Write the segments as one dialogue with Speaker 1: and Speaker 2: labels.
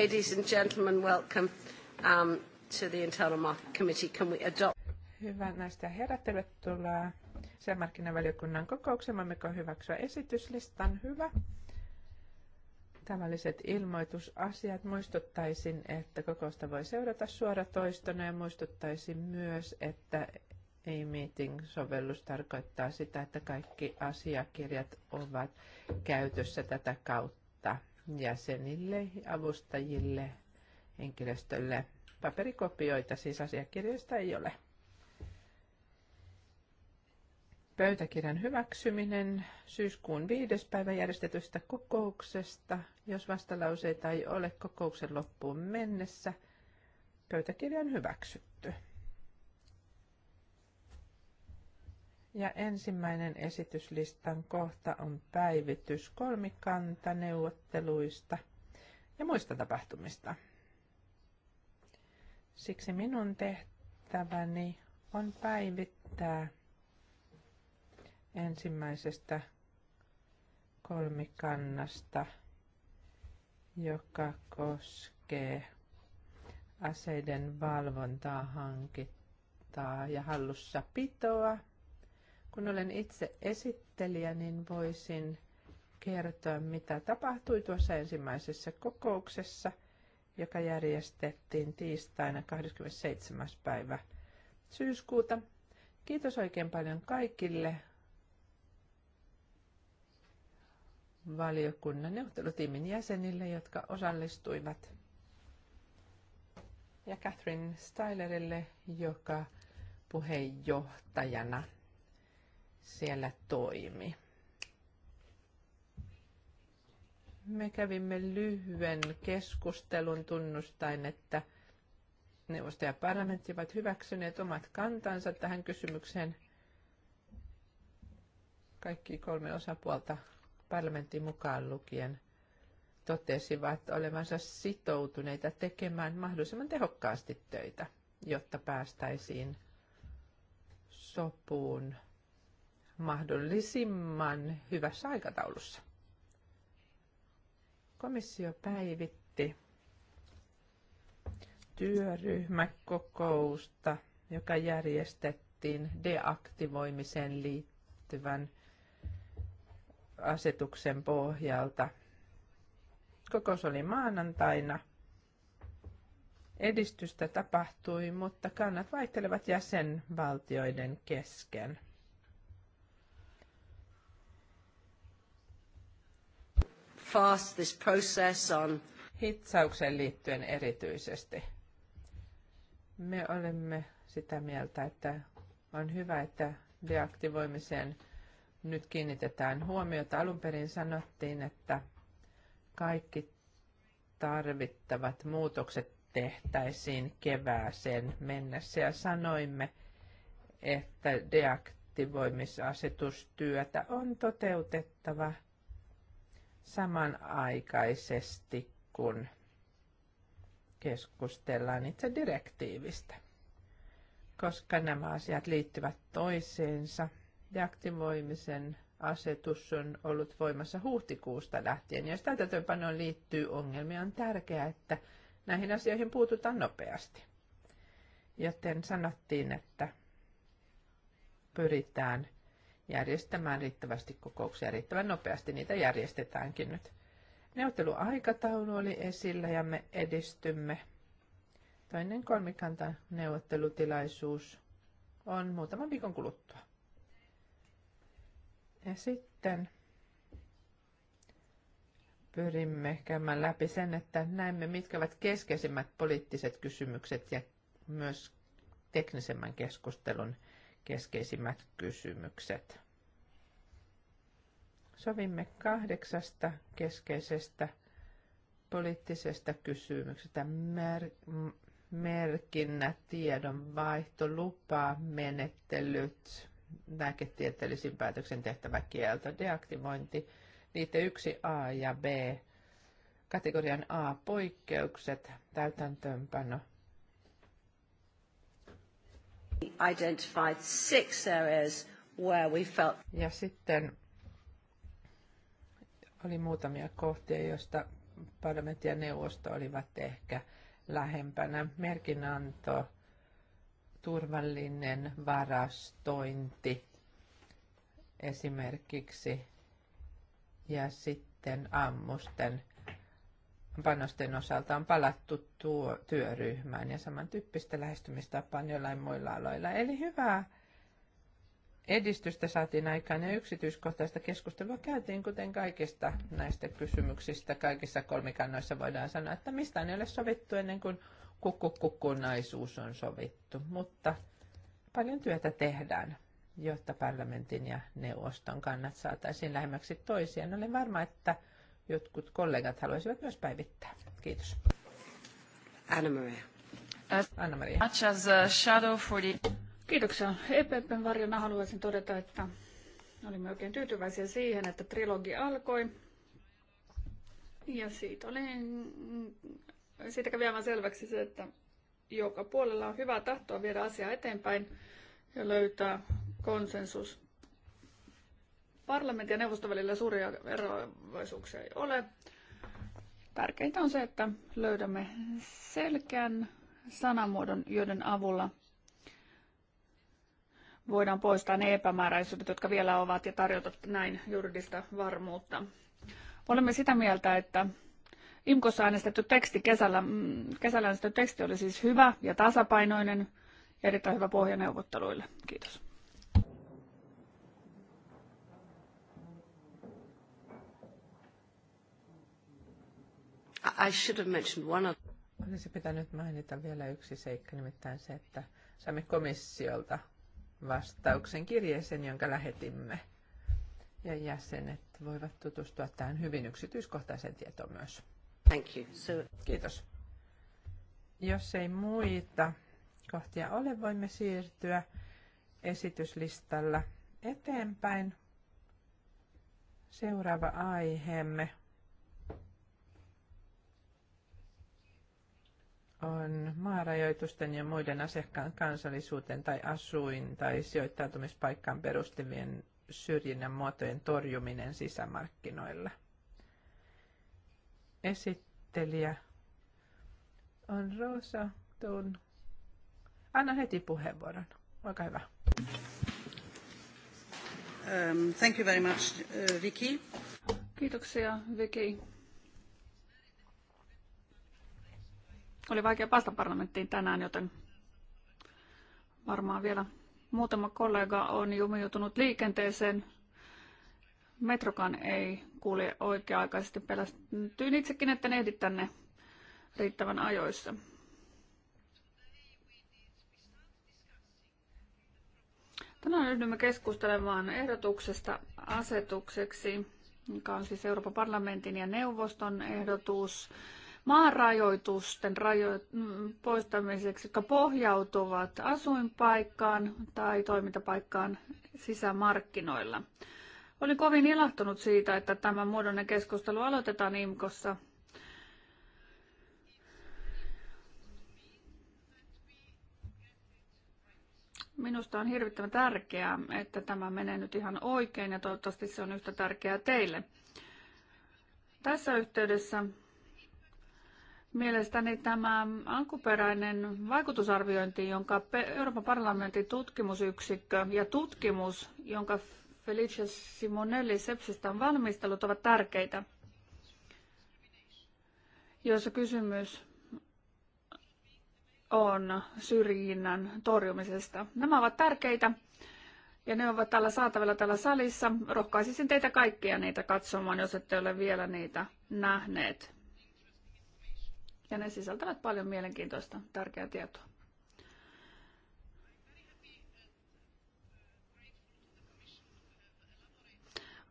Speaker 1: Ladies and gentlemen, welcome um, to the Internal Market Committee. Can we
Speaker 2: adopt? Hyvä näistä herra, tervetuloa sisämarkkinavaliokunnan kokoukseen. Voimmeko hyväksyä esityslistan? Hyvä. Tavalliset ilmoitusasiat. Muistuttaisin, että kokousta voi seurata suoratoistona ja muistuttaisin myös, että e-meeting-sovellus tarkoittaa sitä, että kaikki asiakirjat ovat käytössä tätä kautta jäsenille, avustajille, henkilöstölle. Paperikopioita siis asiakirjoista ei ole. Pöytäkirjan hyväksyminen syyskuun viides päivä järjestetystä kokouksesta. Jos vastalauseita ei ole kokouksen loppuun mennessä, pöytäkirjan hyväksytty. Ja ensimmäinen esityslistan kohta on päivitys neuvotteluista ja muista tapahtumista. Siksi minun tehtäväni on päivittää ensimmäisestä kolmikannasta, joka koskee aseiden valvontaa, hankittaa ja hallussapitoa – kun olen itse esittelijä, niin voisin kertoa, mitä tapahtui tuossa ensimmäisessä kokouksessa, joka järjestettiin tiistaina 27. päivä syyskuuta. Kiitos oikein paljon kaikille valiokunnan neuvottelutiimin jäsenille, jotka osallistuivat. Ja Catherine Stylerille, joka puheenjohtajana siellä toimi. Me kävimme lyhyen keskustelun tunnustain, että neuvosto ja parlamentti ovat hyväksyneet omat kantansa tähän kysymykseen. Kaikki kolme osapuolta parlamentin mukaan lukien totesivat olevansa sitoutuneita tekemään mahdollisimman tehokkaasti töitä, jotta päästäisiin sopuun mahdollisimman hyvässä aikataulussa. Komissio päivitti työryhmäkokousta, joka järjestettiin deaktivoimiseen liittyvän asetuksen pohjalta. Kokous oli maanantaina. Edistystä tapahtui, mutta kannat vaihtelevat jäsenvaltioiden kesken. fast this process on. Hitsaukseen liittyen erityisesti. Me olemme sitä mieltä, että on hyvä, että deaktivoimiseen nyt kiinnitetään huomiota. Alun perin sanottiin, että kaikki tarvittavat muutokset tehtäisiin kevääseen mennessä ja sanoimme, että deaktivoimisasetustyötä on toteutettava – samanaikaisesti, kun keskustellaan itse direktiivistä, koska nämä asiat liittyvät toisiinsa Deaktivoimisen asetus on ollut voimassa huhtikuusta lähtien. Jos täytäntöönpanoon liittyy ongelmia, on tärkeää, että näihin asioihin puututaan nopeasti. Joten sanottiin, että pyritään järjestämään riittävästi kokouksia riittävän nopeasti. Niitä järjestetäänkin nyt. Neuvotteluaikataulu oli esillä ja me edistymme. Toinen kolmikanta neuvottelutilaisuus on muutaman viikon kuluttua. Ja sitten pyrimme käymään läpi sen, että näemme, mitkä ovat keskeisimmät poliittiset kysymykset ja myös teknisemmän keskustelun keskeisimmät kysymykset sovimme kahdeksasta keskeisestä poliittisesta kysymyksestä. Mer- merkinnät, tiedonvaihto, lupa, menettelyt, lääketieteellisin päätöksen tehtävä kielto, deaktivointi, liite 1a ja b, kategorian a poikkeukset, täytäntöönpano. Identified six areas where we felt... Ja sitten oli muutamia kohtia, joista parlamentti ja neuvosto olivat ehkä lähempänä. Merkinanto, turvallinen varastointi esimerkiksi ja sitten ammusten panosten osalta on palattu tuo työryhmään ja samantyyppistä lähestymistapaan jollain muilla aloilla. Eli hyvää edistystä saatiin aikaan ja yksityiskohtaista keskustelua käytiin, kuten kaikista näistä kysymyksistä, kaikissa kolmikannoissa voidaan sanoa, että mistään ei ole sovittu ennen kuin kukkukukunaisuus on sovittu, mutta paljon työtä tehdään, jotta parlamentin ja neuvoston kannat saataisiin lähemmäksi toisiaan. Olen varma, että jotkut kollegat haluaisivat myös päivittää. Kiitos. Anna-Maria. Anna-Maria. Much as a uh, shadow for
Speaker 3: the... Kiitoksia. EPPn varjona haluaisin todeta, että olimme oikein tyytyväisiä siihen, että trilogi alkoi. Ja siitä, oli, siitä kävi aivan selväksi se, että joka puolella on hyvää tahtoa viedä asiaa eteenpäin ja löytää konsensus. Parlamentin ja neuvoston välillä suuria eroavaisuuksia ei ole. Tärkeintä on se, että löydämme selkeän sanamuodon, joiden avulla – voidaan poistaa ne epämääräisyydet, jotka vielä ovat ja tarjota näin juridista varmuutta. Olemme sitä mieltä, että IMKOssa äänestetty teksti kesällä, mm, kesällä äänestetty teksti oli siis hyvä ja tasapainoinen ja erittäin hyvä pohja neuvotteluille. Kiitos.
Speaker 2: I should have mentioned one other. Olisi pitänyt mainita vielä yksi seikka, nimittäin se, että saimme komissiolta vastauksen kirjeeseen, jonka lähetimme. Ja jäsenet voivat tutustua tähän hyvin yksityiskohtaiseen tietoon myös. Thank you. So... Kiitos. Jos ei muita kohtia ole, voimme siirtyä esityslistalla eteenpäin. Seuraava aiheemme on maarajoitusten ja muiden asiakkaan kansallisuuteen tai asuin- tai sijoittautumispaikkaan perustuvien syrjinnän muotojen torjuminen sisämarkkinoilla. Esittelijä on Rosa Tun. Anna heti puheenvuoron. Olkaa hyvä. Um, thank you very much,
Speaker 4: uh, Vicky. Kiitoksia, Vicky.
Speaker 3: Oli vaikea päästä parlamenttiin tänään, joten varmaan vielä muutama kollega on jumiutunut liikenteeseen. Metrokan ei kulje oikea-aikaisesti. Pelästyin itsekin, että ne ehdi tänne riittävän ajoissa. Tänään ryhdymme keskustelemaan ehdotuksesta asetukseksi, joka on siis Euroopan parlamentin ja neuvoston ehdotus maanrajoitusten rajo- mm, poistamiseksi, jotka pohjautuvat asuinpaikkaan tai toimintapaikkaan sisämarkkinoilla. Olin kovin ilahtunut siitä, että tämä muodollinen keskustelu aloitetaan IMKossa. Minusta on hirvittävän tärkeää, että tämä menee nyt ihan oikein ja toivottavasti se on yhtä tärkeää teille. Tässä yhteydessä Mielestäni tämä alkuperäinen vaikutusarviointi, jonka Euroopan parlamentin tutkimusyksikkö ja tutkimus, jonka Felicia Simonelli Sepsistä on valmistellut, ovat tärkeitä, joissa kysymys on syrjinnän torjumisesta. Nämä ovat tärkeitä ja ne ovat täällä saatavilla täällä salissa. Rohkaisisin teitä kaikkia niitä katsomaan, jos ette ole vielä niitä nähneet ja ne sisältävät paljon mielenkiintoista tärkeää tietoa.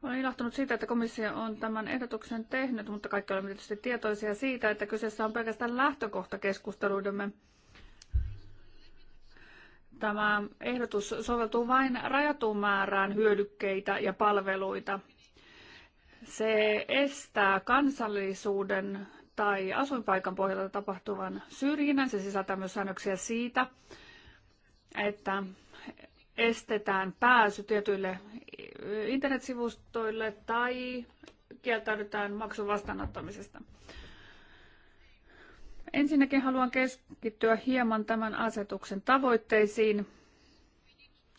Speaker 3: Olen ilahtunut siitä, että komissio on tämän ehdotuksen tehnyt, mutta kaikki olemme tietysti tietoisia siitä, että kyseessä on pelkästään lähtökohta keskusteluidemme. Tämä ehdotus soveltuu vain rajatuun määrään hyödykkeitä ja palveluita. Se estää kansallisuuden tai asuinpaikan pohjalta tapahtuvan syrjinnän. Se sisältää myös säännöksiä siitä, että estetään pääsy tietyille internetsivustoille tai kieltäydytään maksun vastaanottamisesta. Ensinnäkin haluan keskittyä hieman tämän asetuksen tavoitteisiin.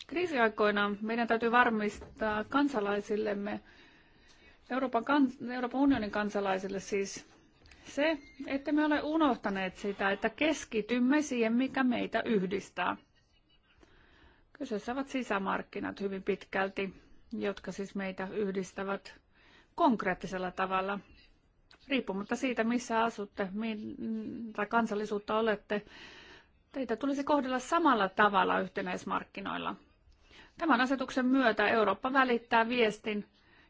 Speaker 3: Kriisiaikoina meidän täytyy varmistaa kansalaisillemme, Euroopan, Euroopan unionin kansalaisille siis, se, että me ole unohtaneet sitä, että keskitymme siihen, mikä meitä yhdistää. Kyseessä ovat sisämarkkinat hyvin pitkälti, jotka siis meitä yhdistävät konkreettisella tavalla. Riippumatta siitä, missä asutte tai kansallisuutta olette, teitä tulisi kohdella samalla tavalla yhtenäismarkkinoilla. Tämän asetuksen myötä Eurooppa välittää viestin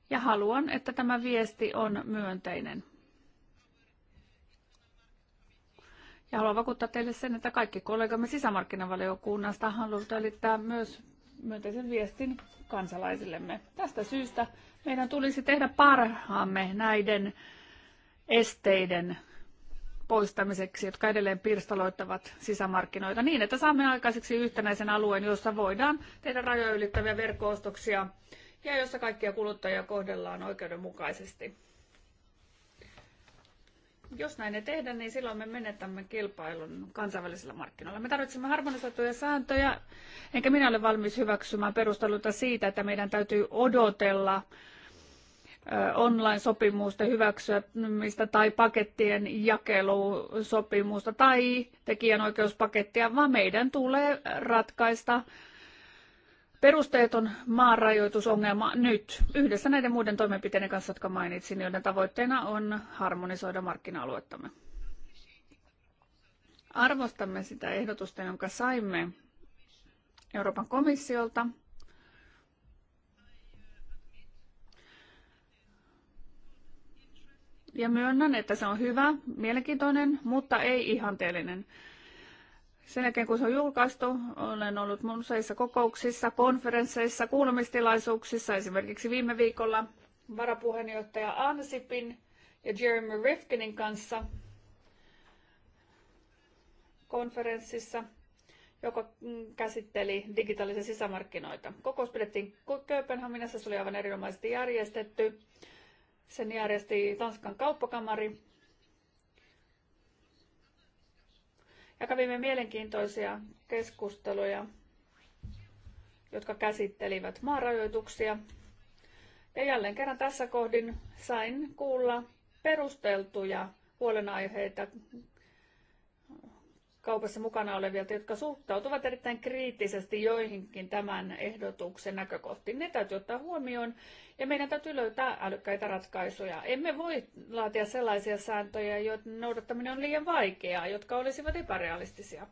Speaker 3: ja haluan, että tämä viesti on myönteinen. Ja haluan vakuuttaa teille sen, että kaikki kollegamme sisämarkkinavaliokunnasta haluavat välittää myös myönteisen viestin kansalaisillemme. Tästä syystä meidän tulisi tehdä parhaamme näiden esteiden poistamiseksi, jotka edelleen pirstaloittavat sisämarkkinoita niin, että saamme aikaiseksi yhtenäisen alueen, jossa voidaan tehdä rajoja ylittäviä verkkoostoksia ja jossa kaikkia kuluttajia kohdellaan oikeudenmukaisesti. Jos näin ei tehdä, niin silloin me menetämme kilpailun kansainvälisillä markkinoilla. Me tarvitsemme harmonisoituja sääntöjä, enkä minä ole valmis hyväksymään perusteluita siitä, että meidän täytyy odotella online sopimusta hyväksymistä tai pakettien jakelusopimusta tai tekijänoikeuspakettia, vaan meidän tulee ratkaista perusteeton maanrajoitusongelma nyt yhdessä näiden muiden toimenpiteiden kanssa, jotka mainitsin, joiden tavoitteena on harmonisoida markkina-aluettamme. Arvostamme sitä ehdotusta, jonka saimme Euroopan komissiolta. Ja myönnän, että se on hyvä, mielenkiintoinen, mutta ei ihanteellinen. Sen jälkeen kun se on julkaistu, olen ollut useissa kokouksissa, konferensseissa, kuulemistilaisuuksissa, esimerkiksi viime viikolla varapuheenjohtaja Ansipin ja Jeremy Rifkinin kanssa konferenssissa, joka käsitteli digitaalisia sisämarkkinoita. Kokous pidettiin Kööpenhaminassa, se oli aivan erinomaisesti järjestetty. Sen järjesti Tanskan kauppakamari ja kävimme mielenkiintoisia keskusteluja, jotka käsittelivät maarajoituksia. Ja jälleen kerran tässä kohdin sain kuulla perusteltuja huolenaiheita kaupassa mukana olevia, jotka suhtautuvat erittäin kriittisesti joihinkin tämän ehdotuksen näkökohtiin. Ne täytyy ottaa huomioon ja meidän täytyy löytää älykkäitä ratkaisuja. Emme voi laatia sellaisia sääntöjä, joiden noudattaminen on liian vaikeaa, jotka olisivat epärealistisia.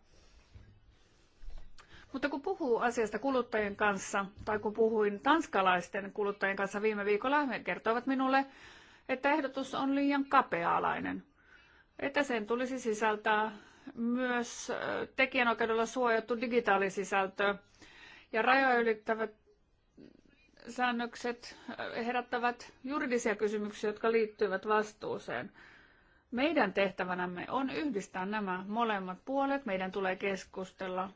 Speaker 3: Mutta kun puhuu asiasta kuluttajien kanssa, tai kun puhuin tanskalaisten kuluttajien kanssa viime viikolla, he kertoivat minulle, että ehdotus on liian kapea-alainen. Että sen tulisi sisältää myös tekijänoikeudella suojattu digitaalisisältö ja rajoja ylittävät säännökset herättävät juridisia kysymyksiä, jotka liittyvät vastuuseen. Meidän tehtävänämme on yhdistää nämä molemmat puolet. Meidän tulee keskustella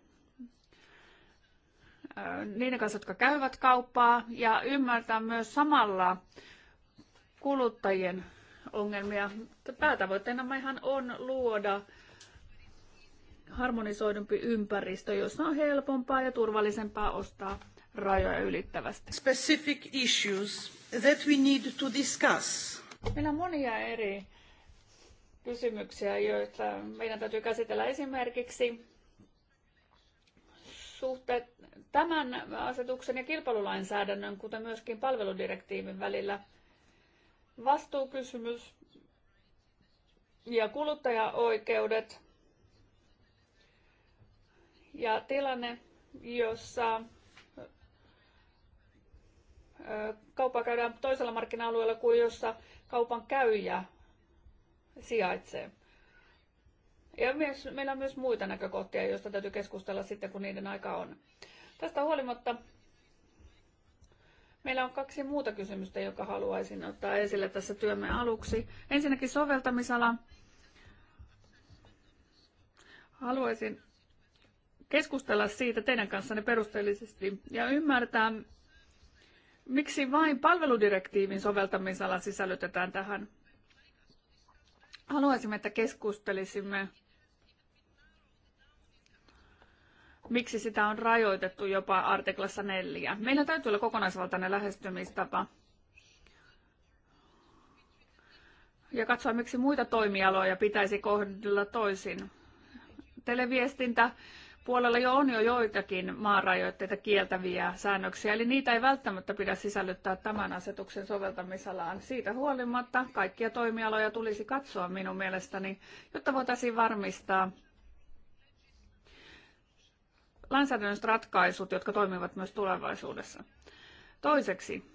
Speaker 3: niiden kanssa, jotka käyvät kauppaa ja ymmärtää myös samalla kuluttajien ongelmia. Päätavoitteenamme ihan on luoda harmonisoidumpi ympäristö, jossa on helpompaa ja turvallisempaa ostaa rajoja
Speaker 2: ylittävästi. Specific issues that we
Speaker 4: need to discuss.
Speaker 3: Meillä on monia eri kysymyksiä, joita meidän täytyy käsitellä esimerkiksi suhteet tämän asetuksen ja kilpailulainsäädännön, kuten myöskin palveludirektiivin välillä. Vastuukysymys ja kuluttajaoikeudet ja tilanne, jossa kauppa käydään toisella markkina-alueella kuin jossa kaupan käyjä sijaitsee. Ja myös, meillä on myös muita näkökohtia, joista täytyy keskustella sitten, kun niiden aika on. Tästä huolimatta meillä on kaksi muuta kysymystä, joka haluaisin ottaa esille tässä työmme aluksi. Ensinnäkin soveltamisala. Haluaisin keskustella siitä teidän kanssanne perusteellisesti ja ymmärtää, miksi vain palveludirektiivin soveltamisala sisällytetään tähän. Haluaisimme, että keskustelisimme, miksi sitä on rajoitettu jopa artiklassa 4. Meillä täytyy olla kokonaisvaltainen lähestymistapa. ja katsoa, miksi muita toimialoja pitäisi kohdella toisin. Televiestintä puolella jo on jo joitakin maanrajoitteita kieltäviä säännöksiä, eli niitä ei välttämättä pidä sisällyttää tämän asetuksen soveltamisalaan. Siitä huolimatta kaikkia toimialoja tulisi katsoa minun mielestäni, jotta voitaisiin varmistaa lainsäädännölliset ratkaisut, jotka toimivat myös tulevaisuudessa. Toiseksi,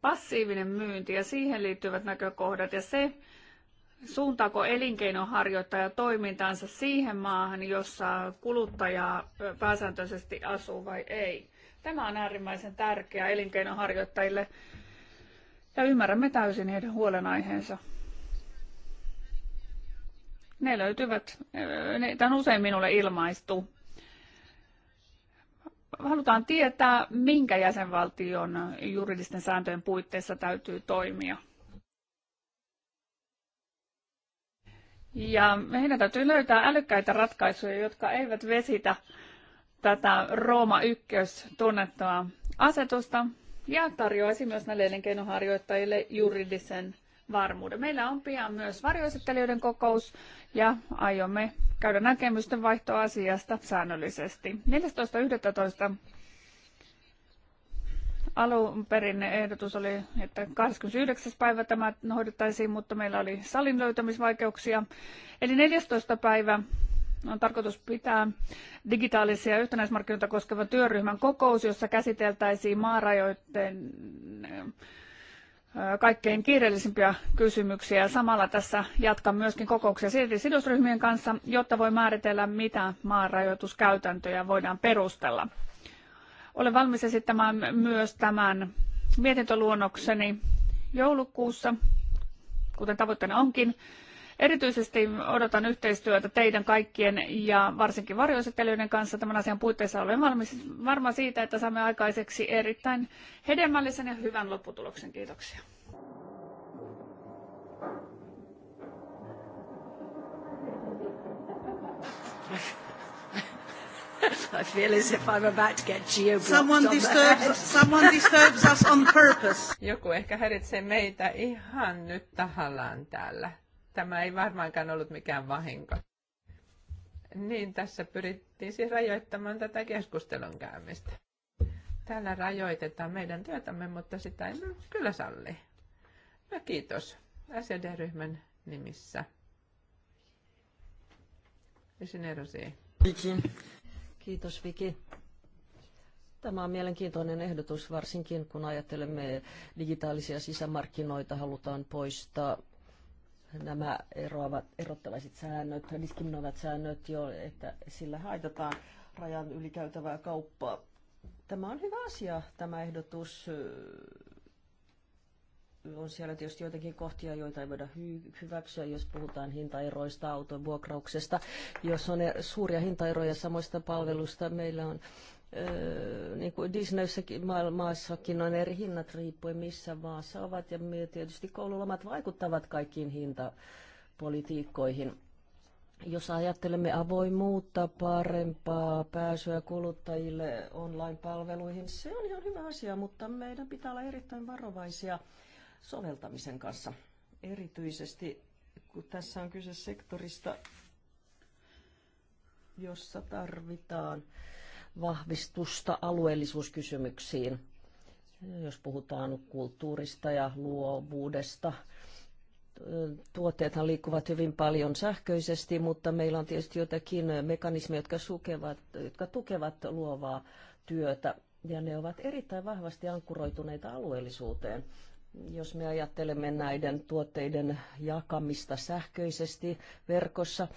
Speaker 3: passiivinen myynti ja siihen liittyvät näkökohdat ja se, suuntaako elinkeinonharjoittaja toimintaansa siihen maahan, jossa kuluttaja pääsääntöisesti asuu vai ei. Tämä on äärimmäisen tärkeää elinkeinonharjoittajille ja ymmärrämme täysin heidän huolenaiheensa. Ne löytyvät, ne tämän usein minulle ilmaistu. Halutaan tietää, minkä jäsenvaltion juridisten sääntöjen puitteissa täytyy toimia. Ja meidän täytyy löytää älykkäitä ratkaisuja, jotka eivät vesitä tätä Rooma 1 tunnettua asetusta ja tarjoaisi myös näille elinkeinoharjoittajille juridisen varmuuden. Meillä on pian myös varjoesittelijöiden kokous ja aiomme käydä näkemysten vaihtoasiasta säännöllisesti. 14.11. Alun perin ehdotus oli, että 29. päivä tämä hoidettaisiin, mutta meillä oli salin löytämisvaikeuksia. Eli 14. päivä on tarkoitus pitää digitaalisia yhtenäismarkkinoita koskevan työryhmän kokous, jossa käsiteltäisiin maarajoitteen kaikkein kiireellisimpiä kysymyksiä. Samalla tässä jatkan myöskin kokouksia sidosryhmien kanssa, jotta voi määritellä, mitä maarajoituskäytäntöjä voidaan perustella. Olen valmis esittämään myös tämän mietintöluonnokseni joulukuussa, kuten tavoitteena onkin. Erityisesti odotan yhteistyötä teidän kaikkien ja varsinkin varjoesittelijöiden kanssa tämän asian puitteissa. Olen valmis, varma siitä, että saamme aikaiseksi erittäin hedelmällisen ja hyvän lopputuloksen. Kiitoksia.
Speaker 4: Thank you. I feel as if I'm about to get
Speaker 3: someone disturbs, someone disturbs us on purpose.
Speaker 2: Joku ehkä häiritsee meitä ihan nyt tahallaan täällä. Tämä ei varmaankaan ollut mikään vahinko. Niin, tässä pyrittiin siis rajoittamaan tätä keskustelun käymistä. Täällä rajoitetaan meidän työtämme, mutta sitä ei kyllä salli. No kiitos. SED-ryhmän nimissä. Esinerosi. Kiitos. Kiitos Viki.
Speaker 1: Tämä on mielenkiintoinen ehdotus, varsinkin kun ajattelemme digitaalisia sisämarkkinoita, halutaan poistaa nämä eroavat, erottavaiset säännöt, diskriminoivat säännöt, jo, että sillä haitataan rajan ylikäytävää kauppaa. Tämä on hyvä asia, tämä ehdotus on siellä tietysti joitakin kohtia, joita ei voida hy- hyväksyä, jos puhutaan hintaeroista, auton vuokrauksesta. Jos on e- suuria hintaeroja samoista palveluista, meillä on Öö, niin kuin Disneyssäkin maassakin on eri hinnat riippuen missä maassa ovat ja me tietysti koululomat vaikuttavat kaikkiin hintapolitiikkoihin. Jos ajattelemme avoimuutta, parempaa pääsyä kuluttajille online-palveluihin, se on ihan hyvä asia, mutta meidän pitää olla erittäin varovaisia – soveltamisen kanssa. Erityisesti kun tässä on kyse sektorista, jossa tarvitaan vahvistusta alueellisuuskysymyksiin, jos puhutaan kulttuurista ja luovuudesta. Tuotteethan liikkuvat hyvin paljon sähköisesti, mutta meillä on tietysti jotakin mekanismeja, jotka, sukevat, jotka tukevat luovaa työtä, ja ne ovat erittäin vahvasti ankkuroituneita alueellisuuteen jos me ajattelemme näiden tuotteiden jakamista sähköisesti verkossa,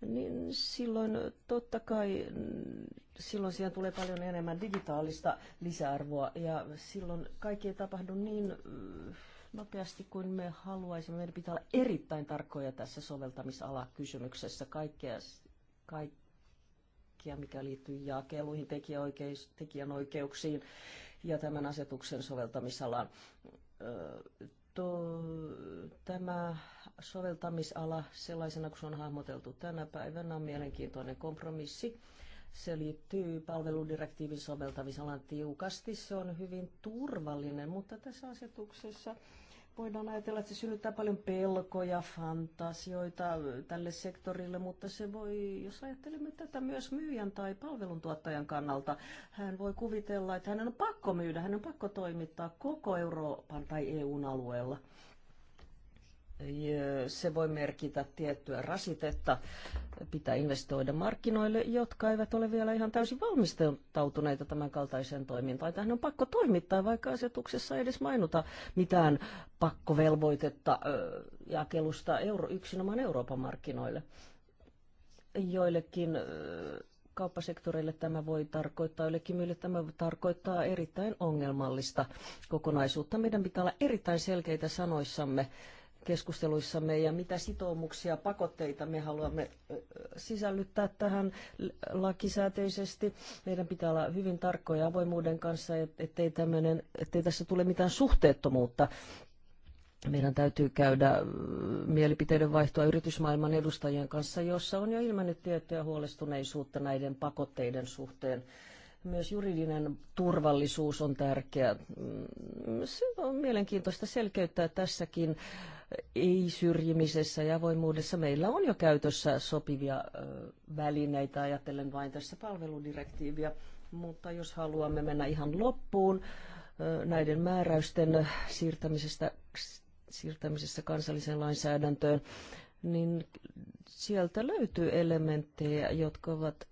Speaker 1: niin silloin totta kai silloin siihen tulee paljon enemmän digitaalista lisäarvoa ja silloin kaikki ei tapahdu niin äh, nopeasti kuin me haluaisimme. Meidän pitää olla erittäin tarkkoja tässä soveltamisalakysymyksessä kaikkea, kaikkea mikä liittyy jakeluihin, tekijänoikeuksiin ja tämän asetuksen soveltamisalaan to, tämä soveltamisala sellaisena kuin se on hahmoteltu tänä päivänä on mielenkiintoinen kompromissi. Se liittyy palveludirektiivin soveltamisalan tiukasti. Se on hyvin turvallinen, mutta tässä asetuksessa voidaan ajatella, että se synnyttää paljon pelkoja, fantasioita tälle sektorille, mutta se voi, jos ajattelemme tätä myös myyjän tai palveluntuottajan kannalta, hän voi kuvitella, että hänen on pakko myydä, hänen on pakko toimittaa koko Euroopan tai EUn alueella se voi merkitä tiettyä rasitetta. Pitää investoida markkinoille, jotka eivät ole vielä ihan täysin valmistautuneita tämän kaltaiseen toimintaan. Tähän on pakko toimittaa, vaikka asetuksessa ei edes mainita mitään pakkovelvoitetta jakelusta euro, yksinomaan Euroopan markkinoille. Joillekin kauppasektoreille tämä voi tarkoittaa, joillekin myille tämä voi tarkoittaa erittäin ongelmallista kokonaisuutta. Meidän pitää olla erittäin selkeitä sanoissamme keskusteluissamme ja mitä sitoumuksia, pakotteita me haluamme sisällyttää tähän lakisääteisesti. Meidän pitää olla hyvin tarkkoja avoimuuden kanssa, ettei, tämmönen, ettei tässä tule mitään suhteettomuutta meidän täytyy käydä mielipiteiden vaihtoa yritysmaailman edustajien kanssa, jossa on jo ilmennyt tiettyä huolestuneisuutta näiden pakotteiden suhteen. Myös juridinen turvallisuus on tärkeä. Mm, se on mielenkiintoista selkeyttää tässäkin ei-syrjimisessä ja avoimuudessa meillä on jo käytössä sopivia välineitä, ajatellen vain tässä palveludirektiiviä, mutta jos haluamme mennä ihan loppuun näiden määräysten siirtämisestä, siirtämisestä kansalliseen lainsäädäntöön, niin sieltä löytyy elementtejä, jotka ovat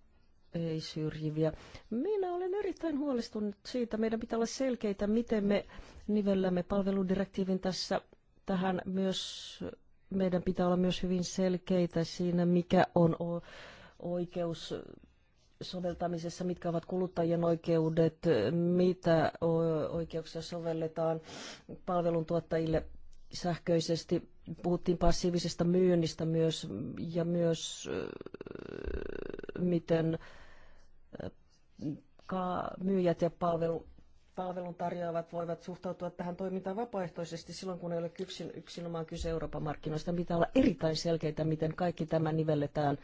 Speaker 1: ei syrjiviä. Minä olen erittäin huolestunut siitä. Meidän pitää olla selkeitä, miten me nivellämme palveludirektiivin tässä tähän myös meidän pitää olla myös hyvin selkeitä siinä, mikä on oikeus soveltamisessa, mitkä ovat kuluttajien oikeudet, mitä oikeuksia sovelletaan palveluntuottajille sähköisesti. Puhuttiin passiivisesta myynnistä myös ja myös miten myyjät ja palvelu palvelun tarjoavat voivat suhtautua tähän toimintaan vapaaehtoisesti silloin, kun ei ole yksin, yksinomaan kyse Euroopan markkinoista. Pitää olla erittäin selkeitä, miten kaikki tämä nivelletään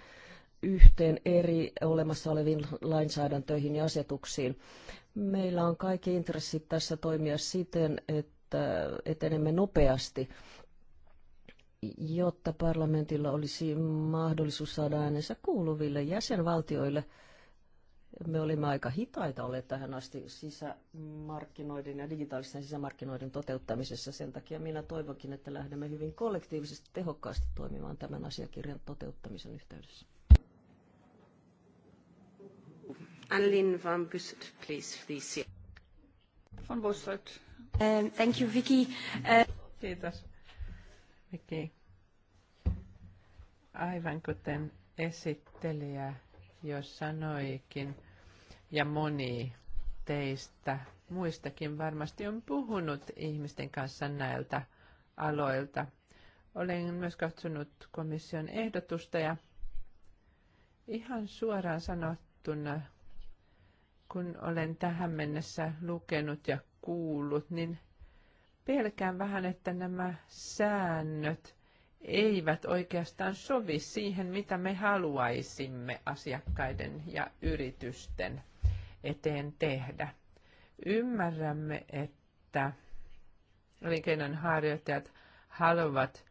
Speaker 1: yhteen eri olemassa oleviin lainsäädäntöihin ja asetuksiin. Meillä on kaikki intressit tässä toimia siten, että etenemme nopeasti, jotta parlamentilla olisi mahdollisuus saada äänensä kuuluville jäsenvaltioille – me olimme aika hitaita olleet tähän asti sisämarkkinoiden ja digitaalisten sisämarkkinoiden toteuttamisessa. Sen takia minä toivonkin, että lähdemme hyvin kollektiivisesti tehokkaasti toimimaan tämän asiakirjan toteuttamisen yhteydessä.
Speaker 4: Anlin van Bussert, please, please. Van Bussert.
Speaker 2: Uh, thank you, Vicky. Uh... Kiitos, Vicky. Aivan kuten esittelijä jo sanoikin, ja moni teistä muistakin varmasti on puhunut ihmisten kanssa näiltä aloilta. Olen myös katsonut komission ehdotusta ja ihan suoraan sanottuna, kun olen tähän mennessä lukenut ja kuullut, niin pelkään vähän, että nämä säännöt eivät oikeastaan sovi siihen, mitä me haluaisimme asiakkaiden ja yritysten eteen tehdä. Ymmärrämme, että elinkeinon harjoittajat haluavat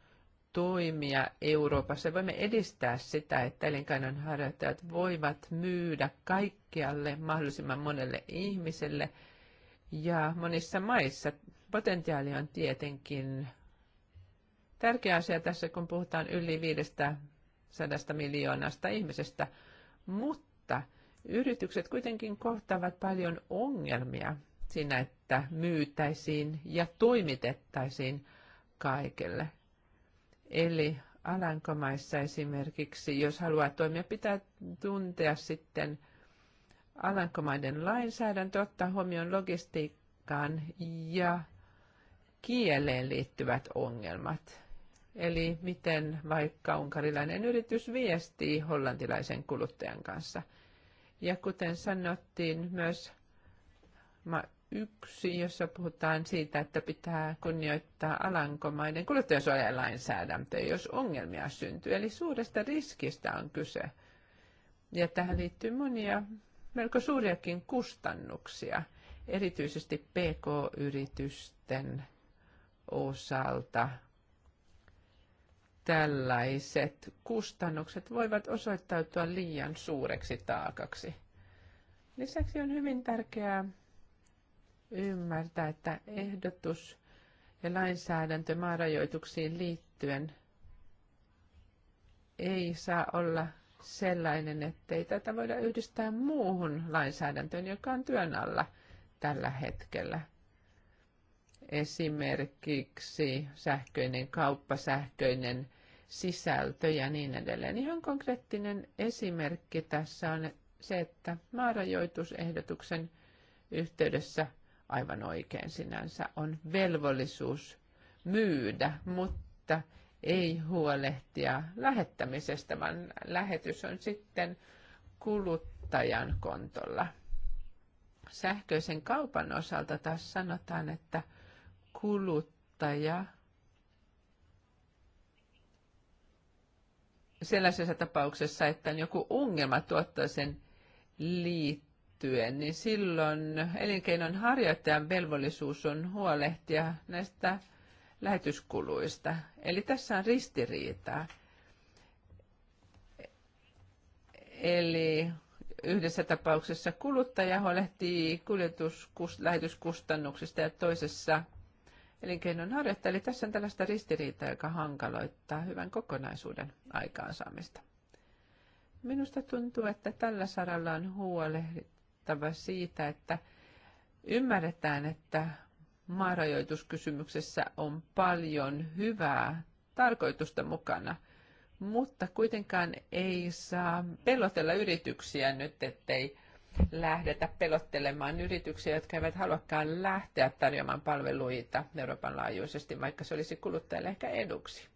Speaker 2: toimia Euroopassa. Voimme edistää sitä, että elinkeinon harjoittajat voivat myydä kaikkialle mahdollisimman monelle ihmiselle. Ja monissa maissa potentiaali on tietenkin Tärkeä asia tässä, kun puhutaan yli 500 miljoonasta ihmisestä, mutta yritykset kuitenkin kohtaavat paljon ongelmia siinä, että myytäisiin ja toimitettaisiin kaikille. Eli Alankomaissa esimerkiksi, jos haluaa toimia, pitää tuntea sitten Alankomaiden lainsäädäntö, ottaa huomioon logistiikkaan ja kieleen liittyvät ongelmat. Eli miten vaikka unkarilainen yritys viestii hollantilaisen kuluttajan kanssa. Ja kuten sanottiin, myös yksi, jossa puhutaan siitä, että pitää kunnioittaa alankomaiden lainsäädäntöä, jos ongelmia syntyy. Eli suuresta riskistä on kyse. Ja tähän liittyy monia melko suuriakin kustannuksia, erityisesti PK-yritysten osalta tällaiset kustannukset voivat osoittautua liian suureksi taakaksi. Lisäksi on hyvin tärkeää ymmärtää, että ehdotus ja lainsäädäntö maarajoituksiin liittyen ei saa olla sellainen, ettei tätä voida yhdistää muuhun lainsäädäntöön, joka on työn alla tällä hetkellä esimerkiksi sähköinen kauppa, sähköinen sisältö ja niin edelleen. Ihan konkreettinen esimerkki tässä on se, että maarajoitusehdotuksen yhteydessä aivan oikein sinänsä on velvollisuus myydä, mutta ei huolehtia lähettämisestä, vaan lähetys on sitten kuluttajan kontolla. Sähköisen kaupan osalta taas sanotaan, että – kuluttaja sellaisessa tapauksessa, että on joku ongelma tuottaa sen liittyen, niin silloin elinkeinon harjoittajan velvollisuus on huolehtia näistä lähetyskuluista. Eli tässä on ristiriitaa. Eli yhdessä tapauksessa kuluttaja huolehtii kuljetuskustannuksista ja toisessa elinkeinon harjoittaja. Eli tässä on tällaista ristiriitaa, joka hankaloittaa hyvän kokonaisuuden aikaansaamista. Minusta tuntuu, että tällä saralla on huolehdittava siitä, että ymmärretään, että maarajoituskysymyksessä on paljon hyvää tarkoitusta mukana, mutta kuitenkaan ei saa pelotella yrityksiä nyt, ettei lähdetä pelottelemaan yrityksiä, jotka eivät haluakaan lähteä tarjoamaan palveluita Euroopan laajuisesti, vaikka se olisi kuluttajalle ehkä eduksi.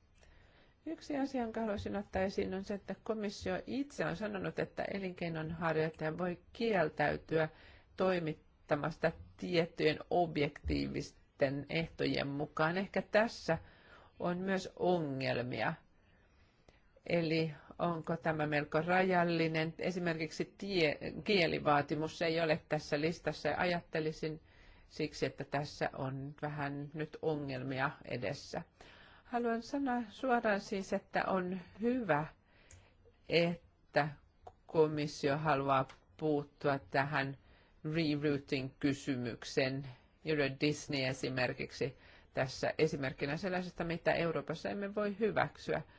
Speaker 2: Yksi asia, jonka haluaisin ottaa esiin, on se, että komissio itse on sanonut, että elinkeinonharjoittaja voi kieltäytyä toimittamasta tiettyjen objektiivisten ehtojen mukaan. Ehkä tässä on myös ongelmia. Eli onko tämä melko rajallinen. Esimerkiksi tie, kielivaatimus ei ole tässä listassa ja ajattelisin siksi, että tässä on vähän nyt ongelmia edessä. Haluan sanoa suoraan siis, että on hyvä, että komissio haluaa puuttua tähän rerouting-kysymyksen. Euro Disney esimerkiksi tässä esimerkkinä sellaisesta, mitä Euroopassa emme voi hyväksyä –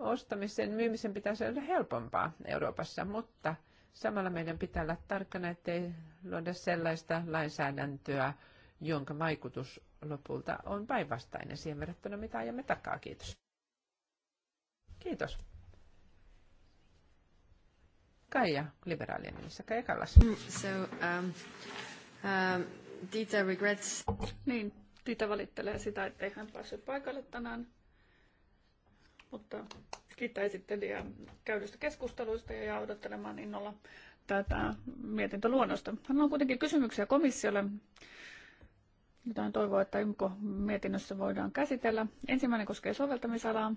Speaker 2: ostamisen, myymisen pitäisi olla helpompaa Euroopassa, mutta samalla meidän pitää olla tarkkana, ettei luoda sellaista lainsäädäntöä, jonka vaikutus lopulta on päinvastainen siihen verrattuna, mitä ajamme takaa. Kiitos. Kiitos. Kaija, liberaalien nimissä. Kaija Kallas. Mm, so, um, um,
Speaker 3: Tita regrets. Niin, Tita valittelee sitä, ettei hän päässyt paikalle tänään mutta kiittää esittelijä käydystä keskusteluista ja odottelemaan innolla tätä mietintöluonnosta. Hänellä on kuitenkin kysymyksiä komissiolle, jotain toivoa, että IMKO-mietinnössä voidaan käsitellä. Ensimmäinen koskee soveltamisalaa.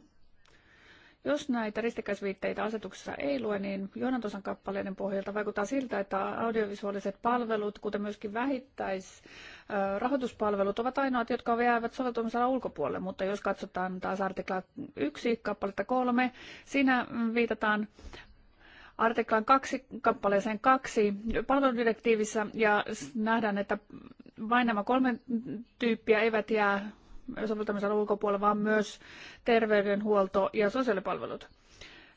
Speaker 3: Jos näitä ristikkäisviitteitä asetuksessa ei lue, niin johdantosan kappaleiden pohjalta vaikuttaa siltä, että audiovisuaaliset palvelut, kuten myöskin vähittäisrahoituspalvelut, ovat ainoat, jotka jäävät soveltamisalan ulkopuolelle. Mutta jos katsotaan taas artikla 1, kappaletta 3, siinä viitataan artiklan 2, kappaleeseen 2 palveludirektiivissä ja nähdään, että vain nämä kolme tyyppiä eivät jää soveltamisalan ulkopuolella, vaan myös terveydenhuolto ja sosiaalipalvelut.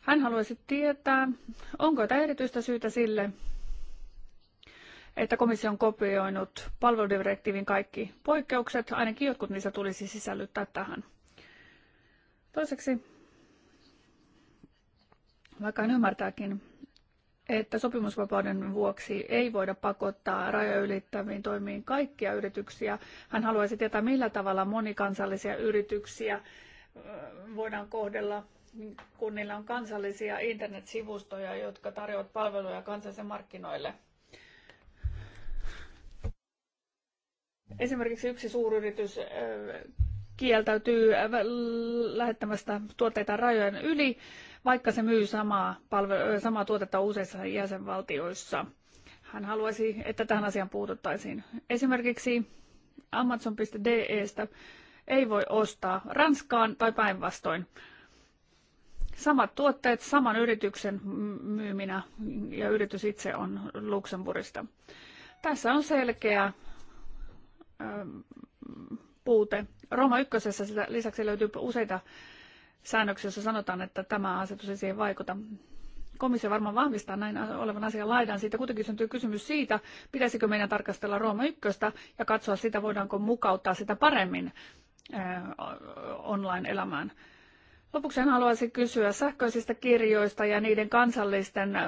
Speaker 3: Hän haluaisi tietää, onko jotain erityistä syytä sille, että komissio on kopioinut palveludirektiivin kaikki poikkeukset, ainakin jotkut niistä tulisi sisällyttää tähän. Toiseksi, vaikka hän ymmärtääkin, että sopimusvapauden vuoksi ei voida pakottaa rajoja ylittäviin toimiin kaikkia yrityksiä. Hän haluaisi tietää, millä tavalla monikansallisia yrityksiä voidaan kohdella, kun niillä on kansallisia internetsivustoja, jotka tarjoavat palveluja kansallisen markkinoille. Esimerkiksi yksi suuryritys kieltäytyy lähettämästä tuotteita rajojen yli vaikka se myy samaa, palvelu, samaa tuotetta useissa jäsenvaltioissa. Hän haluaisi, että tähän asiaan puututtaisiin. Esimerkiksi Amazon.destä ei voi ostaa Ranskaan tai päinvastoin. Samat tuotteet saman yrityksen myyminä ja yritys itse on Luxemburgista. Tässä on selkeä puute. Roma ykkösessä sitä lisäksi löytyy useita säännöksessä sanotaan, että tämä asetus ei siihen vaikuta. Komissio varmaan vahvistaa näin olevan asian laidan. Siitä kuitenkin syntyy kysymys siitä, pitäisikö meidän tarkastella Rooma 1 ja katsoa sitä, voidaanko mukauttaa sitä paremmin eh, online-elämään. Lopuksi haluaisin kysyä sähköisistä kirjoista ja niiden kansallisten eh,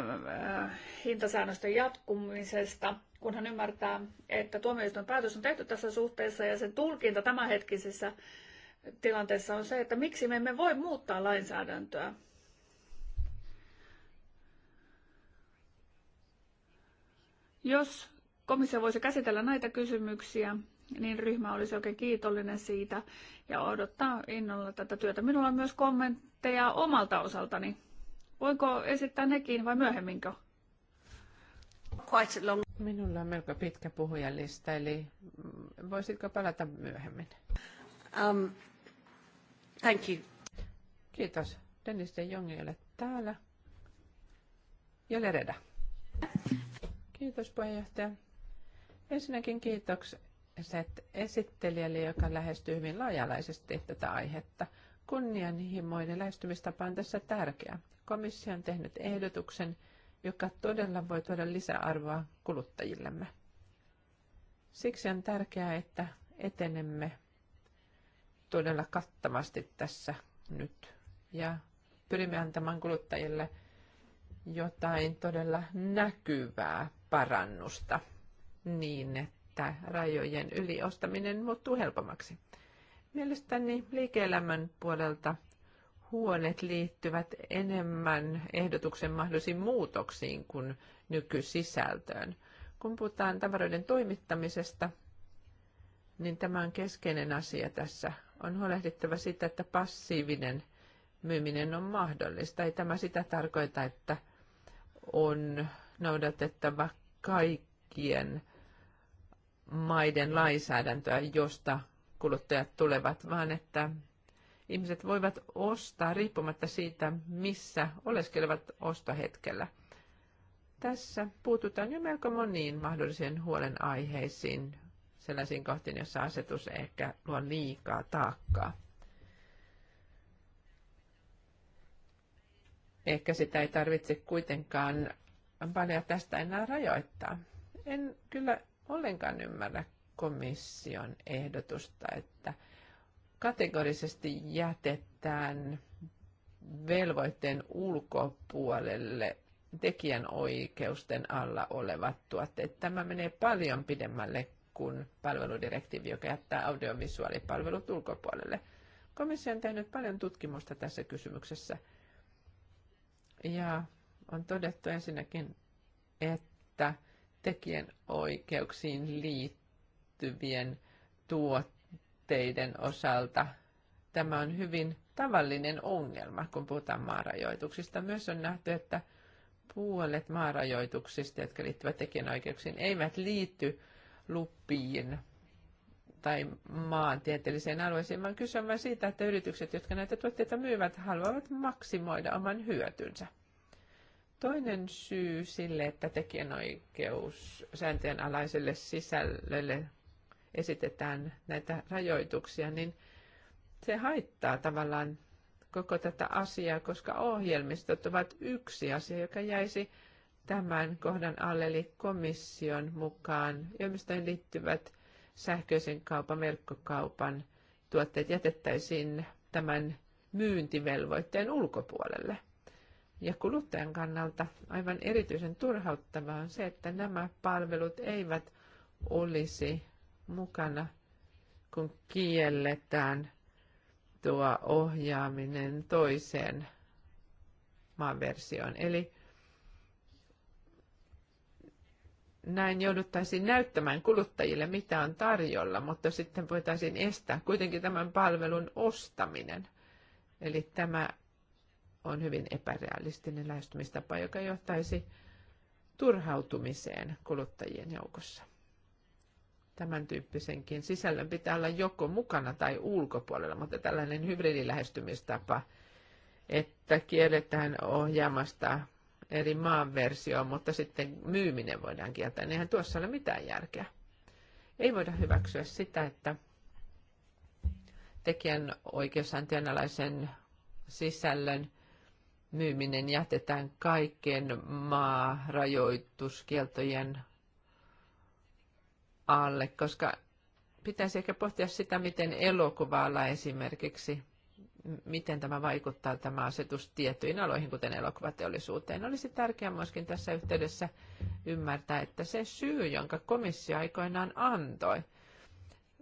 Speaker 3: hintasäännösten jatkumisesta, kunhan ymmärtää, että tuomioistuin päätös on tehty tässä suhteessa ja sen tulkinta tämänhetkisissä tilanteessa on se, että miksi me emme voi muuttaa lainsäädäntöä. Jos komissio voisi käsitellä näitä kysymyksiä, niin ryhmä olisi oikein kiitollinen siitä ja odottaa innolla tätä työtä. Minulla on myös kommentteja omalta osaltani. Voinko esittää nekin
Speaker 2: vai myöhemminkö? Quite long. Minulla on melko pitkä puhujalista, eli voisitko palata myöhemmin? Um, Thank you. Kiitos. Dennis de Jong ei ole täällä. jolle Reda. Kiitos puheenjohtaja. Ensinnäkin kiitokset esittelijälle, joka lähestyy hyvin laajalaisesti tätä aihetta. Kunnianhimoinen lähestymistapa on tässä tärkeä. Komissio on tehnyt ehdotuksen, joka todella voi tuoda lisäarvoa kuluttajillemme. Siksi on tärkeää, että etenemme todella kattavasti tässä nyt ja pyrimme antamaan kuluttajille jotain todella näkyvää parannusta niin, että rajojen yliostaminen muuttuu helpommaksi. Mielestäni liike-elämän puolelta huolet liittyvät enemmän ehdotuksen mahdollisiin muutoksiin kuin nykysisältöön. Kun puhutaan tavaroiden toimittamisesta, niin tämä on keskeinen asia tässä. On huolehdittava sitä, että passiivinen myyminen on mahdollista. Ei tämä sitä tarkoita, että on noudatettava kaikkien maiden lainsäädäntöä, josta kuluttajat tulevat, vaan että ihmiset voivat ostaa riippumatta siitä, missä oleskelevat ostohetkellä. Tässä puututaan jo melko moniin mahdollisiin huolenaiheisiin sellaisiin kohtiin, joissa asetus ehkä luo liikaa taakkaa. Ehkä sitä ei tarvitse kuitenkaan paljon tästä enää rajoittaa. En kyllä ollenkaan ymmärrä komission ehdotusta, että kategorisesti jätetään velvoitteen ulkopuolelle tekijän oikeusten alla olevat tuotteet. Tämä menee paljon pidemmälle kuin palveludirektiivi, joka jättää audiovisuaalipalvelut ulkopuolelle. Komissio on tehnyt paljon tutkimusta tässä kysymyksessä. Ja on todettu ensinnäkin, että tekijän oikeuksiin liittyvien tuotteiden osalta tämä on hyvin tavallinen ongelma, kun puhutaan maarajoituksista. Myös on nähty, että puolet maarajoituksista, jotka liittyvät tekijänoikeuksiin, eivät liity luppiin tai maantieteelliseen alueeseen, vaan kyse on vain siitä, että yritykset, jotka näitä tuotteita myyvät, haluavat maksimoida oman hyötynsä. Toinen syy sille, että tekijänoikeus sääntöjen alaiselle sisällölle esitetään näitä rajoituksia, niin se haittaa tavallaan koko tätä asiaa, koska ohjelmistot ovat yksi asia, joka jäisi tämän kohdan alle, eli komission mukaan ilmestoihin liittyvät sähköisen kaupan, verkkokaupan tuotteet jätettäisiin tämän myyntivelvoitteen ulkopuolelle. Ja kuluttajan kannalta aivan erityisen turhauttavaa on se, että nämä palvelut eivät olisi mukana, kun kielletään tuo ohjaaminen toiseen maanversioon. Eli näin jouduttaisiin näyttämään kuluttajille, mitä on tarjolla, mutta sitten voitaisiin estää kuitenkin tämän palvelun ostaminen. Eli tämä on hyvin epärealistinen lähestymistapa, joka johtaisi turhautumiseen kuluttajien joukossa. Tämän tyyppisenkin sisällön pitää olla joko mukana tai ulkopuolella, mutta tällainen hybridilähestymistapa, että kielletään ohjaamasta eri maan versioon, mutta sitten myyminen voidaan kieltää, niin eihän tuossa ole mitään järkeä. Ei voida hyväksyä sitä, että tekijän oikeusantianalaisen sisällön myyminen jätetään kaikkien maarajoituskieltojen alle, koska pitäisi ehkä pohtia sitä, miten elokuvalla esimerkiksi – miten tämä vaikuttaa tämä asetus tiettyihin aloihin, kuten elokuvateollisuuteen. Olisi tärkeää myöskin tässä yhteydessä ymmärtää, että se syy, jonka komissio aikoinaan antoi,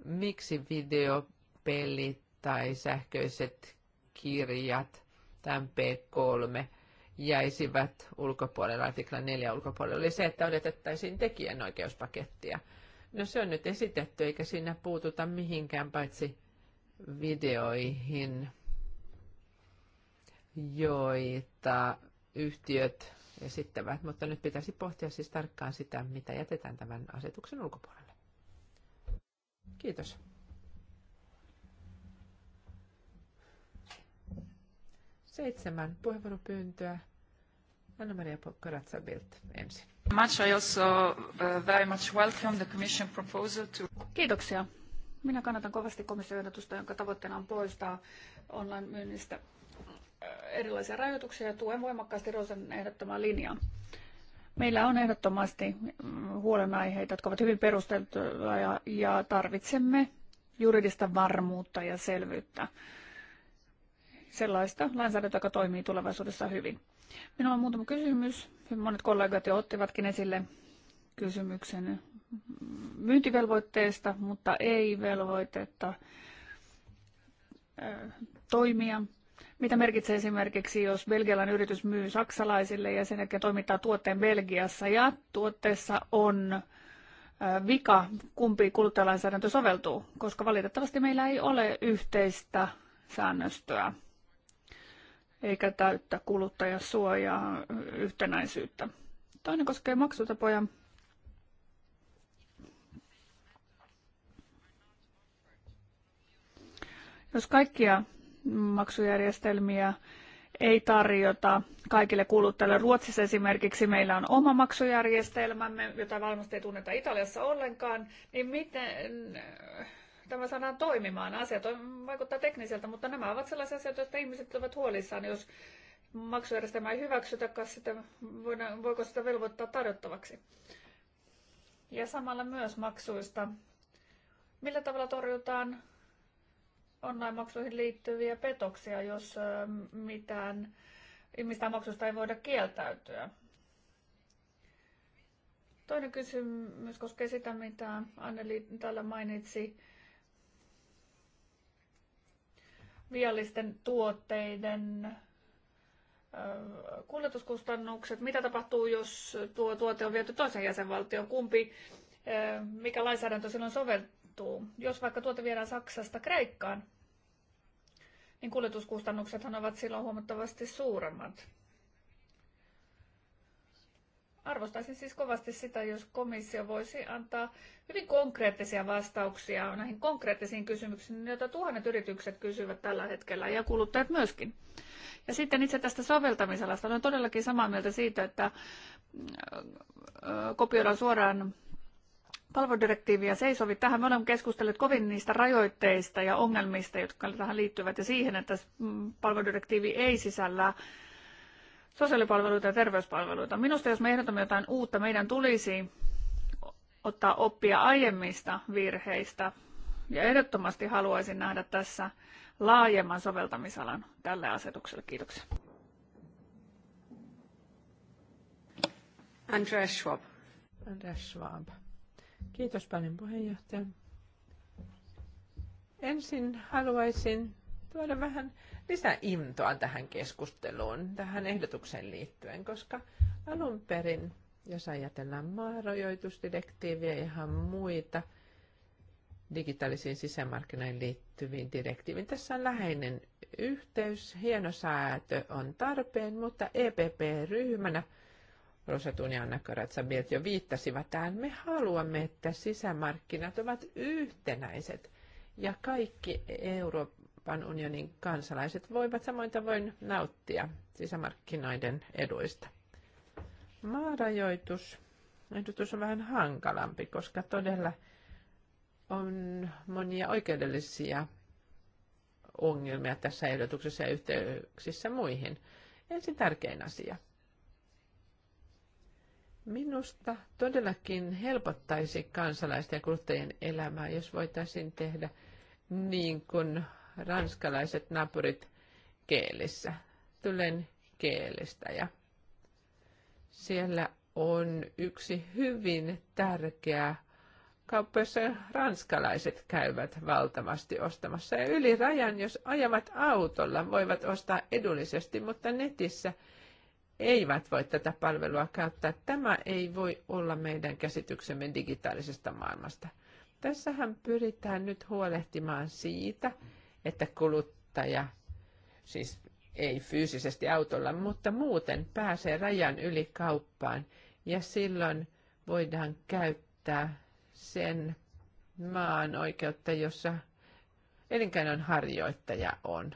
Speaker 2: miksi videopelit tai sähköiset kirjat, tämän P3, jäisivät ulkopuolelle, artikla 4 ulkopuolelle, oli se, että odotettaisiin tekijänoikeuspakettia. No se on nyt esitetty, eikä siinä puututa mihinkään paitsi videoihin joita yhtiöt esittävät, mutta nyt pitäisi pohtia siis tarkkaan sitä, mitä jätetään tämän asetuksen ulkopuolelle. Kiitos. Seitsemän puheenvuoropyyntöä. Anna-Maria Pokkoratsa-Bilt ensin.
Speaker 3: Much I also uh, very much welcome the commission proposal to... Kiitoksia. Minä kannatan kovasti komission ehdotusta, jonka tavoitteena on poistaa online-myynnistä erilaisia rajoituksia ja tuen voimakkaasti Rosen ehdottamaa linjaa. Meillä on ehdottomasti huolenaiheita, jotka ovat hyvin perusteltuja ja, ja tarvitsemme juridista varmuutta ja selvyyttä. Sellaista lainsäädäntöä, joka toimii tulevaisuudessa hyvin. Minulla on muutama kysymys. Monet kollegat jo ottivatkin esille kysymyksen myyntivelvoitteesta, mutta ei velvoitetta toimia. Mitä merkitsee esimerkiksi, jos belgialainen yritys myy saksalaisille ja sen jälkeen toimittaa tuotteen Belgiassa ja tuotteessa on vika, kumpi kuluttajalainsäädäntö soveltuu, koska valitettavasti meillä ei ole yhteistä säännöstöä eikä täyttä kuluttajasuojaa yhtenäisyyttä. Toinen koskee maksutapoja. Jos kaikkia maksujärjestelmiä ei tarjota kaikille kuluttajille. Ruotsissa esimerkiksi meillä on oma maksujärjestelmämme, jota varmasti ei tunneta Italiassa ollenkaan, niin miten äh, tämä saadaan toimimaan? Asiat vaikuttaa tekniseltä, mutta nämä ovat sellaisia asioita, joista ihmiset ovat huolissaan, jos maksujärjestelmä ei hyväksytä, sitä voidaan, voiko sitä velvoittaa tarjottavaksi. Ja samalla myös maksuista. Millä tavalla torjutaan online-maksuihin liittyviä petoksia, jos mitään ihmistä maksusta ei voida kieltäytyä. Toinen kysymys koskee sitä, mitä Anneli täällä mainitsi viallisten tuotteiden kuljetuskustannukset. Mitä tapahtuu, jos tuo tuote on viety toisen jäsenvaltioon? Kumpi, mikä lainsäädäntö silloin soveltuu? Jos vaikka tuote viedään Saksasta Kreikkaan, niin kuljetuskustannuksethan ovat silloin huomattavasti suuremmat. Arvostaisin siis kovasti sitä, jos komissio voisi antaa hyvin konkreettisia vastauksia näihin konkreettisiin kysymyksiin, joita tuhannet yritykset kysyvät tällä hetkellä ja kuluttajat myöskin. Ja sitten itse tästä soveltamisalasta olen todellakin samaa mieltä siitä, että mm, kopioidaan suoraan palveludirektiiviä. Se ei sovi tähän. Me olemme keskustelleet kovin niistä rajoitteista ja ongelmista, jotka tähän liittyvät ja siihen, että mm, palveludirektiivi ei sisällä sosiaalipalveluita ja terveyspalveluita. Minusta jos me ehdotamme jotain uutta, meidän tulisi ottaa oppia aiemmista virheistä. Ja ehdottomasti haluaisin nähdä tässä laajemman soveltamisalan tälle asetukselle. Kiitoksia.
Speaker 2: Andreas Schwab. Andreas Schwab. Kiitos paljon puheenjohtaja. Ensin haluaisin tuoda vähän lisää intoa tähän keskusteluun, tähän ehdotukseen liittyen, koska alun perin, jos ajatellaan maarajoitusdirektiiviä ja ihan muita digitaalisiin sisämarkkinoihin liittyviin direktiiviin, tässä on läheinen yhteys, hieno säätö on tarpeen, mutta EPP-ryhmänä – Rosatun ja Anna Karatsabilt jo viittasivat tähän. Me haluamme, että sisämarkkinat ovat yhtenäiset ja kaikki Euroopan unionin kansalaiset voivat samoin tavoin nauttia sisämarkkinoiden eduista. Maarajoitus ehdotus on vähän hankalampi, koska todella on monia oikeudellisia ongelmia tässä ehdotuksessa ja yhteyksissä muihin. Ensin tärkein asia. Minusta todellakin helpottaisi kansalaisten ja kuluttajien elämää, jos voitaisiin tehdä niin kuin ranskalaiset naapurit keelissä. Tulen keelistä ja siellä on yksi hyvin tärkeä jossa ranskalaiset käyvät valtavasti ostamassa. Ja yli rajan, jos ajavat autolla, voivat ostaa edullisesti, mutta netissä – eivät voi tätä palvelua käyttää. Tämä ei voi olla meidän käsityksemme digitaalisesta maailmasta. Tässähän pyritään nyt huolehtimaan siitä, että kuluttaja, siis ei fyysisesti autolla, mutta muuten pääsee rajan yli kauppaan ja silloin voidaan käyttää sen maan oikeutta, jossa elinkeinon harjoittaja on.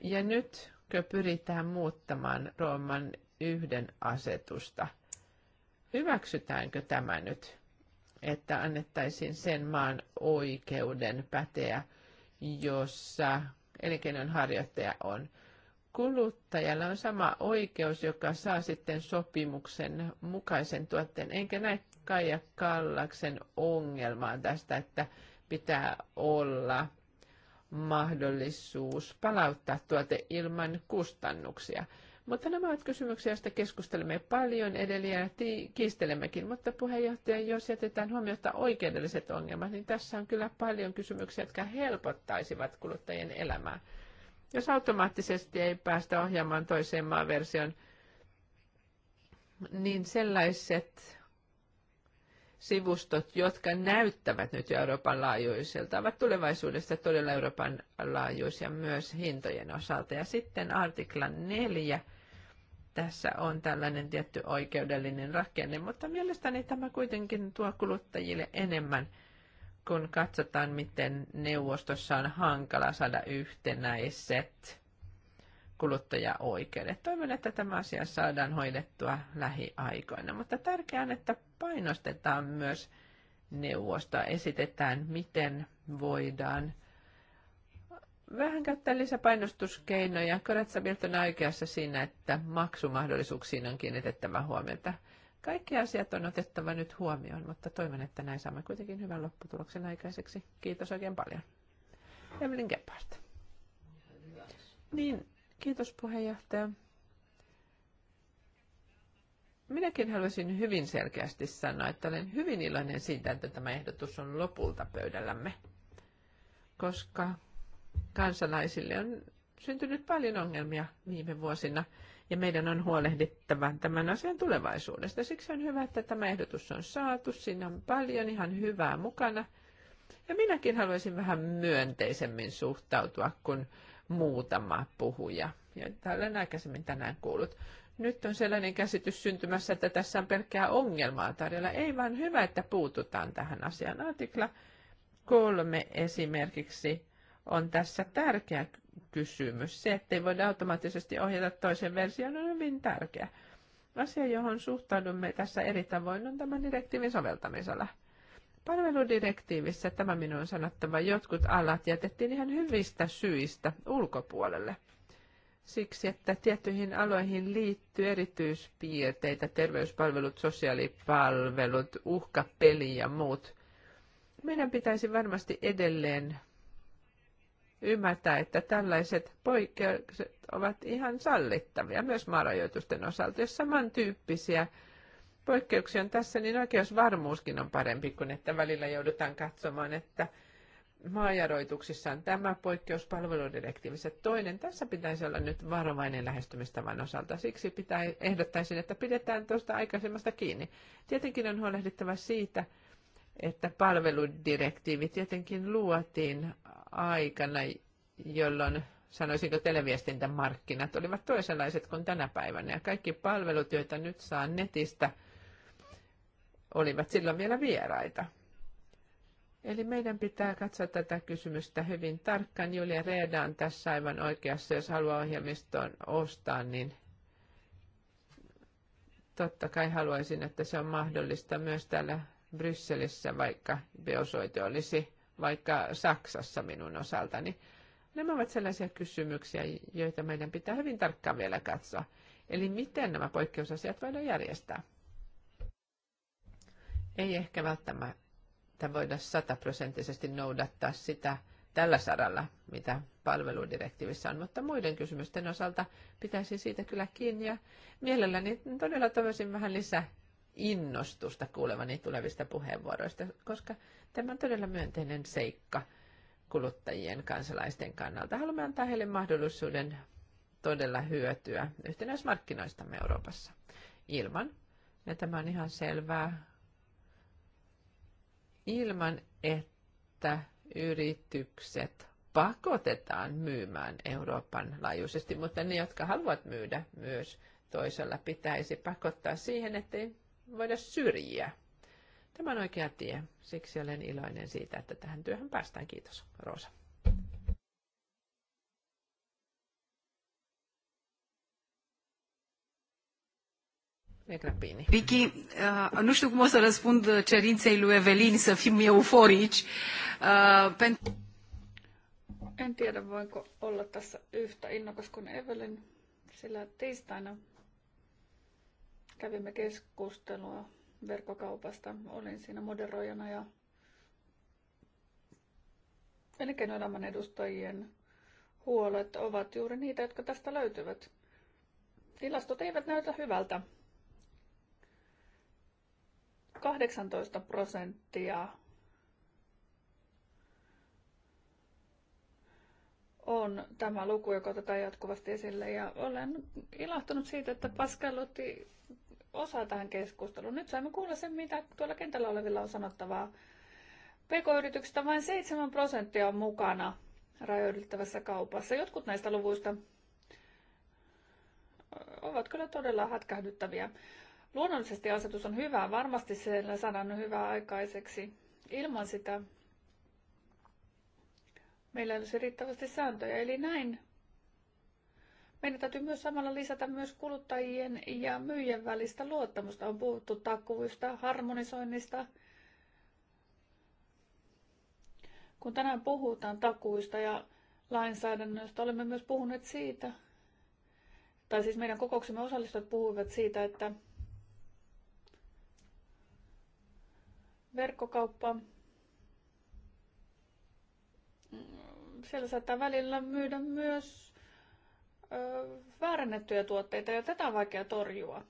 Speaker 2: Ja nyt pyritään muuttamaan Rooman yhden asetusta. Hyväksytäänkö tämä nyt, että annettaisiin sen maan oikeuden päteä, jossa elinkeinonharjoittaja on? Kuluttajalla on sama oikeus, joka saa sitten sopimuksen mukaisen tuotteen. Enkä näe Kaija Kallaksen ongelmaa tästä, että pitää olla – mahdollisuus palauttaa tuote ilman kustannuksia. Mutta nämä ovat kysymyksiä, joista keskustelemme paljon edelleen ja kiistelemmekin. Mutta puheenjohtaja, jos jätetään huomiota oikeudelliset ongelmat, niin tässä on kyllä paljon kysymyksiä, jotka helpottaisivat kuluttajien elämää. Jos automaattisesti ei päästä ohjaamaan toiseen version, niin sellaiset sivustot, jotka näyttävät nyt Euroopan laajuiselta, ovat tulevaisuudessa todella Euroopan laajuisia myös hintojen osalta. Ja sitten artikla 4. Tässä on tällainen tietty oikeudellinen rakenne, mutta mielestäni tämä kuitenkin tuo kuluttajille enemmän, kun katsotaan, miten neuvostossa on hankala saada yhtenäiset kuluttajaoikeudet. Toivon, että tämä asia saadaan hoidettua lähiaikoina, mutta tärkeää on, että painostetaan myös neuvosta, esitetään, miten voidaan vähän käyttää lisäpainostuskeinoja. Koretsa on oikeassa siinä, että maksumahdollisuuksiin on kiinnitettävä huomiota. Kaikki asiat on otettava nyt huomioon, mutta toivon, että näin saamme kuitenkin hyvän lopputuloksen aikaiseksi. Kiitos oikein paljon. Evelyn Gebhardt. Niin, Kiitos puheenjohtaja. Minäkin haluaisin hyvin selkeästi sanoa, että olen hyvin iloinen siitä, että tämä ehdotus on lopulta pöydällämme, koska kansalaisille on syntynyt paljon ongelmia viime vuosina ja meidän on huolehdittava tämän asian tulevaisuudesta. Siksi on hyvä, että tämä ehdotus on saatu, siinä on paljon ihan hyvää mukana. Ja minäkin haluaisin vähän myönteisemmin suhtautua, kun muutama puhuja, joita olen aikaisemmin tänään kuullut. Nyt on sellainen käsitys syntymässä, että tässä on pelkkää ongelmaa tarjolla. Ei vaan hyvä, että puututaan tähän asiaan. Artikla kolme esimerkiksi on tässä tärkeä kysymys. Se, ei voida automaattisesti ohjata toisen version, on hyvin tärkeä. Asia, johon suhtaudumme tässä eri tavoin, on tämän direktiivin soveltamisella. Palveludirektiivissä, tämä minun on sanottava, jotkut alat jätettiin ihan hyvistä syistä ulkopuolelle. Siksi, että tiettyihin aloihin liittyy erityispiirteitä, terveyspalvelut, sosiaalipalvelut, uhkapeli ja muut. Meidän pitäisi varmasti edelleen ymmärtää, että tällaiset poikkeukset ovat ihan sallittavia myös maarajoitusten osalta, jos samantyyppisiä tyyppisiä poikkeuksia on tässä, niin oikeusvarmuuskin on parempi kuin että välillä joudutaan katsomaan, että maajaroituksissa on tämä poikkeus palveludirektiivissä toinen. Tässä pitäisi olla nyt varovainen lähestymistavan osalta. Siksi pitää, ehdottaisin, että pidetään tuosta aikaisemmasta kiinni. Tietenkin on huolehdittava siitä, että palveludirektiivi tietenkin luotiin aikana, jolloin sanoisinko televiestintämarkkinat olivat toisenlaiset kuin tänä päivänä. Ja kaikki palvelut, joita nyt saa netistä, olivat silloin vielä vieraita. Eli meidän pitää katsoa tätä kysymystä hyvin tarkkaan. Julia Reeda on tässä aivan oikeassa, jos haluaa ohjelmistoon ostaa, niin totta kai haluaisin, että se on mahdollista myös täällä Brysselissä, vaikka biosoite olisi vaikka Saksassa minun osaltani. Nämä ovat sellaisia kysymyksiä, joita meidän pitää hyvin tarkkaan vielä katsoa. Eli miten nämä poikkeusasiat voidaan järjestää? ei ehkä välttämättä voida sataprosenttisesti noudattaa sitä tällä saralla, mitä palveludirektiivissä on, mutta muiden kysymysten osalta pitäisi siitä kyllä kiinni ja mielelläni todella toivoisin vähän lisää innostusta kuulevani tulevista puheenvuoroista, koska tämä on todella myönteinen seikka kuluttajien kansalaisten kannalta. Haluamme antaa heille mahdollisuuden todella hyötyä yhtenäismarkkinoistamme Euroopassa ilman. Ja tämä on ihan selvää ilman, että yritykset pakotetaan myymään Euroopan laajuisesti, mutta ne, jotka haluavat myydä myös toisella, pitäisi pakottaa siihen, ettei voida syrjiä. Tämä on oikea tie. Siksi olen iloinen siitä, että tähän työhön päästään. Kiitos, Roosa.
Speaker 3: Grapini. Vicky, uh, nu știu cum o să răspund cerinței lui Evelin să fim euforici. Uh, pentru... En tiedä, voinko olla tässä yhtä innokas kuin Evelyn, sillä tiistaina kävimme keskustelua verkkokaupasta. Olin siinä moderoijana ja elinkeinoelämän edustajien huolet ovat juuri niitä, jotka tästä löytyvät. Tilastot eivät näytä hyvältä. 18 prosenttia on tämä luku, joka otetaan jatkuvasti esille. Ja olen ilahtunut siitä, että Pascal otti osaa tähän keskusteluun. Nyt saimme kuulla sen, mitä tuolla kentällä olevilla on sanottavaa. PK-yrityksistä vain 7 prosenttia on mukana rajoitettavassa kaupassa. Jotkut näistä luvuista ovat kyllä todella hätkähdyttäviä. Luonnollisesti asetus on hyvä, varmasti siellä saadaan hyvää aikaiseksi. Ilman sitä meillä olisi riittävästi sääntöjä. Eli näin meidän täytyy myös samalla lisätä myös kuluttajien ja myyjien välistä luottamusta. On puhuttu takkuvuista, harmonisoinnista. Kun tänään puhutaan takuista ja lainsäädännöstä, olemme myös puhuneet siitä, tai siis meidän kokouksemme osallistujat puhuivat siitä, että verkkokauppa. Siellä saattaa välillä myydä myös ö, väärennettyjä tuotteita ja tätä on vaikea torjua.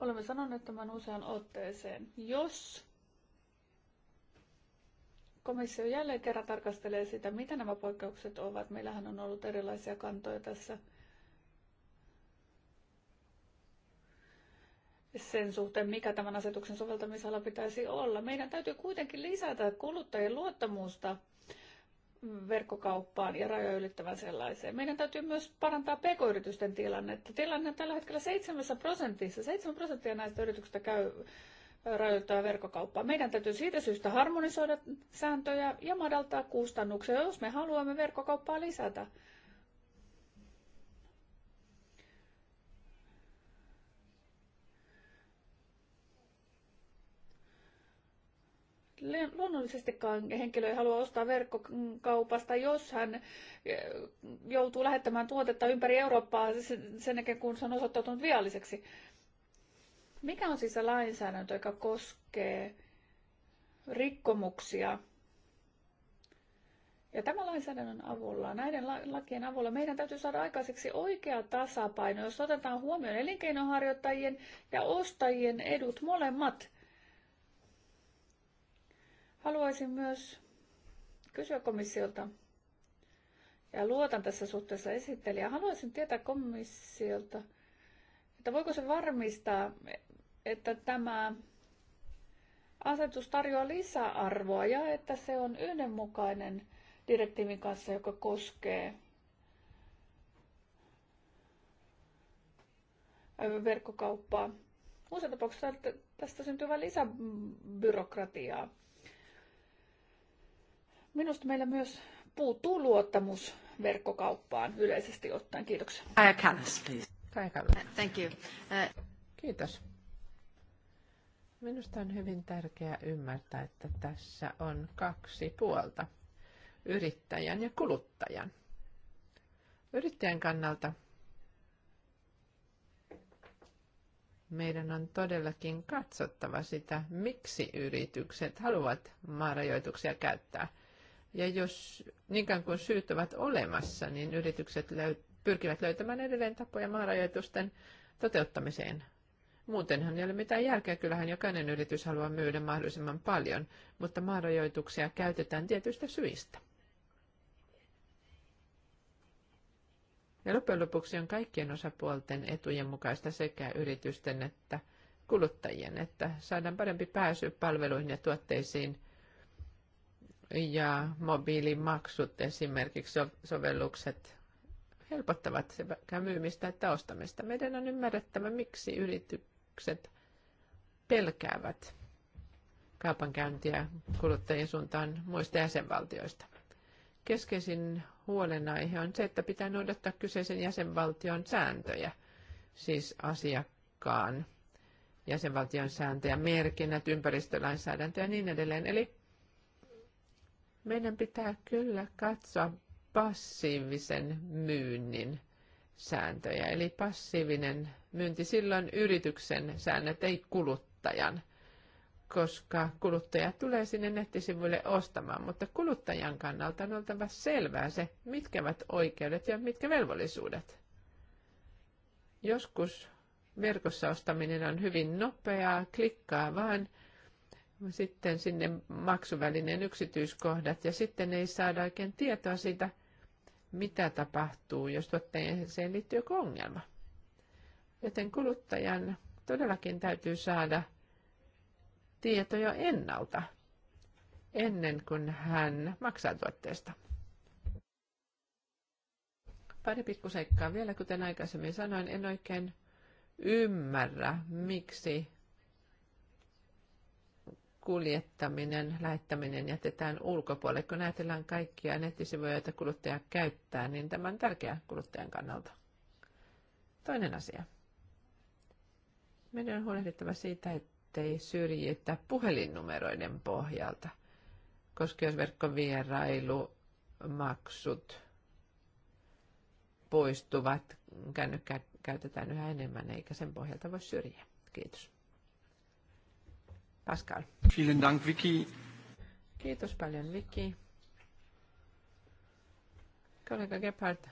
Speaker 3: Olemme sanoneet tämän usean otteeseen. Jos komissio jälleen kerran tarkastelee sitä, mitä nämä poikkeukset ovat. Meillähän on ollut erilaisia kantoja tässä sen suhteen, mikä tämän asetuksen soveltamisala pitäisi olla. Meidän täytyy kuitenkin lisätä kuluttajien luottamusta verkkokauppaan ja rajoja ylittävän sellaiseen. Meidän täytyy myös parantaa pk-yritysten tilannetta. Tilanne on tällä hetkellä 7 prosentissa. 7 prosenttia näistä yrityksistä käy rajoittaa verkkokauppaa. Meidän täytyy siitä syystä harmonisoida sääntöjä ja madaltaa kustannuksia, jos me haluamme verkkokauppaa lisätä. luonnollisestikaan henkilö ei halua ostaa verkkokaupasta, jos hän eh, joutuu lähettämään tuotetta ympäri Eurooppaa sen jälkeen, kun se on osoittautunut vialliseksi. Mikä on siis se lainsäädäntö, joka koskee rikkomuksia? Ja tämän lainsäädännön avulla, näiden lakien avulla, meidän täytyy saada aikaiseksi oikea tasapaino, jos otetaan huomioon elinkeinoharjoittajien ja ostajien edut molemmat – Haluaisin myös kysyä komissiolta, ja luotan tässä suhteessa esittelijä. Haluaisin tietää komissiolta, että voiko se varmistaa, että tämä asetus tarjoaa lisäarvoa ja että se on yhdenmukainen direktiivin kanssa, joka koskee verkkokauppaa. Muussa tapauksessa tästä syntyy vain lisäbyrokratiaa. Minusta meillä myös puuttuu luottamus verkkokauppaan yleisesti ottaen. Kiitoksia. Kaja
Speaker 2: Kallas, please. Uh, thank you. Uh... Kiitos. Minusta on hyvin tärkeää ymmärtää, että tässä on kaksi puolta, yrittäjän ja kuluttajan. Yrittäjän kannalta meidän on todellakin katsottava sitä, miksi yritykset haluavat maarajoituksia käyttää – ja jos niinkään kuin syyt ovat olemassa, niin yritykset löy- pyrkivät löytämään edelleen tapoja maarajoitusten toteuttamiseen. Muutenhan ei ole mitään järkeä, kyllähän jokainen yritys haluaa myydä mahdollisimman paljon, mutta maarajoituksia käytetään tietyistä syistä. Ja loppujen lopuksi on kaikkien osapuolten etujen mukaista sekä yritysten että kuluttajien, että saadaan parempi pääsy palveluihin ja tuotteisiin – ja mobiilimaksut esimerkiksi sovellukset helpottavat sekä myymistä että ostamista. Meidän on ymmärrettävä, miksi yritykset pelkäävät kaupankäyntiä kuluttajien suuntaan muista jäsenvaltioista. Keskeisin huolenaihe on se, että pitää noudattaa kyseisen jäsenvaltion sääntöjä, siis asiakkaan jäsenvaltion sääntöjä, merkinnät, ympäristölainsäädäntöä ja niin edelleen. Eli meidän pitää kyllä katsoa passiivisen myynnin sääntöjä, eli passiivinen myynti silloin yrityksen säännöt, ei kuluttajan, koska kuluttaja tulee sinne nettisivuille ostamaan, mutta kuluttajan kannalta on oltava selvää se, mitkä ovat oikeudet ja mitkä velvollisuudet. Joskus verkossa ostaminen on hyvin nopeaa, klikkaa vaan – sitten sinne maksuvälineen yksityiskohdat ja sitten ei saada oikein tietoa siitä, mitä tapahtuu, jos tuotteeseen liittyy joku ongelma. Joten kuluttajan todellakin täytyy saada tieto jo ennalta, ennen kuin hän maksaa tuotteesta. Pari pikkuseikkaa vielä, kuten aikaisemmin sanoin, en oikein ymmärrä, miksi kuljettaminen, lähettäminen jätetään ulkopuolelle. Kun ajatellaan kaikkia nettisivuja, joita kuluttaja käyttää, niin tämä on tärkeä kuluttajan kannalta. Toinen asia. Meidän on huolehdittava siitä, ettei syrjitä puhelinnumeroiden pohjalta, koska jos verkkovierailu, maksut poistuvat, kännykkää käytetään yhä enemmän, eikä sen pohjalta voi syrjiä. Kiitos. Pascal. Vielen Dank, Vicky. Kiitos paljon, Vicky. Kollega Gebhardt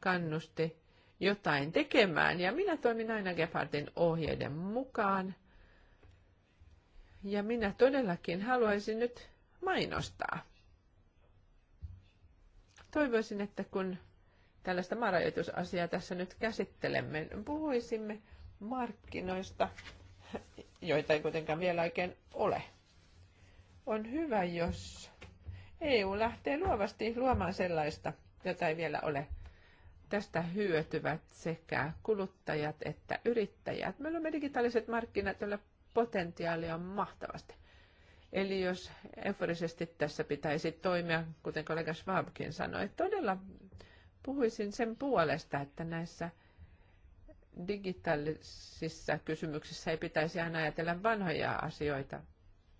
Speaker 2: kannusti jotain tekemään ja minä toimin aina Gebhardtin ohjeiden mukaan. Ja minä todellakin haluaisin nyt mainostaa. Toivoisin, että kun tällaista maarajoitusasiaa tässä nyt käsittelemme, puhuisimme markkinoista joita ei kuitenkaan vielä oikein ole. On hyvä, jos EU lähtee luovasti luomaan sellaista, jota ei vielä ole. Tästä hyötyvät sekä kuluttajat että yrittäjät. Meillä on digitaaliset markkinat, joilla potentiaalia on mahtavasti. Eli jos euforisesti tässä pitäisi toimia, kuten kollega Schwabkin sanoi, todella puhuisin sen puolesta, että näissä – digitaalisissa kysymyksissä ei pitäisi aina ajatella vanhoja asioita,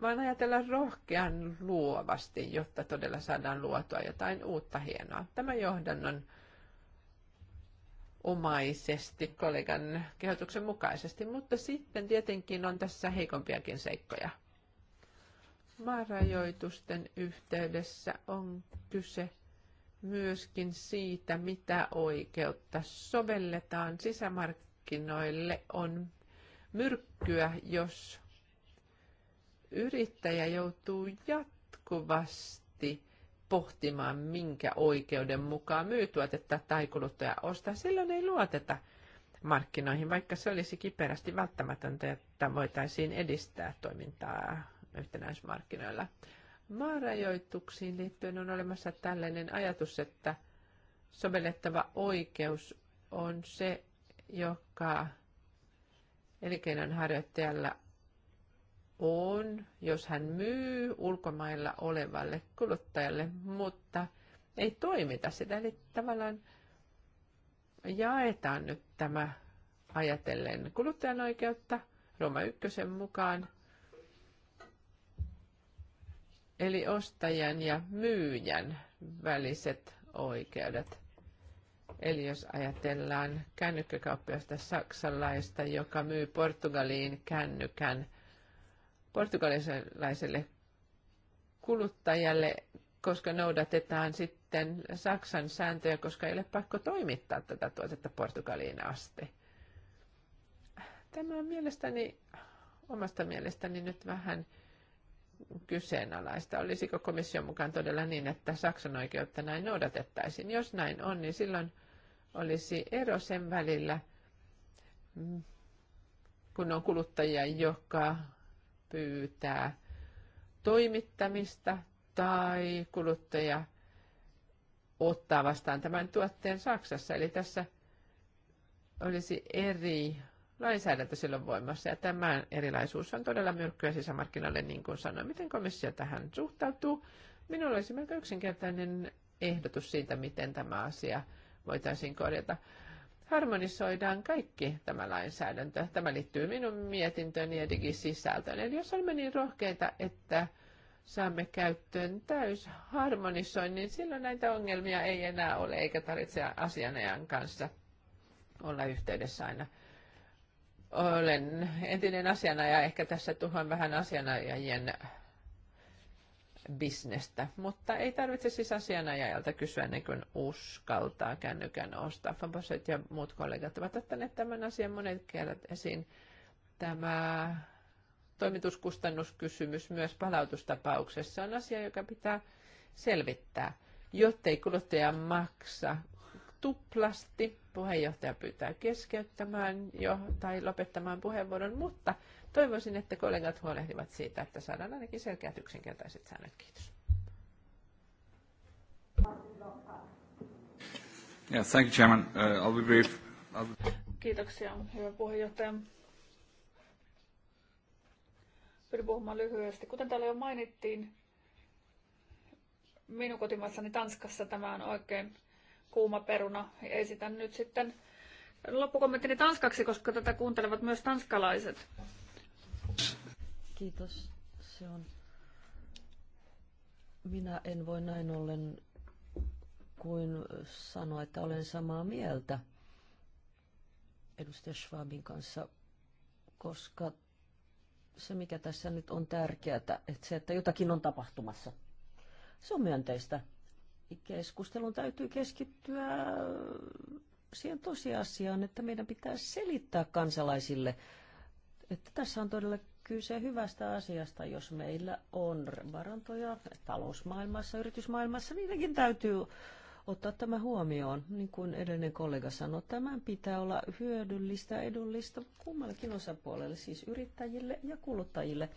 Speaker 2: vaan ajatella rohkean luovasti, jotta todella saadaan luotua jotain uutta hienoa. Tämä johdannon omaisesti, kollegan kehotuksen mukaisesti, mutta sitten tietenkin on tässä heikompiakin seikkoja. Maarajoitusten yhteydessä on kyse myöskin siitä, mitä oikeutta sovelletaan sisämarkkinoille, on myrkkyä, jos yrittäjä joutuu jatkuvasti pohtimaan, minkä oikeuden mukaan myy tuotetta tai kuluttaja ostaa. Silloin ei luoteta markkinoihin, vaikka se olisi kiperästi välttämätöntä, että voitaisiin edistää toimintaa yhtenäismarkkinoilla. Maarajoituksiin liittyen on olemassa tällainen ajatus, että sovellettava oikeus on se, joka elinkeinonharjoittajalla on, jos hän myy ulkomailla olevalle kuluttajalle, mutta ei toimita sitä. Eli tavallaan jaetaan nyt tämä ajatellen kuluttajan oikeutta Roma ykkösen mukaan – eli ostajan ja myyjän väliset oikeudet. Eli jos ajatellaan kännykkäkauppiasta saksalaista, joka myy Portugaliin kännykän portugalilaiselle kuluttajalle, koska noudatetaan sitten Saksan sääntöjä, koska ei ole pakko toimittaa tätä tuotetta Portugaliin asti. Tämä on mielestäni, omasta mielestäni nyt vähän kyseenalaista. Olisiko komission mukaan todella niin, että Saksan oikeutta näin noudatettaisiin? Jos näin on, niin silloin olisi ero sen välillä, mm, kun on kuluttajia, joka pyytää toimittamista tai kuluttaja ottaa vastaan tämän tuotteen Saksassa. Eli tässä olisi eri lainsäädäntö silloin voimassa. Ja tämä erilaisuus on todella myrkkyä sisämarkkinoille, niin kuin sanoin. Miten komissio tähän suhtautuu? Minulla olisi melko yksinkertainen ehdotus siitä, miten tämä asia voitaisiin korjata. Harmonisoidaan kaikki tämä lainsäädäntö. Tämä liittyy minun mietintöni ja digisisältöön. Eli jos olemme niin rohkeita, että saamme käyttöön täysharmonisoinnin, silloin näitä ongelmia ei enää ole, eikä tarvitse asianajan kanssa olla yhteydessä aina. Olen entinen asianajaja, ehkä tässä tuhoan vähän asianajajien bisnestä, mutta ei tarvitse siis asianajajalta kysyä ennen kuin uskaltaa kännykän ostaa. Faboset ja muut kollegat ovat ottaneet tämän asian monet kerrat esiin. Tämä toimituskustannuskysymys myös palautustapauksessa on asia, joka pitää selvittää, jottei kuluttaja maksa tuplasti puheenjohtaja pyytää keskeyttämään jo tai lopettamaan puheenvuoron, mutta toivoisin, että kollegat huolehtivat siitä, että saadaan ainakin selkeät yksinkertaiset säännöt. Kiitos.
Speaker 5: Yeah, thank you, Chairman. Uh, I'll be brief. I'll be...
Speaker 3: Kiitoksia, hyvä puheenjohtaja. Pyrin puhumaan lyhyesti. Kuten täällä jo mainittiin, minun kotimaassani Tanskassa tämä on oikein kuuma peruna. Esitän nyt sitten loppukommenttini tanskaksi, koska tätä kuuntelevat myös tanskalaiset.
Speaker 1: Kiitos. Se on... Minä en voi näin ollen kuin sanoa, että olen samaa mieltä edustaja Schwabin kanssa, koska se, mikä tässä nyt on tärkeää, että se, että jotakin on tapahtumassa. Se on myönteistä keskustelun täytyy keskittyä siihen tosiasiaan, että meidän pitää selittää kansalaisille, että tässä on todella kyse hyvästä asiasta, jos meillä on varantoja talousmaailmassa, yritysmaailmassa, niidenkin täytyy ottaa tämä huomioon. Niin kuin edellinen kollega sanoi, tämän pitää olla hyödyllistä, edullista kummallekin osapuolelle, siis yrittäjille ja kuluttajille.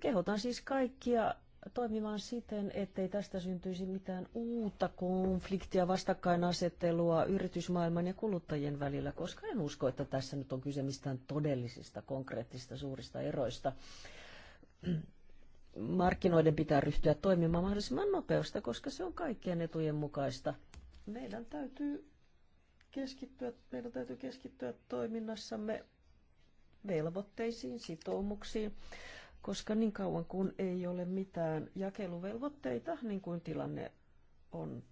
Speaker 1: Kehotan siis kaikkia toimimaan siten, ettei tästä syntyisi mitään uutta konfliktia, vastakkainasettelua yritysmaailman ja kuluttajien välillä, koska en usko, että tässä nyt on kyse mistään todellisista, konkreettista, suurista eroista. Markkinoiden pitää ryhtyä toimimaan mahdollisimman nopeasti, koska se on kaikkien etujen mukaista. Meidän täytyy keskittyä, meidän täytyy keskittyä toiminnassamme velvoitteisiin, sitoumuksiin, koska niin kauan kun ei ole mitään jakeluvelvoitteita, niin kuin tilanne on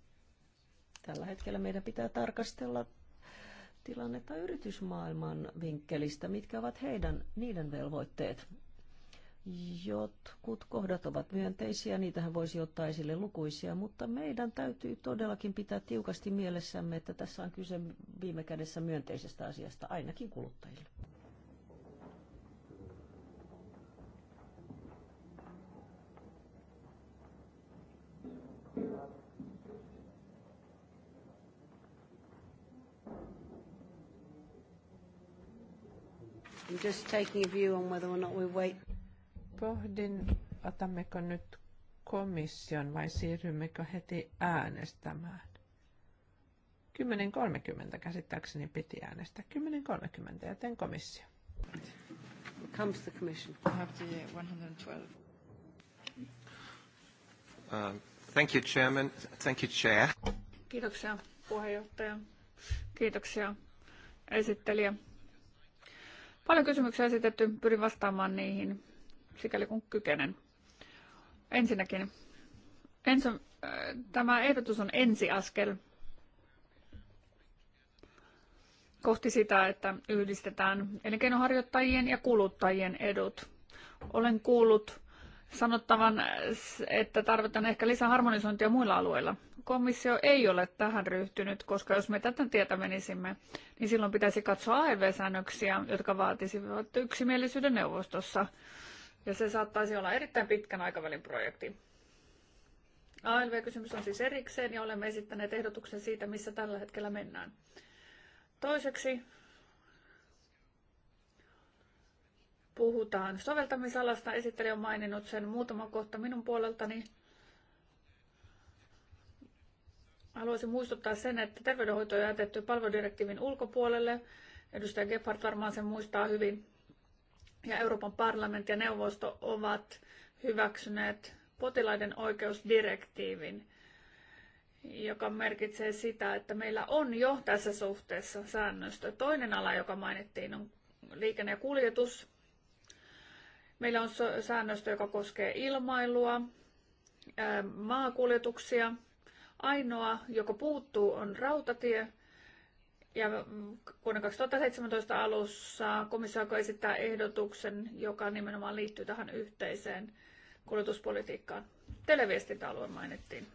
Speaker 1: tällä hetkellä, meidän pitää tarkastella tilannetta yritysmaailman vinkkelistä, mitkä ovat heidän, niiden velvoitteet. Jotkut kohdat ovat myönteisiä, niitähän voisi ottaa esille lukuisia, mutta meidän täytyy todellakin pitää tiukasti mielessämme, että tässä on kyse viime kädessä myönteisestä asiasta ainakin kuluttajille. just taking a view on whether or not we wait.
Speaker 2: Pohdin, otammeko nyt komission vai siirrymmekö heti äänestämään. 10.30 käsittääkseni piti äänestää. 10.30 ja joten komissio. Comes the commission. I have the 112.
Speaker 3: Uh, thank you, Chairman.
Speaker 4: Thank you, Chair.
Speaker 3: Kiitoksia puheenjohtaja. Kiitoksia esittelijä. Paljon kysymyksiä esitetty, pyrin vastaamaan niihin, sikäli kun kykenen. Ensinnäkin, ensi, äh, tämä ehdotus on ensiaskel kohti sitä, että yhdistetään elinkeinoharjoittajien ja kuluttajien edut. Olen kuullut sanottavan, että tarvitaan ehkä lisää harmonisointia muilla alueilla. Komissio ei ole tähän ryhtynyt, koska jos me tätä tietä menisimme, niin silloin pitäisi katsoa AEV-säännöksiä, jotka vaatisivat yksimielisyyden neuvostossa. Ja se saattaisi olla erittäin pitkän aikavälin projekti. ALV-kysymys on siis erikseen ja olemme esittäneet ehdotuksen siitä, missä tällä hetkellä mennään. Toiseksi puhutaan soveltamisalasta. Esittely on maininnut sen muutama kohta minun puoleltani. Haluaisin muistuttaa sen, että terveydenhoito on jätetty palveludirektiivin ulkopuolelle. Edustaja Gebhardt varmaan sen muistaa hyvin. Ja Euroopan parlamentti ja neuvosto ovat hyväksyneet potilaiden oikeusdirektiivin, joka merkitsee sitä, että meillä on jo tässä suhteessa säännöstö. Toinen ala, joka mainittiin, on liikenne ja kuljetus. Meillä on säännöstö, joka koskee ilmailua, maakuljetuksia. Ainoa, joka puuttuu, on rautatie. Ja vuonna 2017 alussa komissio alkoi esittää ehdotuksen, joka nimenomaan liittyy tähän yhteiseen kuljetuspolitiikkaan. Televiestintäalue mainittiin.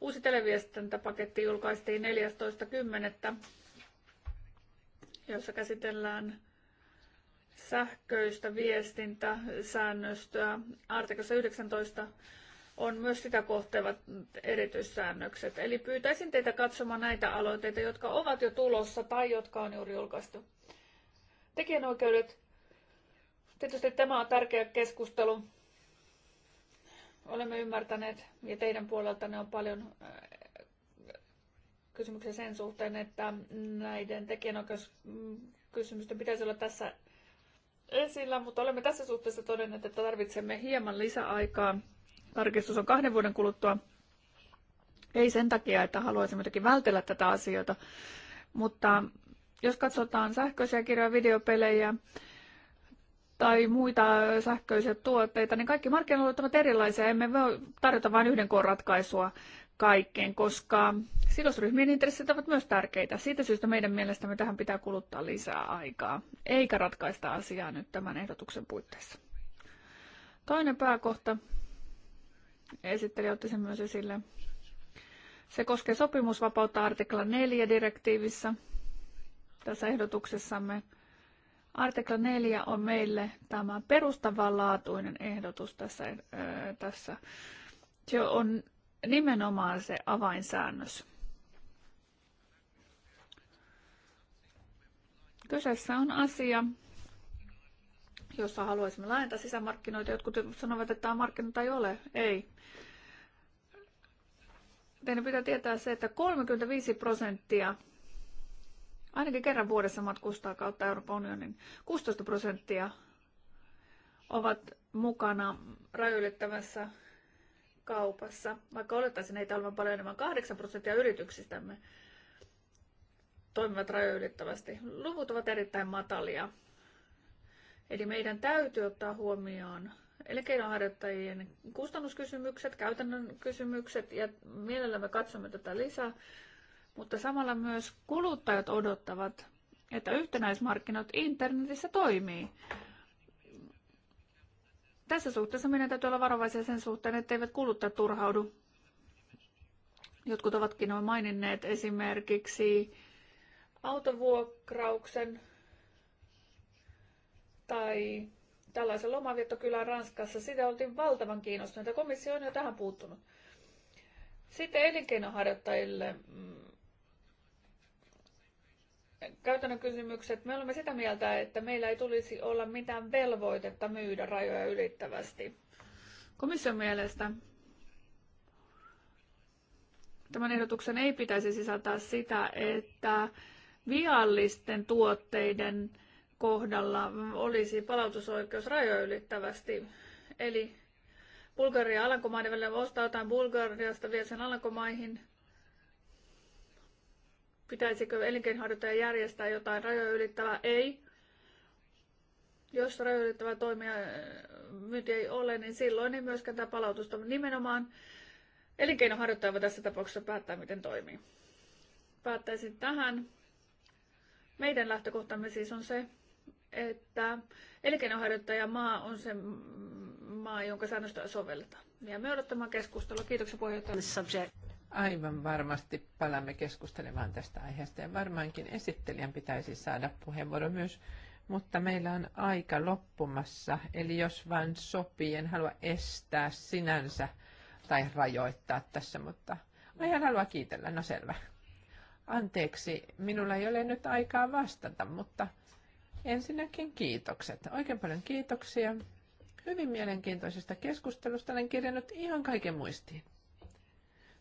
Speaker 3: Uusi televiestintäpaketti julkaistiin 14.10., jossa käsitellään sähköistä viestintäsäännöstöä. Artiklassa 19 on myös sitä kohtevat erityissäännökset. Eli pyytäisin teitä katsomaan näitä aloitteita, jotka ovat jo tulossa tai jotka on juuri julkaistu. Tekijänoikeudet. Tietysti tämä on tärkeä keskustelu. Olemme ymmärtäneet, ja teidän puoleltanne on paljon äh, kysymyksiä sen suhteen, että näiden tekijänoikeuskysymysten pitäisi olla tässä esillä, mutta olemme tässä suhteessa todenneet, että tarvitsemme hieman lisäaikaa. Tarkistus on kahden vuoden kuluttua. Ei sen takia, että haluaisimme jotenkin vältellä tätä asioita, mutta jos katsotaan sähköisiä kirjoja, videopelejä tai muita sähköisiä tuotteita, niin kaikki markkinoilla ovat erilaisia. Emme voi tarjota vain yhden koon ratkaisua kaikkeen, koska sidosryhmien intressit ovat myös tärkeitä. Siitä syystä meidän mielestämme tähän pitää kuluttaa lisää aikaa, eikä ratkaista asiaa nyt tämän ehdotuksen puitteissa. Toinen pääkohta, esittelijä otti sen myös esille, se koskee sopimusvapautta artikla 4 direktiivissä tässä ehdotuksessamme. Artikla 4 on meille tämä perustavanlaatuinen ehdotus tässä, eh, tässä se on nimenomaan se avainsäännös. Kyseessä on asia, jossa haluaisimme laajentaa sisämarkkinoita. Jotkut sanovat, että tämä markkinoita ei ole. Ei. Teidän pitää tietää se, että 35 prosenttia ainakin kerran vuodessa matkustaa kautta Euroopan unionin. 16 prosenttia ovat mukana rajoilettavassa kaupassa, vaikka olettaisin ei olevan paljon enemmän, 8 prosenttia yrityksistämme toimivat rajoja ylittävästi. Luvut ovat erittäin matalia. Eli meidän täytyy ottaa huomioon elinkeinoharjoittajien kustannuskysymykset, käytännön kysymykset ja mielellämme katsomme tätä lisää. Mutta samalla myös kuluttajat odottavat, että yhtenäismarkkinat internetissä toimii. Tässä suhteessa meidän täytyy olla varovaisia sen suhteen, että eivät kuluttajat turhaudu. Jotkut ovatkin on maininneet esimerkiksi autovuokrauksen tai tällaisen lomaviettokylän Ranskassa. Sitä oltiin valtavan kiinnostuneita. Komissio on jo tähän puuttunut. Sitten elinkeinoharjoittajille mm, käytännön kysymykset. Me olemme sitä mieltä, että meillä ei tulisi olla mitään velvoitetta myydä rajoja ylittävästi. Komission mielestä tämän ehdotuksen ei pitäisi sisältää sitä, että viallisten tuotteiden kohdalla olisi palautusoikeus rajoja ylittävästi. Eli Bulgaria ja Alankomaiden välillä ostaa jotain Bulgariasta, vie sen Alankomaihin – Pitäisikö elinkeinharjoittaja järjestää jotain rajoja ylittävää? Ei. Jos rajoja ylittävää toimia äh, myynti ei ole, niin silloin ei myöskään tämä palautusta. Nimenomaan elinkeinoharjoittaja voi tässä tapauksessa päättää, miten toimii. Päättäisin tähän. Meidän lähtökohtamme siis on se, että elinkeinoharjoittaja maa on se maa, jonka säännöstöä sovelletaan. Ja me odottamaan keskustelua. Kiitoksia
Speaker 2: puheenjohtaja. Aivan varmasti palaamme keskustelemaan tästä aiheesta ja varmaankin esittelijän pitäisi saada puheenvuoro myös, mutta meillä on aika loppumassa, eli jos vain sopii, en halua estää sinänsä tai rajoittaa tässä, mutta ihan halua kiitellä, no selvä. Anteeksi, minulla ei ole nyt aikaa vastata, mutta ensinnäkin kiitokset. Oikein paljon kiitoksia. Hyvin mielenkiintoisesta keskustelusta olen kirjannut ihan kaiken muistiin.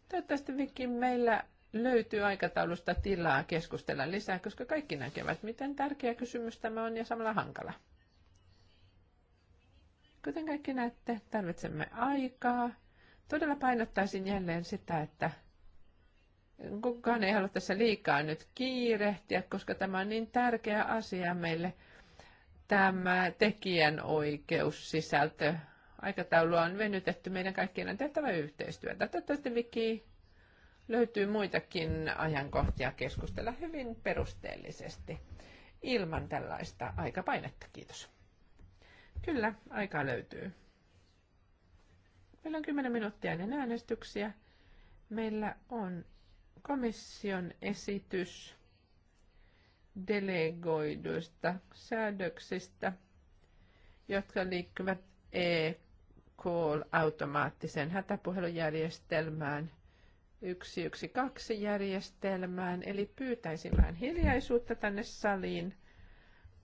Speaker 2: Toivottavasti Vicky, meillä löytyy aikataulusta tilaa keskustella lisää, koska kaikki näkevät, miten tärkeä kysymys tämä on ja samalla hankala. Kuten kaikki näette, tarvitsemme aikaa. Todella painottaisin jälleen sitä, että kukaan ei halua tässä liikaa nyt kiirehtiä, koska tämä on niin tärkeä asia meille. Tämä tekijänoikeussisältö aikataulua on venytetty, meidän kaikkien on tehtävä yhteistyötä. Toivottavasti Viki löytyy muitakin ajankohtia keskustella hyvin perusteellisesti ilman tällaista aikapainetta. Kiitos. Kyllä, aikaa löytyy. Meillä on 10 minuuttia ennen äänestyksiä. Meillä on komission esitys delegoiduista säädöksistä, jotka liikkuvat e call-automaattiseen hätäpuhelujärjestelmään, 112-järjestelmään, eli pyytäisin vähän hiljaisuutta tänne saliin,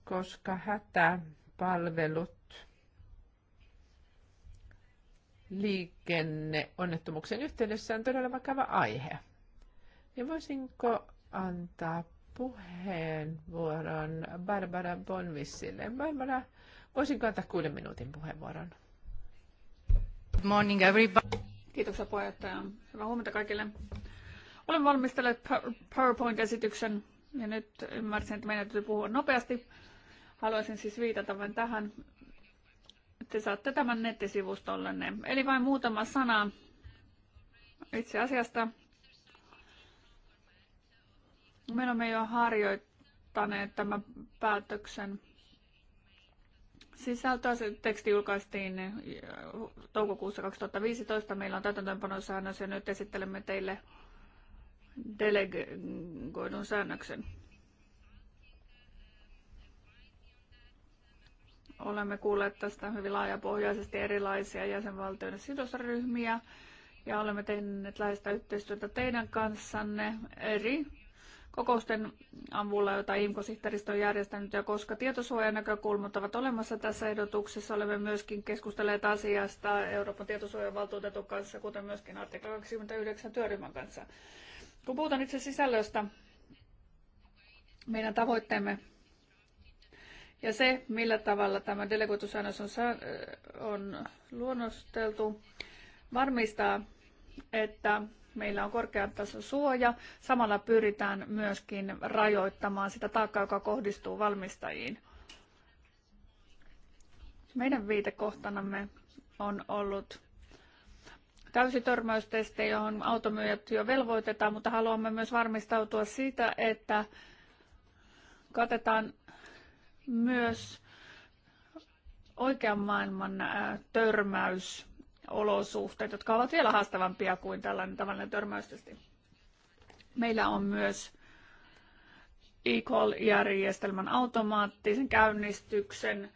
Speaker 2: koska hätäpalvelut liikenne, liikenneonnettomuuksien yhteydessä on todella vakava aihe. Ja voisinko antaa puheenvuoron Barbara Bonvissille? Barbara, voisinko antaa kuuden minuutin puheenvuoron? Good morning everybody.
Speaker 3: Kiitoksia puheenjohtaja. Hyvää huomenta kaikille. Olen valmistellut PowerPoint-esityksen ja nyt ymmärsin, että meidän täytyy puhua nopeasti. Haluaisin siis viitata vain tähän. Te saatte tämän nettisivustollenne. Eli vain muutama sana itse asiasta. Me olemme jo harjoittaneet tämän päätöksen Sisältöä se teksti julkaistiin äh, toukokuussa 2015. Meillä on täytäntöönpanosäännös ja nyt esittelemme teille delegoidun säännöksen. Olemme kuulleet tästä hyvin laajapohjaisesti erilaisia jäsenvaltioiden sidosryhmiä ja olemme tehneet läheistä yhteistyötä teidän kanssanne eri kokousten avulla, joita IMCO-sihteeristö on järjestänyt, ja koska tietosuojanäkökulmat ovat olemassa tässä ehdotuksessa, olemme myöskin keskustelleet asiasta Euroopan tietosuojavaltuutetun kanssa, kuten myöskin artikla 29 työryhmän kanssa. Kun puhutaan itse sisällöstä, meidän tavoitteemme ja se, millä tavalla tämä delegoitusäännös on, on luonnosteltu, varmistaa, että meillä on korkean tason suoja. Samalla pyritään myöskin rajoittamaan sitä taakkaa, joka kohdistuu valmistajiin. Meidän viitekohtanamme on ollut täysi törmäystesti, johon automyyjät jo velvoitetaan, mutta haluamme myös varmistautua siitä, että katetaan myös oikean maailman törmäys olosuhteet, jotka ovat vielä haastavampia kuin tällainen tavallinen törmäystesti. Meillä on myös e-call-järjestelmän automaattisen käynnistyksen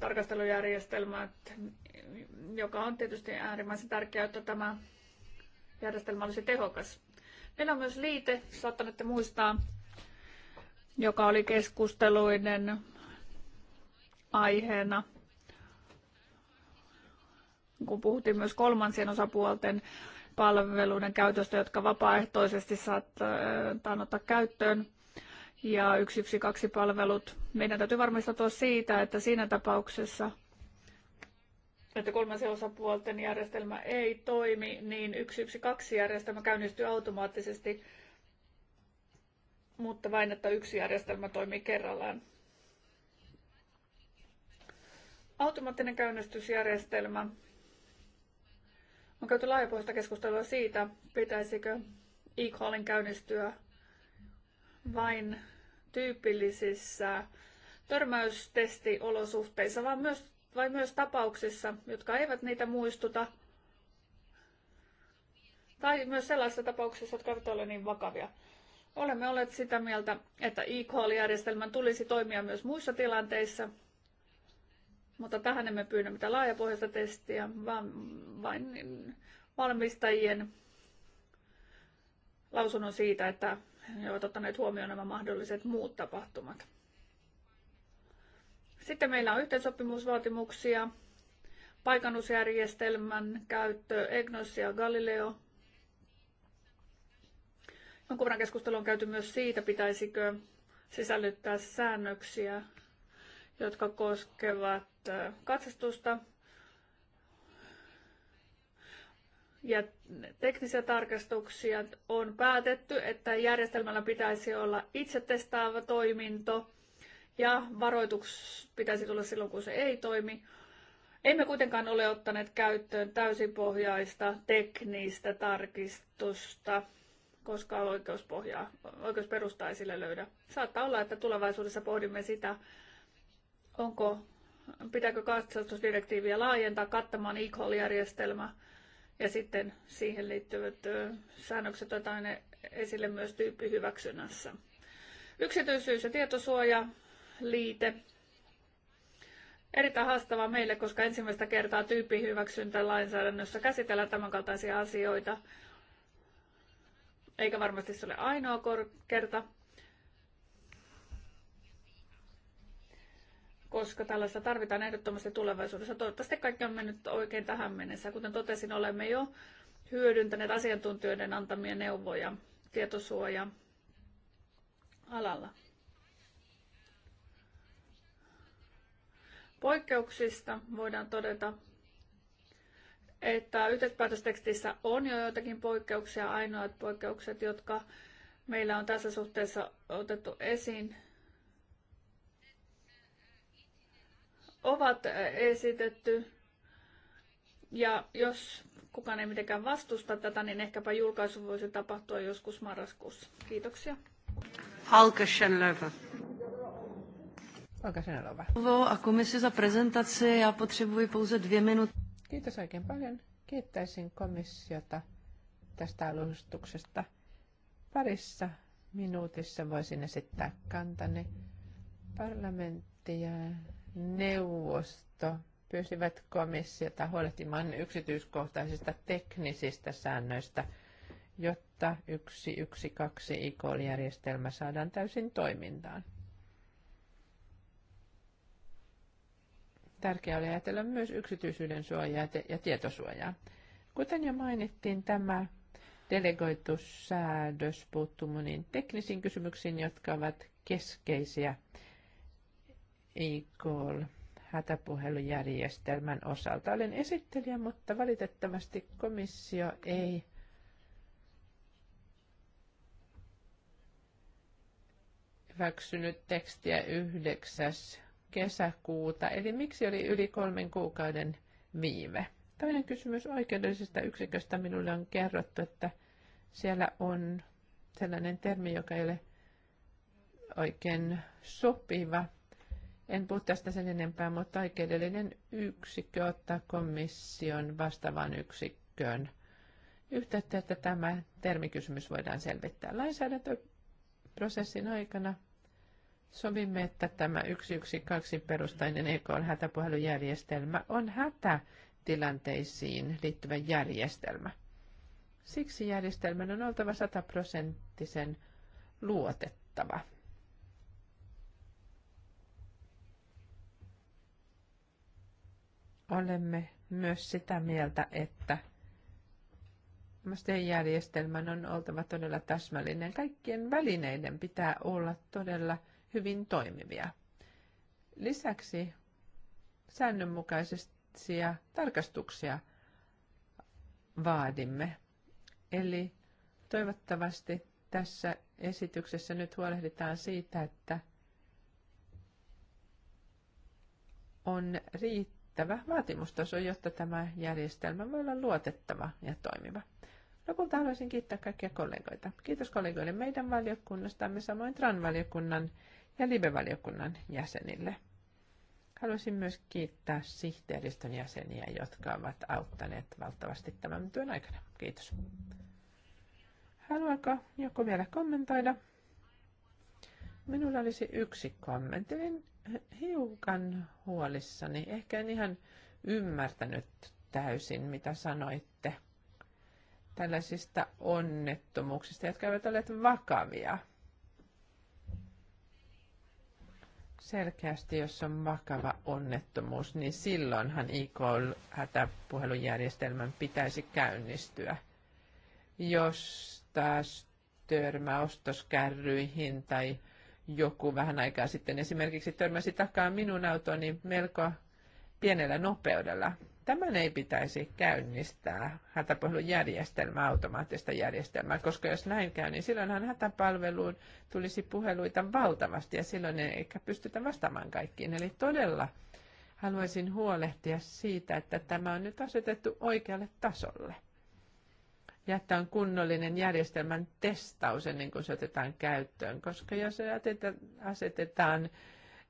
Speaker 3: tarkastelujärjestelmät, joka on tietysti äärimmäisen tärkeää, että tämä järjestelmä olisi tehokas. Meillä on myös liite, saattanette muistaa, joka oli keskusteluiden aiheena kun puhuttiin myös kolmansien osapuolten palveluiden käytöstä, jotka vapaaehtoisesti saattaa äh, ottaa käyttöön, ja 112-palvelut. Meidän täytyy varmistautua siitä, että siinä tapauksessa, että kolmansien osapuolten järjestelmä ei toimi, niin 112-järjestelmä käynnistyy automaattisesti, mutta vain, että yksi järjestelmä toimii kerrallaan. Automaattinen käynnistysjärjestelmä on käyty laajapuolista keskustelua siitä, pitäisikö e-callin käynnistyä vain tyypillisissä törmäystestiolosuhteissa, vaan myös, vai myös tapauksissa, jotka eivät niitä muistuta, tai myös sellaisissa tapauksissa, jotka eivät ole niin vakavia. Olemme olleet sitä mieltä, että e-call-järjestelmän tulisi toimia myös muissa tilanteissa, mutta tähän emme pyydä mitään laajapohjaista testiä, vaan vain valmistajien lausunnon siitä, että he ovat ottaneet huomioon nämä mahdolliset muut tapahtumat. Sitten meillä on yhteensopimusvaatimuksia, paikannusjärjestelmän käyttö, EGNOS ja Galileo. Jonkun verran keskustelua on käyty myös siitä, pitäisikö sisällyttää säännöksiä jotka koskevat katsastusta ja teknisiä tarkastuksia. On päätetty, että järjestelmällä pitäisi olla testaava toiminto ja varoituks pitäisi tulla silloin, kun se ei toimi. Emme kuitenkaan ole ottaneet käyttöön täysipohjaista teknistä tarkistusta, koska oikeusperusta ei sille löydä. Saattaa olla, että tulevaisuudessa pohdimme sitä, onko, pitääkö katsastusdirektiiviä laajentaa kattamaan e-call-järjestelmä ja sitten siihen liittyvät säännökset otetaan ne esille myös tyyppihyväksynnässä. Yksityisyys- ja tietosuoja liite. Erittäin haastavaa meille, koska ensimmäistä kertaa lainsäädännössä käsitellään tämänkaltaisia asioita. Eikä varmasti se ole ainoa kerta. koska tällaista tarvitaan ehdottomasti tulevaisuudessa. Toivottavasti kaikki on mennyt oikein tähän mennessä. Kuten totesin, olemme jo hyödyntäneet asiantuntijoiden antamia neuvoja tietosuoja alalla. Poikkeuksista voidaan todeta, että yhteispäätöstekstissä on jo joitakin poikkeuksia, ainoat poikkeukset, jotka meillä on tässä suhteessa otettu esiin, ovat esitetty. Ja jos kukaan ei mitenkään vastusta tätä, niin ehkäpä julkaisu voisi tapahtua joskus marraskuussa. Kiitoksia.
Speaker 2: Halka Schenlöver. Halka Schenlöver. A komisi za prezentaci. Ja potřebuji pouze dvě minuty. Kiitos oikein paljon. Kiittäisin komissiota tästä alustuksesta. Parissa minuutissa voisin esittää kantani parlamenttia neuvosto pyysivät komissiota huolehtimaan yksityiskohtaisista teknisistä säännöistä, jotta 112 ICOL-järjestelmä saadaan täysin toimintaan. Tärkeää oli ajatella myös yksityisyyden suojaa ja tietosuojaa. Kuten jo mainittiin, tämä delegoitu säädös puuttuu moniin teknisiin kysymyksiin, jotka ovat keskeisiä – e hätäpuhelujärjestelmän osalta. Olen esittelijä, mutta valitettavasti komissio ei hyväksynyt tekstiä 9. kesäkuuta, eli miksi oli yli kolmen kuukauden viive? Toinen kysymys oikeudellisesta yksiköstä minulle on kerrottu, että siellä on sellainen termi, joka ei ole oikein sopiva – en puhu tästä sen enempää, mutta oikeudellinen yksikkö ottaa komission vastaavan yksikköön yhteyttä, että tämä termikysymys voidaan selvittää. Lainsäädäntöprosessin aikana sovimme, että tämä 112 perustainen EKn hätäpuhelujärjestelmä on hätätilanteisiin liittyvä järjestelmä. Siksi järjestelmän on oltava sataprosenttisen luotettava Olemme myös sitä mieltä, että järjestelmän on oltava todella täsmällinen. Kaikkien välineiden pitää olla todella hyvin toimivia. Lisäksi säännönmukaisia tarkastuksia vaadimme. Eli toivottavasti tässä esityksessä nyt huolehditaan siitä, että on riittävä riittävä vaatimustaso, jotta tämä järjestelmä voi olla luotettava ja toimiva. Lopulta haluaisin kiittää kaikkia kollegoita. Kiitos kollegoille meidän valiokunnastamme, samoin TRAN-valiokunnan ja LIBE-valiokunnan jäsenille. Haluaisin myös kiittää sihteeristön jäseniä, jotka ovat auttaneet valtavasti tämän työn aikana. Kiitos. Haluaako joku vielä kommentoida? Minulla olisi yksi kommentti hiukan huolissani. Ehkä en ihan ymmärtänyt täysin, mitä sanoitte tällaisista onnettomuuksista, jotka eivät ole vakavia. Selkeästi, jos on vakava onnettomuus, niin silloinhan IK-hätäpuhelujärjestelmän pitäisi käynnistyä. Jos taas törmä ostoskärryihin tai joku vähän aikaa sitten esimerkiksi törmäsi takaa minun autoni melko pienellä nopeudella. Tämän ei pitäisi käynnistää hätäpuhelun järjestelmää, automaattista järjestelmää, koska jos näin käy, niin silloinhan hätäpalveluun tulisi puheluita valtavasti ja silloin ei ehkä pystytä vastaamaan kaikkiin. Eli todella haluaisin huolehtia siitä, että tämä on nyt asetettu oikealle tasolle jättää on kunnollinen järjestelmän testaus ennen kuin se otetaan käyttöön, koska jos se asetetaan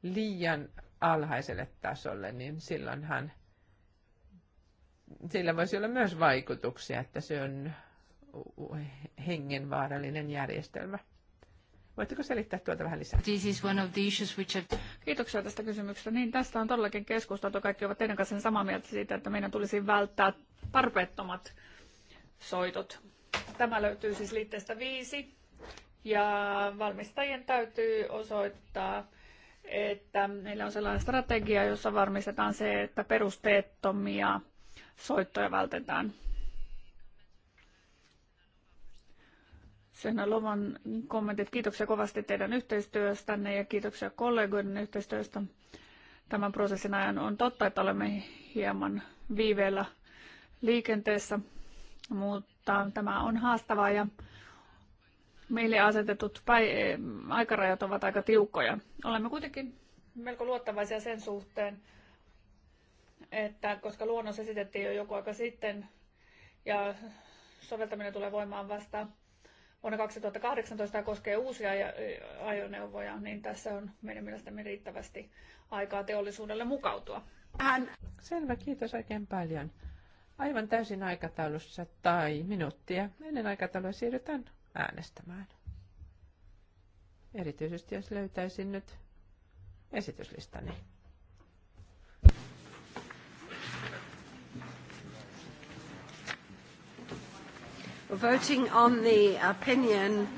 Speaker 2: liian alhaiselle tasolle, niin silloinhan sillä voisi olla myös vaikutuksia, että se on hengenvaarallinen järjestelmä. Voitteko selittää tuota vähän lisää? This is one of the issues which have... Kiitoksia tästä kysymyksestä. Niin, tästä on todellakin keskusteltu. Kaikki
Speaker 3: ovat teidän kanssa samaa mieltä siitä, että meidän tulisi välttää tarpeettomat soitot. Tämä löytyy siis liitteestä viisi. Ja valmistajien täytyy osoittaa, että meillä on sellainen strategia, jossa varmistetaan se, että perusteettomia soittoja vältetään. Sen Lovan kommentit. Kiitoksia kovasti teidän yhteistyöstänne ja kiitoksia kollegoiden yhteistyöstä tämän prosessin ajan. On totta, että olemme hieman viiveellä liikenteessä mutta tämä on haastavaa ja meille asetetut aikarajat ovat aika tiukkoja. Olemme kuitenkin melko luottavaisia sen suhteen, että koska luonnos esitettiin jo joku aika sitten ja soveltaminen tulee voimaan vasta vuonna 2018 ja koskee uusia ajoneuvoja, niin tässä on meidän mielestämme riittävästi aikaa teollisuudelle mukautua.
Speaker 2: Selvä, kiitos oikein paljon aivan täysin aikataulussa tai minuuttia ennen aikataulua siirrytään äänestämään. Erityisesti jos löytäisin nyt esityslistani. Voting on the opinion.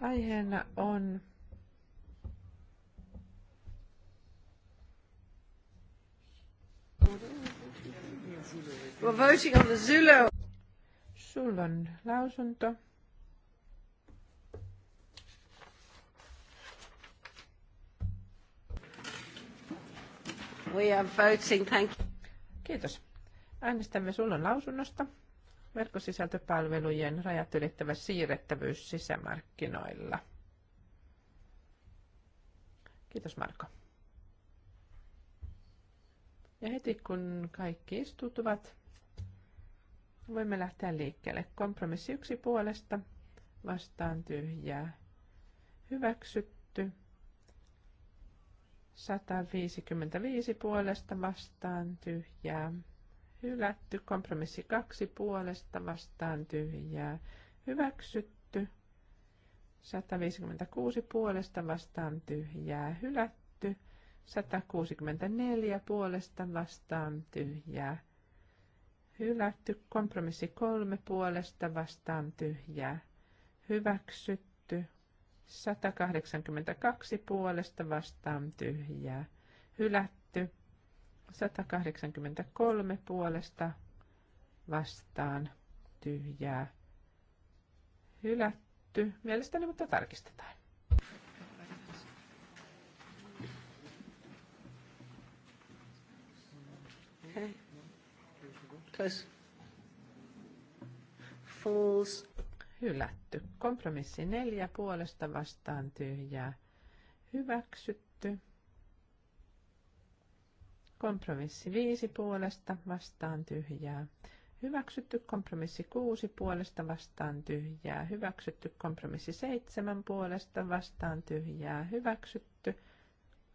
Speaker 2: Aiheena on
Speaker 4: We're voting on the Zulu.
Speaker 2: lausunto. We are voting. Thank you. Kiitos. Äänestämme Sullon lausunnosta. Verkkosisältöpalvelujen rajat ylittävä siirrettävyys sisämarkkinoilla. Kiitos Marko. Ja heti kun kaikki istutuvat, Voimme lähteä liikkeelle. Kompromissi yksi puolesta vastaan tyhjää. Hyväksytty. 155 puolesta vastaan tyhjää. Hylätty. Kompromissi kaksi puolesta vastaan tyhjää. Hyväksytty. 156 puolesta vastaan tyhjää. Hylätty. 164 puolesta vastaan tyhjää Hylätty kompromissi kolme puolesta vastaan tyhjää. Hyväksytty 182 puolesta vastaan tyhjää. Hylätty 183 puolesta vastaan tyhjää. Hylätty mielestäni, mutta tarkistetaan. Okay. Close. False. Hylätty. Kompromissi neljä puolesta vastaan tyhjää. Hyväksytty. Kompromissi viisi puolesta vastaan tyhjää. Hyväksytty kompromissi 6 puolesta vastaan tyhjää. Hyväksytty kompromissi 7 puolesta vastaan tyhjää. Hyväksytty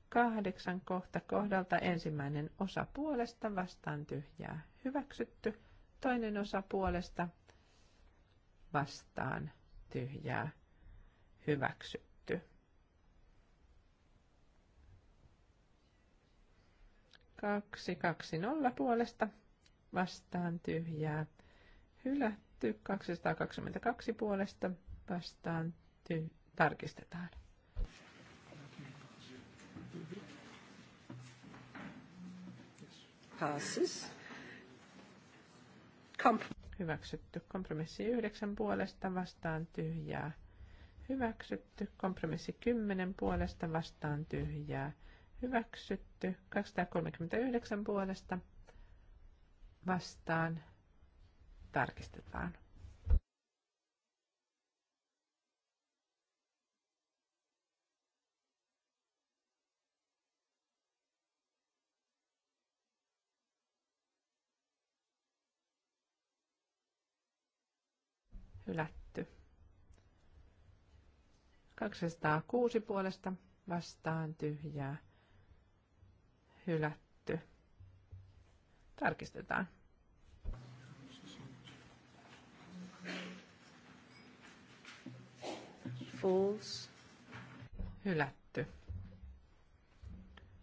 Speaker 2: kahdeksan kohta kohdalta ensimmäinen osa puolesta vastaan tyhjää hyväksytty, toinen osa puolesta vastaan tyhjää hyväksytty. Kaksi, kaksi, nolla puolesta vastaan tyhjää hylätty, 222 puolesta vastaan ty- tarkistetaan. passes. Comp- hyväksytty. Kompromissi yhdeksän puolesta vastaan tyhjää. Hyväksytty. Kompromissi kymmenen puolesta vastaan tyhjää. Hyväksytty. 239 puolesta vastaan tarkistetaan. Hylätty. 206 puolesta vastaan tyhjää. Hylätty. Tarkistetaan. Fools. Hylätty.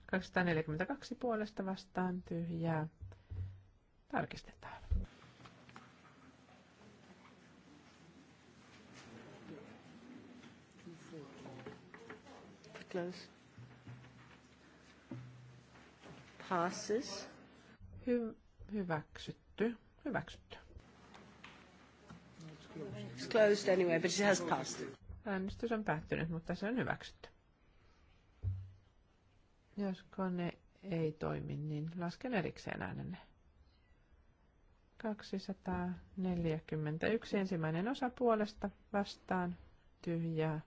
Speaker 2: 242 puolesta vastaan tyhjää. Tarkistetaan. close. Passes. Hy- hyväksytty. Hyväksytty.
Speaker 4: It's closed anyway, but it has passed.
Speaker 2: Äänestys on päättynyt, mutta se on hyväksytty. Jos kone ei toimi, niin lasken erikseen äänenne. 241 ensimmäinen osa puolesta vastaan tyhjää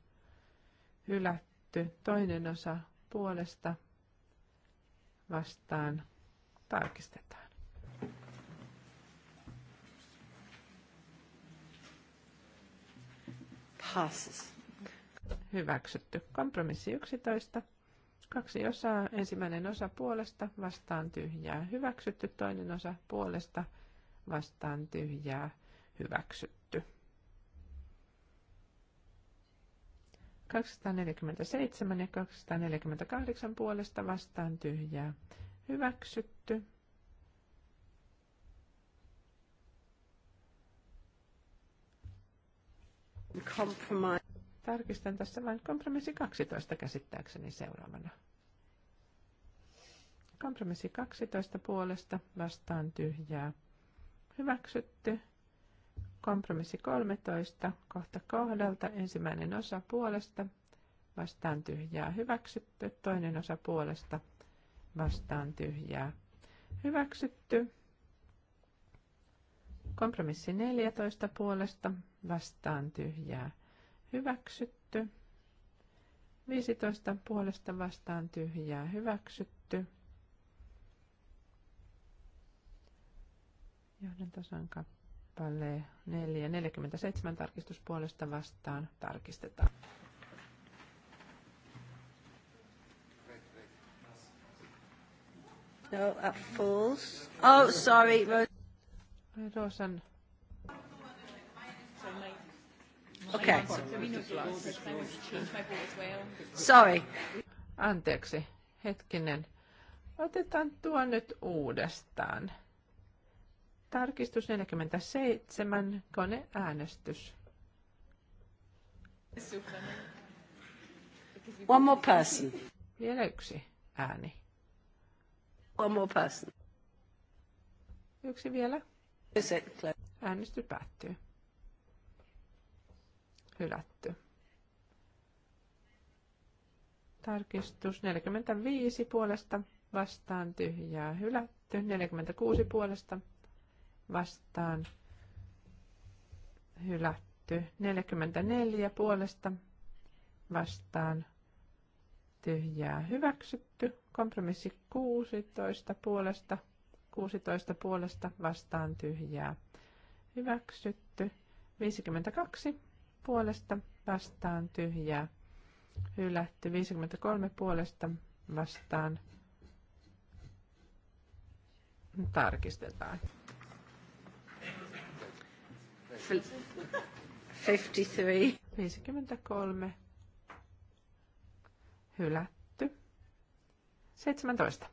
Speaker 2: hylätty hylätty. Toinen osa puolesta vastaan tarkistetaan. Passes. Hyväksytty. Kompromissi 11. Kaksi osaa. Ensimmäinen osa puolesta vastaan tyhjää. Hyväksytty. Toinen osa puolesta vastaan tyhjää. Hyväksytty. 247 ja 248 puolesta vastaan tyhjää. Hyväksytty. Compromise. Tarkistan tässä vain kompromissi 12 käsittääkseni seuraavana. Kompromissi 12 puolesta vastaan tyhjää. Hyväksytty. Kompromissi 13, kohta kohdalta, ensimmäinen osa puolesta, vastaan tyhjää hyväksytty, toinen osa puolesta, vastaan tyhjää hyväksytty. Kompromissi 14 puolesta, vastaan tyhjää hyväksytty. 15 puolesta vastaan tyhjää hyväksytty. Johdantason kappale kappale 4, 47 tarkistuspuolesta vastaan tarkistetaan. No, that falls. Oh, sorry, Rosan.
Speaker 3: Okay. Sorry.
Speaker 2: Anteeksi, hetkinen. Otetaan tuo nyt uudestaan. Tarkistus 47, koneäänestys. One more person. Vielä yksi ääni. One more person. Yksi vielä. Äänestys päättyy. Hylätty. Tarkistus 45 puolesta vastaan tyhjää hylätty. 46 puolesta vastaan hylätty. 44 puolesta vastaan tyhjää hyväksytty. Kompromissi 16 puolesta 16 puolesta vastaan tyhjää hyväksytty. 52 puolesta vastaan tyhjää hylätty. 53 puolesta vastaan tarkistetaan.
Speaker 3: 53.
Speaker 2: 53. Hylätty. 17.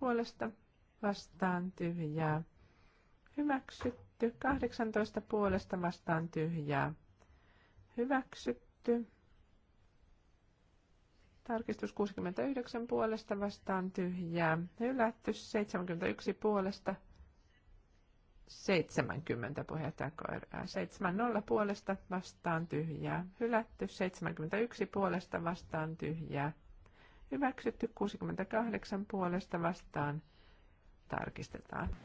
Speaker 2: Puolesta vastaan tyhjää. Hyväksytty. 18 puolesta vastaan tyhjää. Hyväksytty. Tarkistus 69 puolesta vastaan tyhjää. Hylätty 71 puolesta 70 puheenjohtaja koiraa. 70 puolesta vastaan tyhjää. Hylätty 71 puolesta vastaan tyhjää. Hyväksytty 68 puolesta vastaan. Tarkistetaan.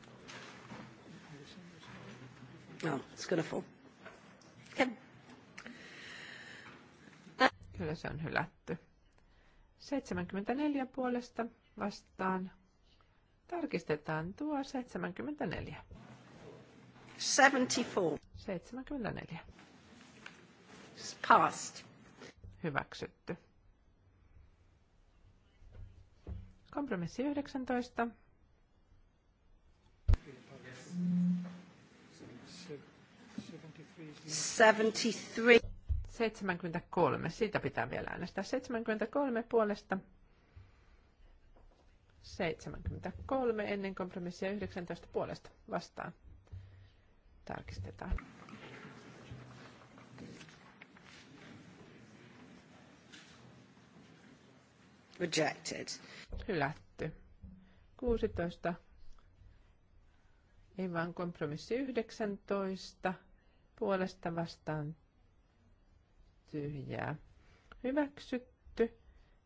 Speaker 2: No, it's gonna fall. Kyllä se on hylätty. 74 puolesta vastaan. Tarkistetaan tuo 74. 74. 74. Passed. Hyväksytty. Kompromissi 19.
Speaker 4: Seventy-three.
Speaker 2: 73. Siitä pitää vielä äänestää. 73 puolesta. 73 ennen kompromissia 19 puolesta vastaan tarkistetaan. Rejected. Hylätty. 16. Ei vaan kompromissi 19. Puolesta vastaan tyhjää. Hyväksytty.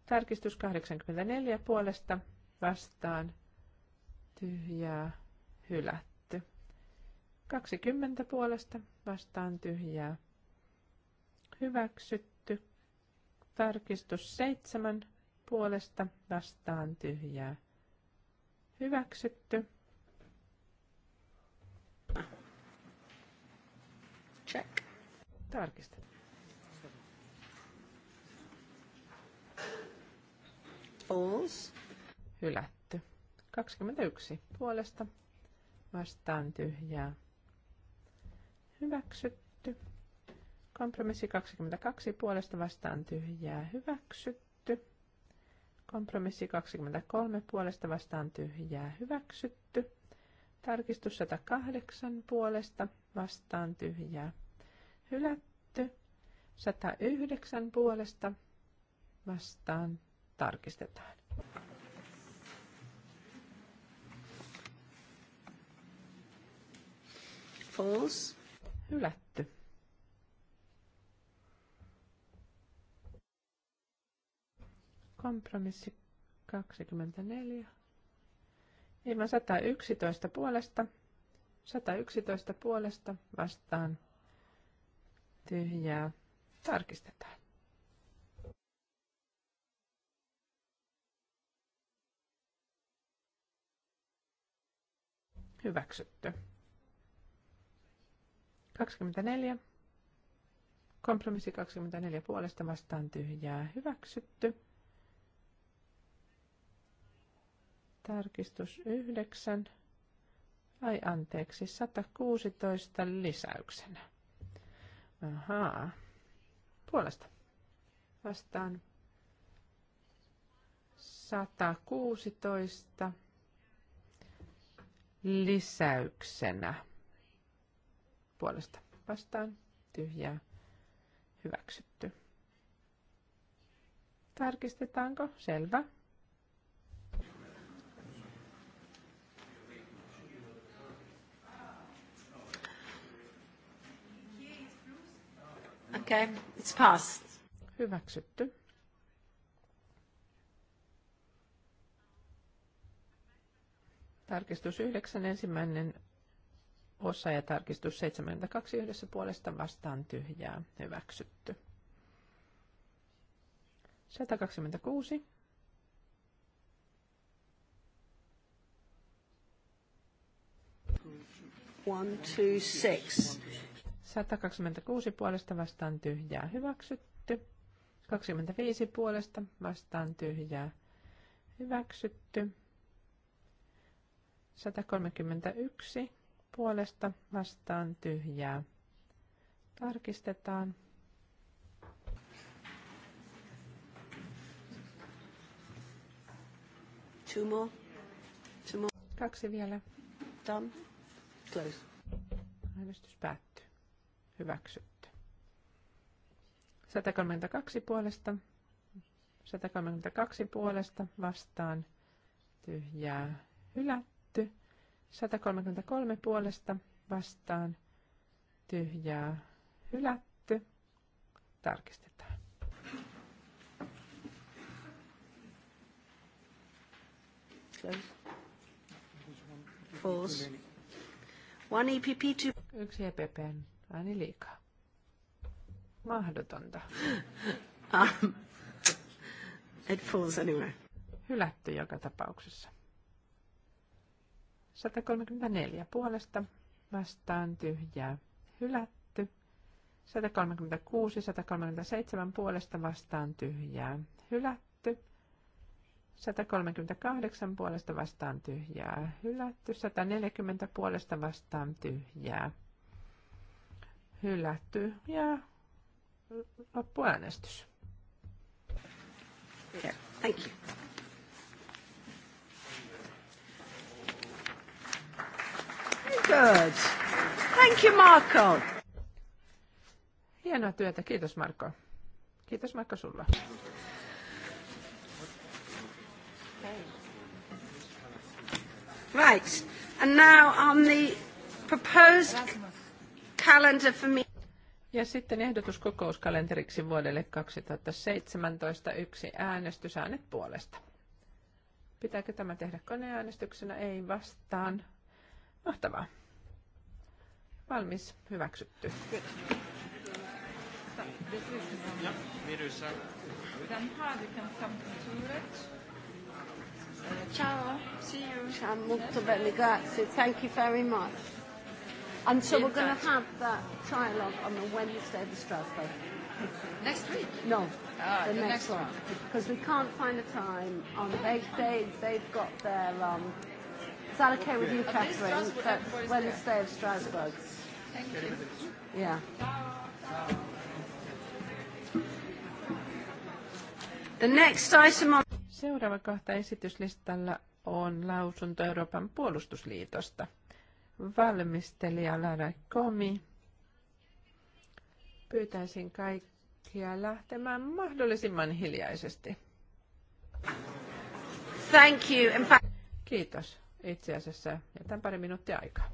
Speaker 2: Tarkistus 84 puolesta vastaan tyhjää hylätty. 20 puolesta vastaan tyhjää. Hyväksytty. Tarkistus 7 puolesta vastaan tyhjää. Hyväksytty. Check. Tarkista. False. Hylätty. 21 puolesta vastaan tyhjää hyväksytty. Kompromissi 22 puolesta vastaan tyhjää hyväksytty. Kompromissi 23 puolesta vastaan tyhjää hyväksytty. Tarkistus 108 puolesta vastaan tyhjää hylätty. 109 puolesta vastaan tarkistetaan. False. Hylätty. Kompromissi 24. Ilman 111 puolesta. 111 puolesta vastaan tyhjää. Tarkistetaan. Hyväksytty. 24. Kompromissi 24 puolesta vastaan tyhjää hyväksytty. Tarkistus 9. Ai anteeksi, 116 lisäyksenä. Ahaa. Puolesta. Vastaan 116 lisäyksenä puolesta vastaan tyhjää hyväksytty. Tarkistetaanko? Selvä. Okay, it's passed. Hyväksytty. Tarkistus yhdeksän ensimmäinen osa ja tarkistus 72 yhdessä puolesta vastaan tyhjää hyväksytty. 126. One, two, six. 126 puolesta vastaan tyhjää hyväksytty. 25 puolesta vastaan tyhjää hyväksytty. 131 puolesta vastaan tyhjää. Tarkistetaan. Two more. Two more. Kaksi vielä. Done. Close. Äänestys päättyy. Hyväksytty. 132 puolesta. 132 puolesta vastaan tyhjää hylätty. 133 puolesta vastaan tyhjää hylätty. Tarkistetaan. One EPP to... Yksi EPP ääni liikaa. Mahdotonta. um, it falls anyway. Hylätty joka tapauksessa. 134 puolesta vastaan tyhjää hylätty. 136, 137 puolesta vastaan tyhjää hylätty. 138 puolesta vastaan tyhjää hylätty. 140 puolesta vastaan tyhjää hylätty. Ja loppuäänestys. Yeah, thank you. Good. Thank you, Marco. Hienoa työtä. Kiitos, Marko. Kiitos, Marko, sulla. Right. And now on the proposed calendar for me. Ja sitten ehdotus kokouskalenteriksi vuodelle 2017 yksi äänestys äänet puolesta. Pitääkö tämä tehdä koneäänestyksenä? Ei vastaan. Mahtavaa. Valmis. Hyväksytty.
Speaker 1: Ciao, see you.
Speaker 4: Ciao, molto bene, grazie.
Speaker 2: Thank
Speaker 1: you very much. And so we're going to have that trialogue on the Wednesday of Strasbourg. Next week? No, ah, the, the next, next one. Because we can't find a time. Um, they, they, they've got their um, Is that okay with you,
Speaker 2: Catherine? That Wednesday of Strasbourg. Thank you. Yeah. The next item on... Seuraava kohta esityslistalla on lausunto Euroopan puolustusliitosta. Valmistelija Lara Komi. Pyytäisin kaikkia lähtemään mahdollisimman hiljaisesti. Thank you. Kiitos itse asiassa jätän pari minuuttia aikaa.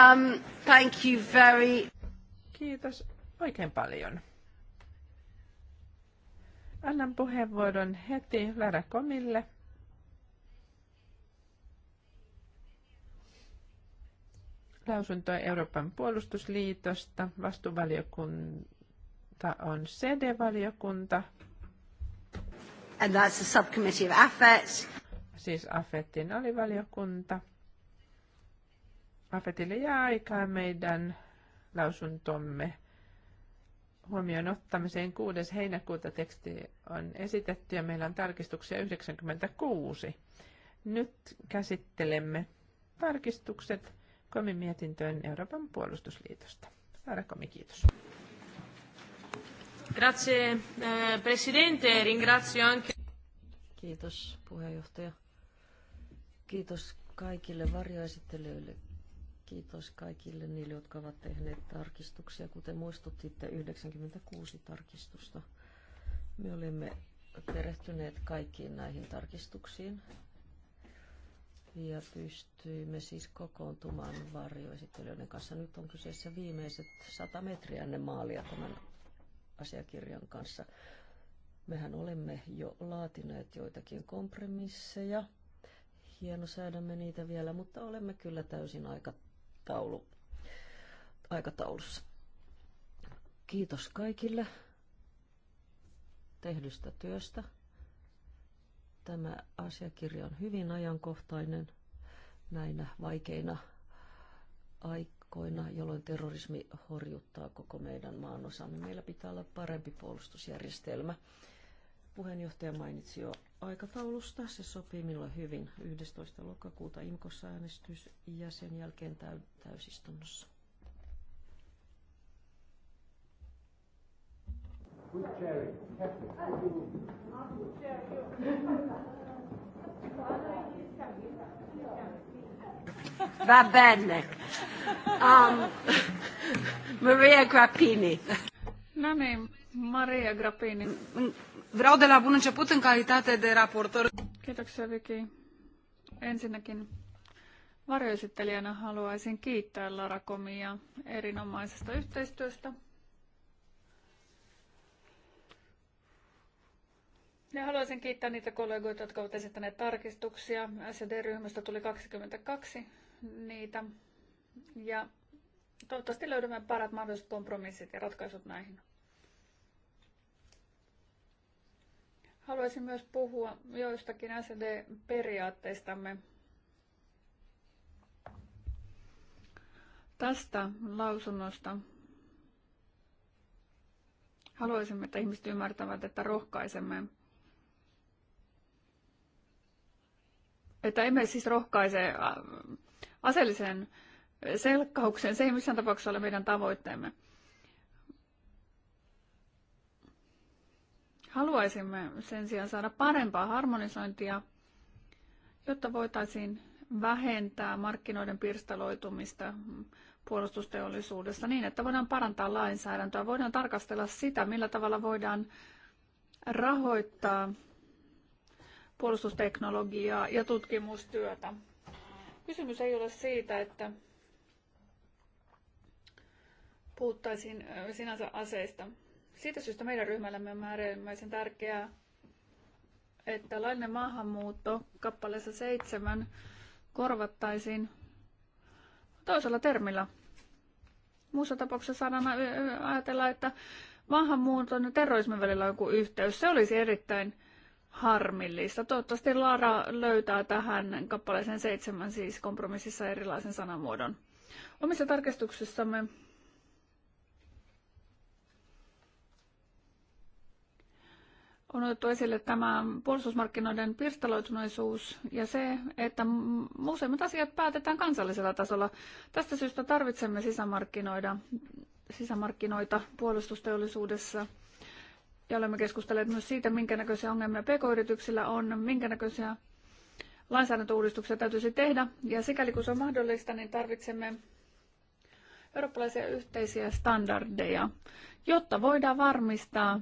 Speaker 2: Um, thank you very... Kiitos oikein paljon. Annan puheenvuoron heti Lara Komille. Lausuntoa Euroopan puolustusliitosta. Vastuvaliokunta on SEDE-valiokunta. And that's the subcommittee of AFET. Siis AFETin alivaliokunta. Afetille jää aikaa meidän lausuntomme huomioon ottamiseen 6. heinäkuuta teksti on esitetty ja meillä on tarkistuksia 96. Nyt käsittelemme tarkistukset komin mietintöön Euroopan puolustusliitosta. Saara Komi, kiitos.
Speaker 4: Grazie, eh, presidente.
Speaker 1: Ringrazio anche... Kiitos, puheenjohtaja. Kiitos kaikille varjoesittelijöille Kiitos kaikille niille, jotka ovat tehneet tarkistuksia. Kuten muistutitte, 96 tarkistusta. Me olemme perehtyneet kaikkiin näihin tarkistuksiin ja pystyimme siis kokoontumaan varjoesittelijöiden kanssa. Nyt on kyseessä viimeiset 100 metriä ennen maalia tämän asiakirjan kanssa. Mehän olemme jo laatineet joitakin kompromisseja, säädämme niitä vielä, mutta olemme kyllä täysin aika taulu, aikataulussa. Kiitos kaikille tehdystä työstä. Tämä asiakirja on hyvin ajankohtainen näinä vaikeina aikoina, jolloin terrorismi horjuttaa koko meidän maanosamme. Meillä pitää olla parempi puolustusjärjestelmä. Puheenjohtaja mainitsi jo aikataulusta. Se sopii minulle hyvin. 11. lokakuuta IMKOssa äänestys ja sen jälkeen täy- täysistunnossa. Va bene. Um, Maria Grappini.
Speaker 3: No niin, Maria Grappini. Mm, mm, vreau de la bun început în calitate de raportor. Kiitoksia Viki. Ensinnäkin varjoesittelijänä haluaisin kiittää Lara Komia erinomaisesta yhteistyöstä. Ja haluaisin kiittää niitä kollegoita, jotka ovat esittäneet tarkistuksia. SD-ryhmästä tuli 22 niitä. Ja toivottavasti löydämme parat mahdolliset kompromissit ja ratkaisut näihin. Haluaisin myös puhua joistakin SD-periaatteistamme. Tästä lausunnosta haluaisimme, että ihmiset ymmärtävät, että rohkaisemme että emme siis rohkaise äh, aseellisen selkkauksen. Se ei missään tapauksessa ole meidän tavoitteemme. Haluaisimme sen sijaan saada parempaa harmonisointia, jotta voitaisiin vähentää markkinoiden pirstaloitumista puolustusteollisuudessa niin, että voidaan parantaa lainsäädäntöä, voidaan tarkastella sitä, millä tavalla voidaan rahoittaa puolustusteknologiaa ja tutkimustyötä. Kysymys ei ole siitä, että puhuttaisiin sinänsä aseista. Siitä syystä meidän ryhmällämme on äärimmäisen tärkeää, että lainen maahanmuutto kappaleessa seitsemän korvattaisiin toisella termillä. Muussa tapauksessa saadaan ajatella, että maahanmuuton ja terrorismin välillä on joku yhteys. Se olisi erittäin harmillista. Toivottavasti Lara löytää tähän kappaleeseen seitsemän siis kompromississa erilaisen sanamuodon. Omissa tarkistuksissamme on otettu esille tämä puolustusmarkkinoiden pirstaloituneisuus ja se, että useimmat asiat päätetään kansallisella tasolla. Tästä syystä tarvitsemme sisämarkkinoita, sisämarkkinoita puolustusteollisuudessa. Ja olemme keskustelleet myös siitä, minkä näköisiä ongelmia pk-yrityksillä on, minkä näköisiä lainsäädäntöuudistuksia täytyisi tehdä. Ja sikäli kun se on mahdollista, niin tarvitsemme eurooppalaisia yhteisiä standardeja, jotta voidaan varmistaa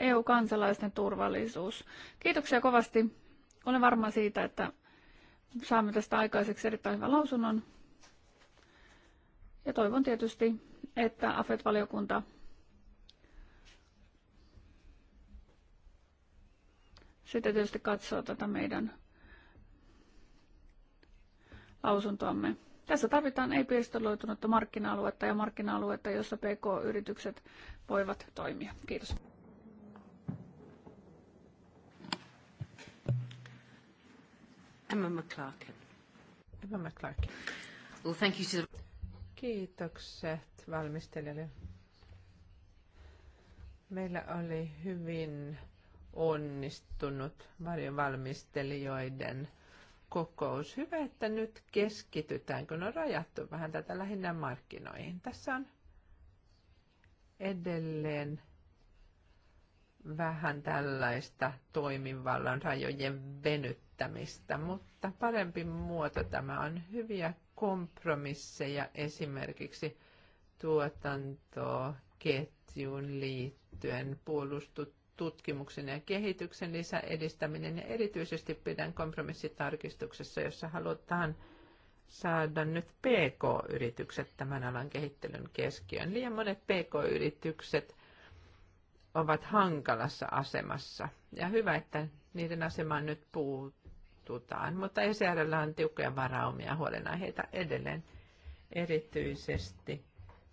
Speaker 3: EU-kansalaisten turvallisuus. Kiitoksia kovasti. Olen varma siitä, että saamme tästä aikaiseksi erittäin hyvän lausunnon. Ja toivon tietysti, että AFET-valiokunta sitten tietysti katsoo tätä meidän lausuntoamme. Tässä tarvitaan ei-pirstaloitunutta markkina-aluetta ja markkina-aluetta, jossa PK-yritykset voivat toimia. Kiitos.
Speaker 2: Emma McClarkin. Emma McClarkin. Well, thank you to... Kiitokset valmistelijalle. Meillä oli hyvin onnistunut valmistelijoiden kokous. Hyvä, että nyt keskitytään, kun on rajattu vähän tätä lähinnä markkinoihin. Tässä on edelleen vähän tällaista toimivallan rajojen venyttä kehittämistä, mutta parempi muoto tämä on. Hyviä kompromisseja esimerkiksi tuotantoketjuun liittyen puolustut tutkimuksen ja kehityksen lisäedistäminen ja erityisesti pidän kompromissitarkistuksessa, jossa halutaan saada nyt PK-yritykset tämän alan kehittelyn keskiöön. Liian monet PK-yritykset ovat hankalassa asemassa ja hyvä, että niiden asemaan nyt puututaan, mutta ECRllä on tiukkoja varaumia huolenaiheita edelleen, erityisesti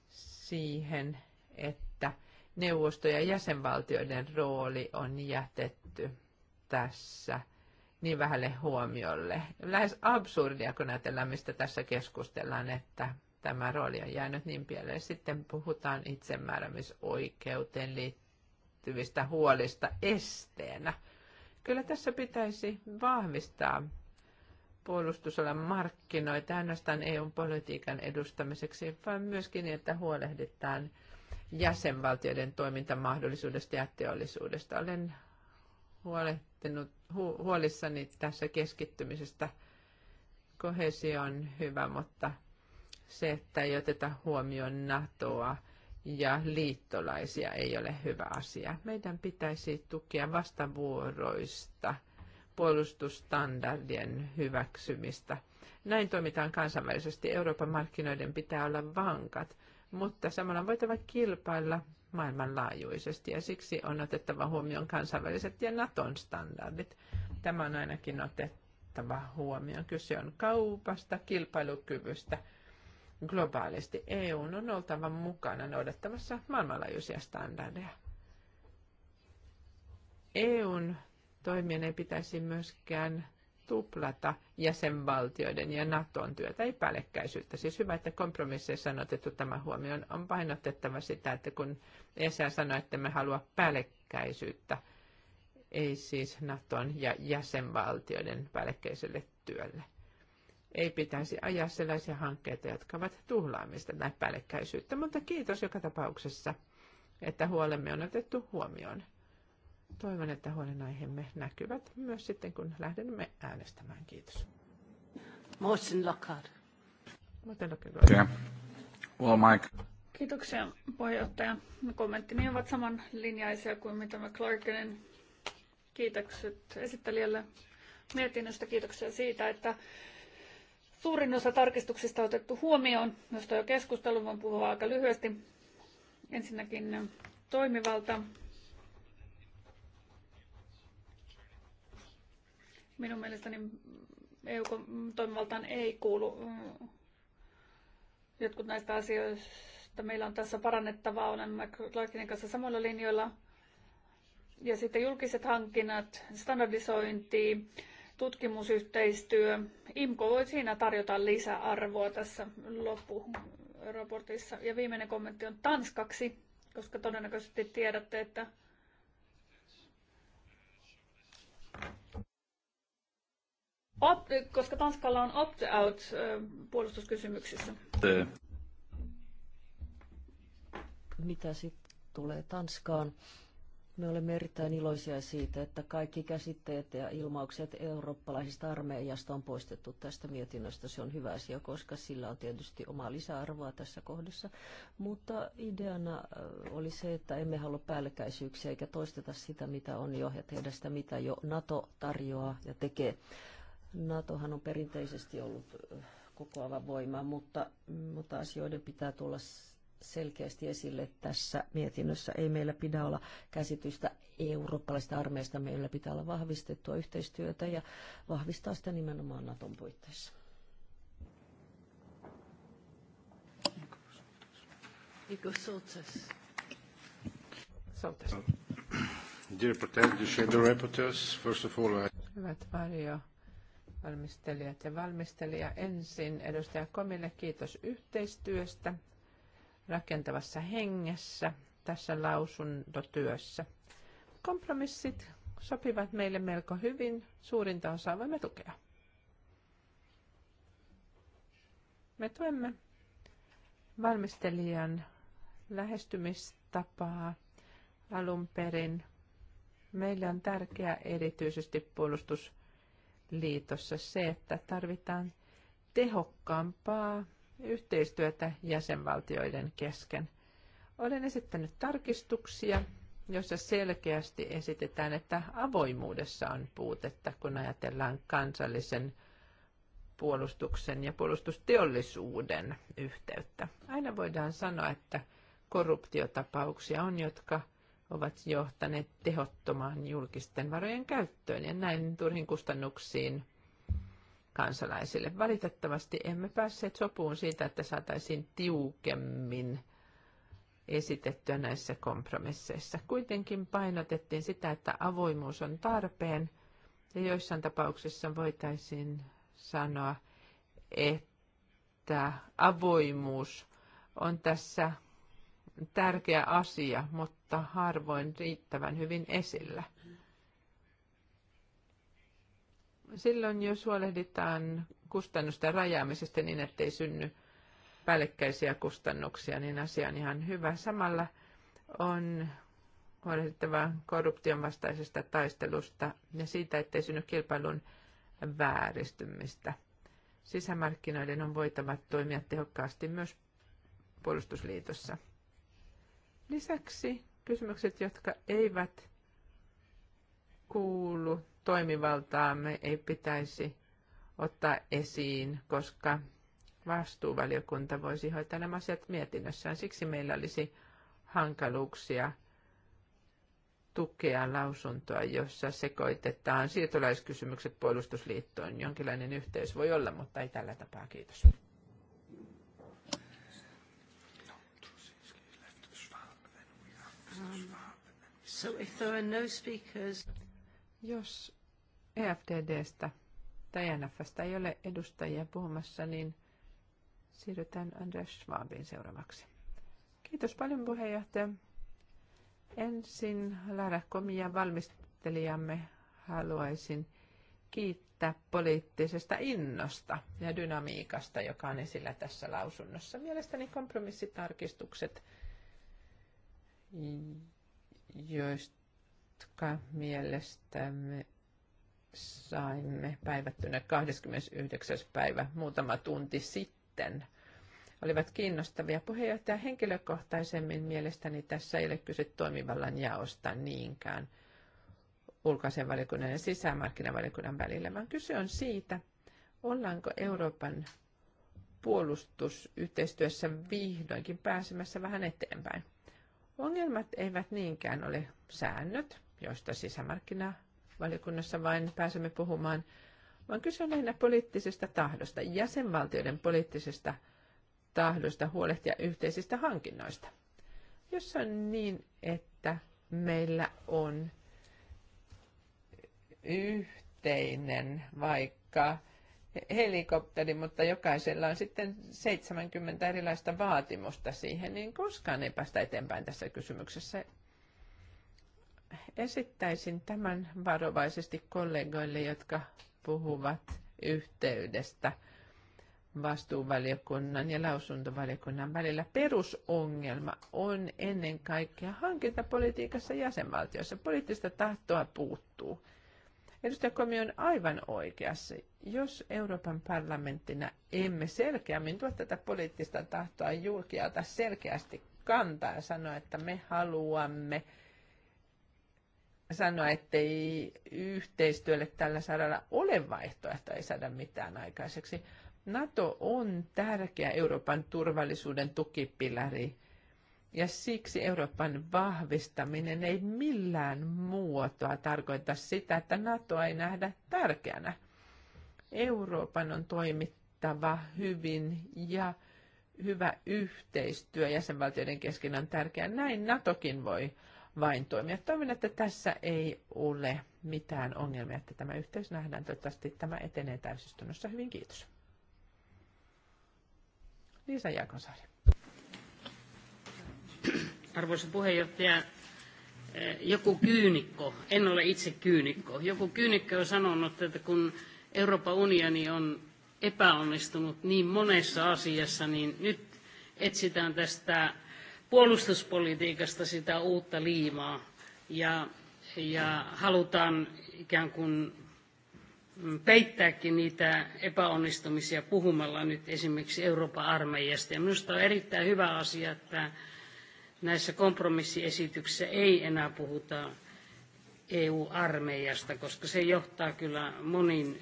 Speaker 2: siihen, että neuvosto- ja jäsenvaltioiden rooli on jätetty tässä niin vähälle huomiolle. Lähes absurdia, kun ajatellaan, mistä tässä keskustellaan, että tämä rooli on jäänyt niin pieleen. Sitten puhutaan itsemääräämisoikeuteen liittyvistä huolista esteenä. Kyllä tässä pitäisi vahvistaa puolustusalan markkinoita ainoastaan EU-politiikan edustamiseksi, vaan myöskin, niin, että huolehditaan jäsenvaltioiden toimintamahdollisuudesta ja teollisuudesta. Olen huolehtinut, hu, huolissani tässä keskittymisestä. Kohesio on hyvä, mutta se, että ei oteta huomioon NATOa – ja liittolaisia ei ole hyvä asia. Meidän pitäisi tukea vastavuoroista puolustusstandardien hyväksymistä. Näin toimitaan kansainvälisesti. Euroopan markkinoiden pitää olla vankat, mutta samalla on voitava kilpailla maailmanlaajuisesti ja siksi on otettava huomioon kansainväliset ja Naton standardit. Tämä on ainakin otettava huomioon. Kyse on kaupasta, kilpailukyvystä – globaalisti. EU on oltava mukana noudattamassa maailmanlaajuisia standardeja. EUn toimien ei pitäisi myöskään tuplata jäsenvaltioiden ja Naton työtä, ei päällekkäisyyttä. Siis hyvä, että kompromisseissa on otettu tämä huomioon. On painotettava sitä, että kun ESA sanoi, että me halua päällekkäisyyttä, ei siis Naton ja jäsenvaltioiden päällekkäiselle työlle ei pitäisi ajaa sellaisia hankkeita, jotka ovat tuhlaamista tai päällekkäisyyttä, mutta kiitos joka tapauksessa, että huolemme on otettu huomioon. Toivon, että huolenaiheemme näkyvät myös sitten, kun lähdemme äänestämään. Kiitos. Morten Lockhart. Morten Lockhart. Yeah.
Speaker 5: Mike.
Speaker 3: Kiitoksia puheenjohtaja. Kommenttini ovat samanlinjaisia kuin mitä me Clarkenin Kiitokset esittelijälle mietinnöstä. Kiitoksia siitä, että Suurin osa tarkistuksista on otettu huomioon, josta jo keskustelun voin puhua aika lyhyesti. Ensinnäkin eh, toimivalta. Minun mielestäni EU-toimivaltaan ei kuulu eh, jotkut näistä asioista. Meillä on tässä parannettavaa, olemme Clarkinin kanssa samoilla linjoilla. Ja sitten julkiset hankinnat, standardisointi, tutkimusyhteistyö. IMKO voi siinä tarjota lisäarvoa tässä loppuraportissa. Ja viimeinen kommentti on tanskaksi, koska todennäköisesti tiedätte, että Op, koska Tanskalla on opt-out puolustuskysymyksissä.
Speaker 1: Mitä sitten tulee Tanskaan? Me olemme erittäin iloisia siitä, että kaikki käsitteet ja ilmaukset eurooppalaisista armeijasta on poistettu tästä mietinnöstä. Se on hyvä asia, koska sillä on tietysti omaa lisäarvoa tässä kohdassa. Mutta ideana äh, oli se, että emme halua päällekkäisyyksiä eikä toisteta sitä, mitä on jo ja tehdä sitä, mitä jo NATO tarjoaa ja tekee. NATOhan on perinteisesti ollut äh, kokoava voima, mutta, mutta asioiden pitää tulla selkeästi esille tässä mietinnössä. Ei meillä pidä olla käsitystä eurooppalaisesta armeijasta. Meillä pitää olla vahvistettua yhteistyötä ja vahvistaa sitä nimenomaan Naton puitteissa.
Speaker 5: first of all,
Speaker 2: Hyvät varjo valmistelijat ja valmistelija ensin. Edustaja Komille kiitos yhteistyöstä rakentavassa hengessä tässä lausuntotyössä. Kompromissit sopivat meille melko hyvin, suurinta osaa voimme tukea. Me tuemme valmistelijan lähestymistapaa alun perin. Meille on tärkeää erityisesti puolustusliitossa se, että tarvitaan tehokkaampaa yhteistyötä jäsenvaltioiden kesken. Olen esittänyt tarkistuksia, joissa selkeästi esitetään, että avoimuudessa on puutetta, kun ajatellaan kansallisen puolustuksen ja puolustusteollisuuden yhteyttä. Aina voidaan sanoa, että korruptiotapauksia on, jotka ovat johtaneet tehottomaan julkisten varojen käyttöön ja näin turhin kustannuksiin kansalaisille. Valitettavasti emme päässeet sopuun siitä, että saataisiin tiukemmin esitettyä näissä kompromisseissa. Kuitenkin painotettiin sitä, että avoimuus on tarpeen ja joissain tapauksissa voitaisiin sanoa, että avoimuus on tässä tärkeä asia, mutta harvoin riittävän hyvin esillä silloin jos huolehditaan kustannusten rajaamisesta niin, ettei synny päällekkäisiä kustannuksia, niin asia on ihan hyvä. Samalla on huolehdittava korruption vastaisesta taistelusta ja siitä, ettei synny kilpailun vääristymistä. Sisämarkkinoiden on voitava toimia tehokkaasti myös puolustusliitossa. Lisäksi kysymykset, jotka eivät kuulu toimivaltaamme ei pitäisi ottaa esiin, koska vastuuvaliokunta voisi hoitaa nämä asiat mietinnössään. Siksi meillä olisi hankaluuksia tukea lausuntoa, jossa sekoitetaan siirtolaiskysymykset puolustusliittoon. Jonkinlainen yhteys voi olla, mutta ei tällä tapaa. Kiitos. So if there are no speakers... Jos EFDDstä tai NFstä ei ole edustajia puhumassa, niin siirrytään Andreas Schwabin seuraavaksi. Kiitos paljon puheenjohtaja. Ensin Lara Komia valmistelijamme haluaisin kiittää poliittisesta innosta ja dynamiikasta, joka on esillä tässä lausunnossa. Mielestäni kompromissitarkistukset, joista jotka mielestämme saimme päivättynä 29. päivä muutama tunti sitten, olivat kiinnostavia. Puheenjohtaja henkilökohtaisemmin mielestäni tässä ei ole kyse toimivallan jaosta niinkään ulkoisen valikunnan ja sisämarkkinavalikunnan välillä, vaan kyse on siitä, ollaanko Euroopan puolustusyhteistyössä vihdoinkin pääsemässä vähän eteenpäin. Ongelmat eivät niinkään ole säännöt, joista sisämarkkinavaliokunnassa vain pääsemme puhumaan, vaan kyse on lähinnä poliittisesta tahdosta, jäsenvaltioiden poliittisesta tahdosta huolehtia yhteisistä hankinnoista. Jos on niin, että meillä on yhteinen vaikka helikopteri, mutta jokaisella on sitten 70 erilaista vaatimusta siihen, niin koskaan ei päästä eteenpäin tässä kysymyksessä esittäisin tämän varovaisesti kollegoille, jotka puhuvat yhteydestä vastuuvaliokunnan ja lausuntovaliokunnan välillä. Perusongelma on ennen kaikkea hankintapolitiikassa jäsenvaltioissa. Poliittista tahtoa puuttuu. Edustaja Komi on aivan oikeassa. Jos Euroopan parlamenttina emme selkeämmin tuo tätä poliittista tahtoa julkialta selkeästi kantaa ja sanoa, että me haluamme – sanoa, ettei yhteistyölle tällä saralla ole vaihtoehto, ei saada mitään aikaiseksi. NATO on tärkeä Euroopan turvallisuuden tukipilari ja siksi Euroopan vahvistaminen ei millään muotoa tarkoita sitä, että NATO ei nähdä tärkeänä. Euroopan on toimittava hyvin ja hyvä yhteistyö jäsenvaltioiden kesken on tärkeää. Näin NATOkin voi vain toimia. Toivon, että tässä ei ole mitään ongelmia, että tämä yhteys nähdään. Toivottavasti tämä etenee täysistunnossa hyvin. Kiitos. Liisa Jaakonsaari.
Speaker 4: Arvoisa puheenjohtaja, eh, joku kyynikko, en ole itse kyynikko, joku kyynikko on sanonut, että kun Euroopan unioni on epäonnistunut niin monessa asiassa, niin nyt etsitään tästä puolustuspolitiikasta sitä uutta liimaa ja, ja halutaan ikään kuin peittääkin niitä epäonnistumisia puhumalla nyt esimerkiksi Euroopan armeijasta. Ja minusta on erittäin hyvä asia, että näissä kompromissiesityksissä ei enää puhuta EU-armeijasta, koska se johtaa kyllä moniin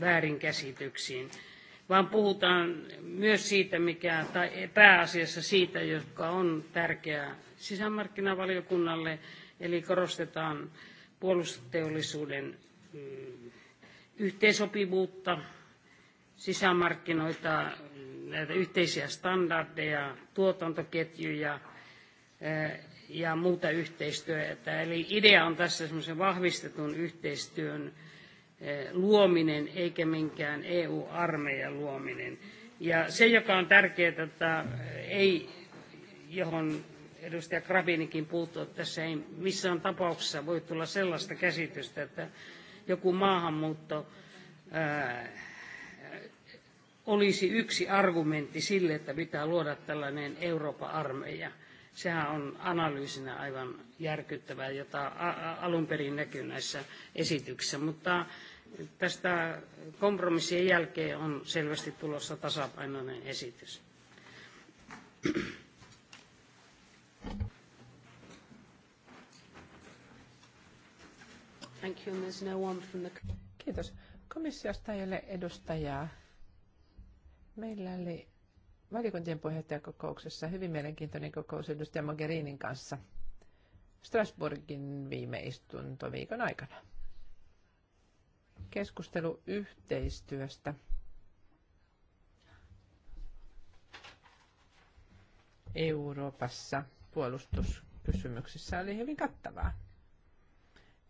Speaker 4: väärinkäsityksiin vaan puhutaan myös siitä, mikä, tai pääasiassa siitä, joka on tärkeää sisämarkkinavaliokunnalle, eli korostetaan puolustusteollisuuden mm, yhteensopivuutta, sisämarkkinoita, näitä yhteisiä standardeja, tuotantoketjuja eh, ja muuta yhteistyötä. Eli idea on tässä semmoisen vahvistetun yhteistyön Eh, luominen eikä minkään EU-armeijan luominen. Ja se, joka on tärkeää, että tota, ei, johon edustaja Krabinikin että tässä ei missään tapauksessa voi tulla sellaista käsitystä, että joku maahanmuutto ää, olisi yksi argumentti sille, että pitää luoda tällainen Euroopan armeija. Sehän on analyysinä aivan järkyttävää, jota alun perin näkyy näissä esityksissä. Mutta tästä kompromissien jälkeen on selvästi tulossa tasapainoinen esitys.
Speaker 2: Thank you. no one from the... Kiitos. Komissiosta ei ole edustajaa. Meillä oli valiokuntien puheenjohtajakokouksessa hyvin mielenkiintoinen kokous edustaja Mogherinin kanssa Strasbourgin viime istuntoviikon aikana keskustelu yhteistyöstä. Euroopassa puolustuskysymyksissä oli hyvin kattavaa.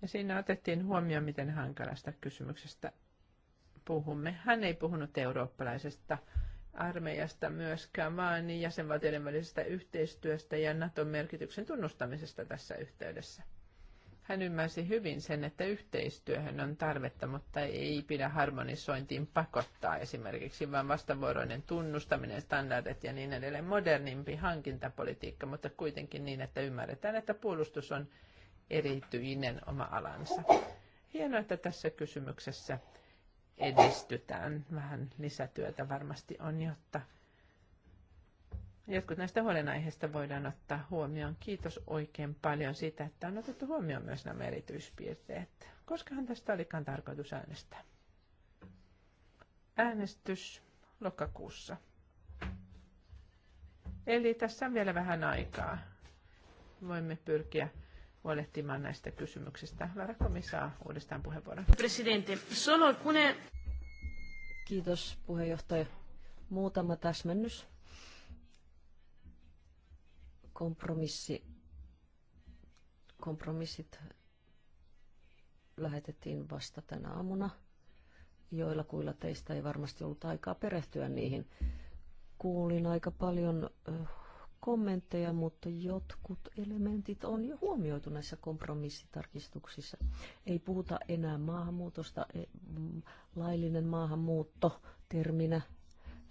Speaker 2: Ja siinä otettiin huomioon, miten hankalasta kysymyksestä puhumme. Hän ei puhunut eurooppalaisesta armeijasta myöskään, vaan jäsenvaltioiden välisestä yhteistyöstä ja Naton merkityksen tunnustamisesta tässä yhteydessä. Hän ymmärsi hyvin sen, että yhteistyöhön on tarvetta, mutta ei pidä harmonisointiin pakottaa esimerkiksi, vaan vastavuoroinen tunnustaminen, standardit ja niin edelleen, modernimpi hankintapolitiikka, mutta kuitenkin niin, että ymmärretään, että puolustus on erityinen oma alansa. Hienoa, että tässä kysymyksessä edistytään. Vähän lisätyötä varmasti on, jotta Jotkut näistä huolenaiheista voidaan ottaa huomioon. Kiitos oikein paljon siitä, että on otettu huomioon myös nämä erityispiirteet. Koskahan tästä olikaan tarkoitus äänestää? Äänestys lokakuussa. Eli tässä on vielä vähän aikaa. Voimme pyrkiä huolehtimaan näistä kysymyksistä. Lara Komi saa uudestaan puheenvuoron.
Speaker 1: Presidentti, solo kune... Kiitos puheenjohtaja. Muutama täsmennys Kompromissi, kompromissit lähetettiin vasta tänä aamuna. Joilla kuilla teistä ei varmasti ollut aikaa perehtyä niihin. Kuulin aika paljon kommentteja, mutta jotkut elementit on jo huomioitu näissä kompromissitarkistuksissa. Ei puhuta enää maahanmuutosta, e, mm, laillinen maahanmuutto terminä,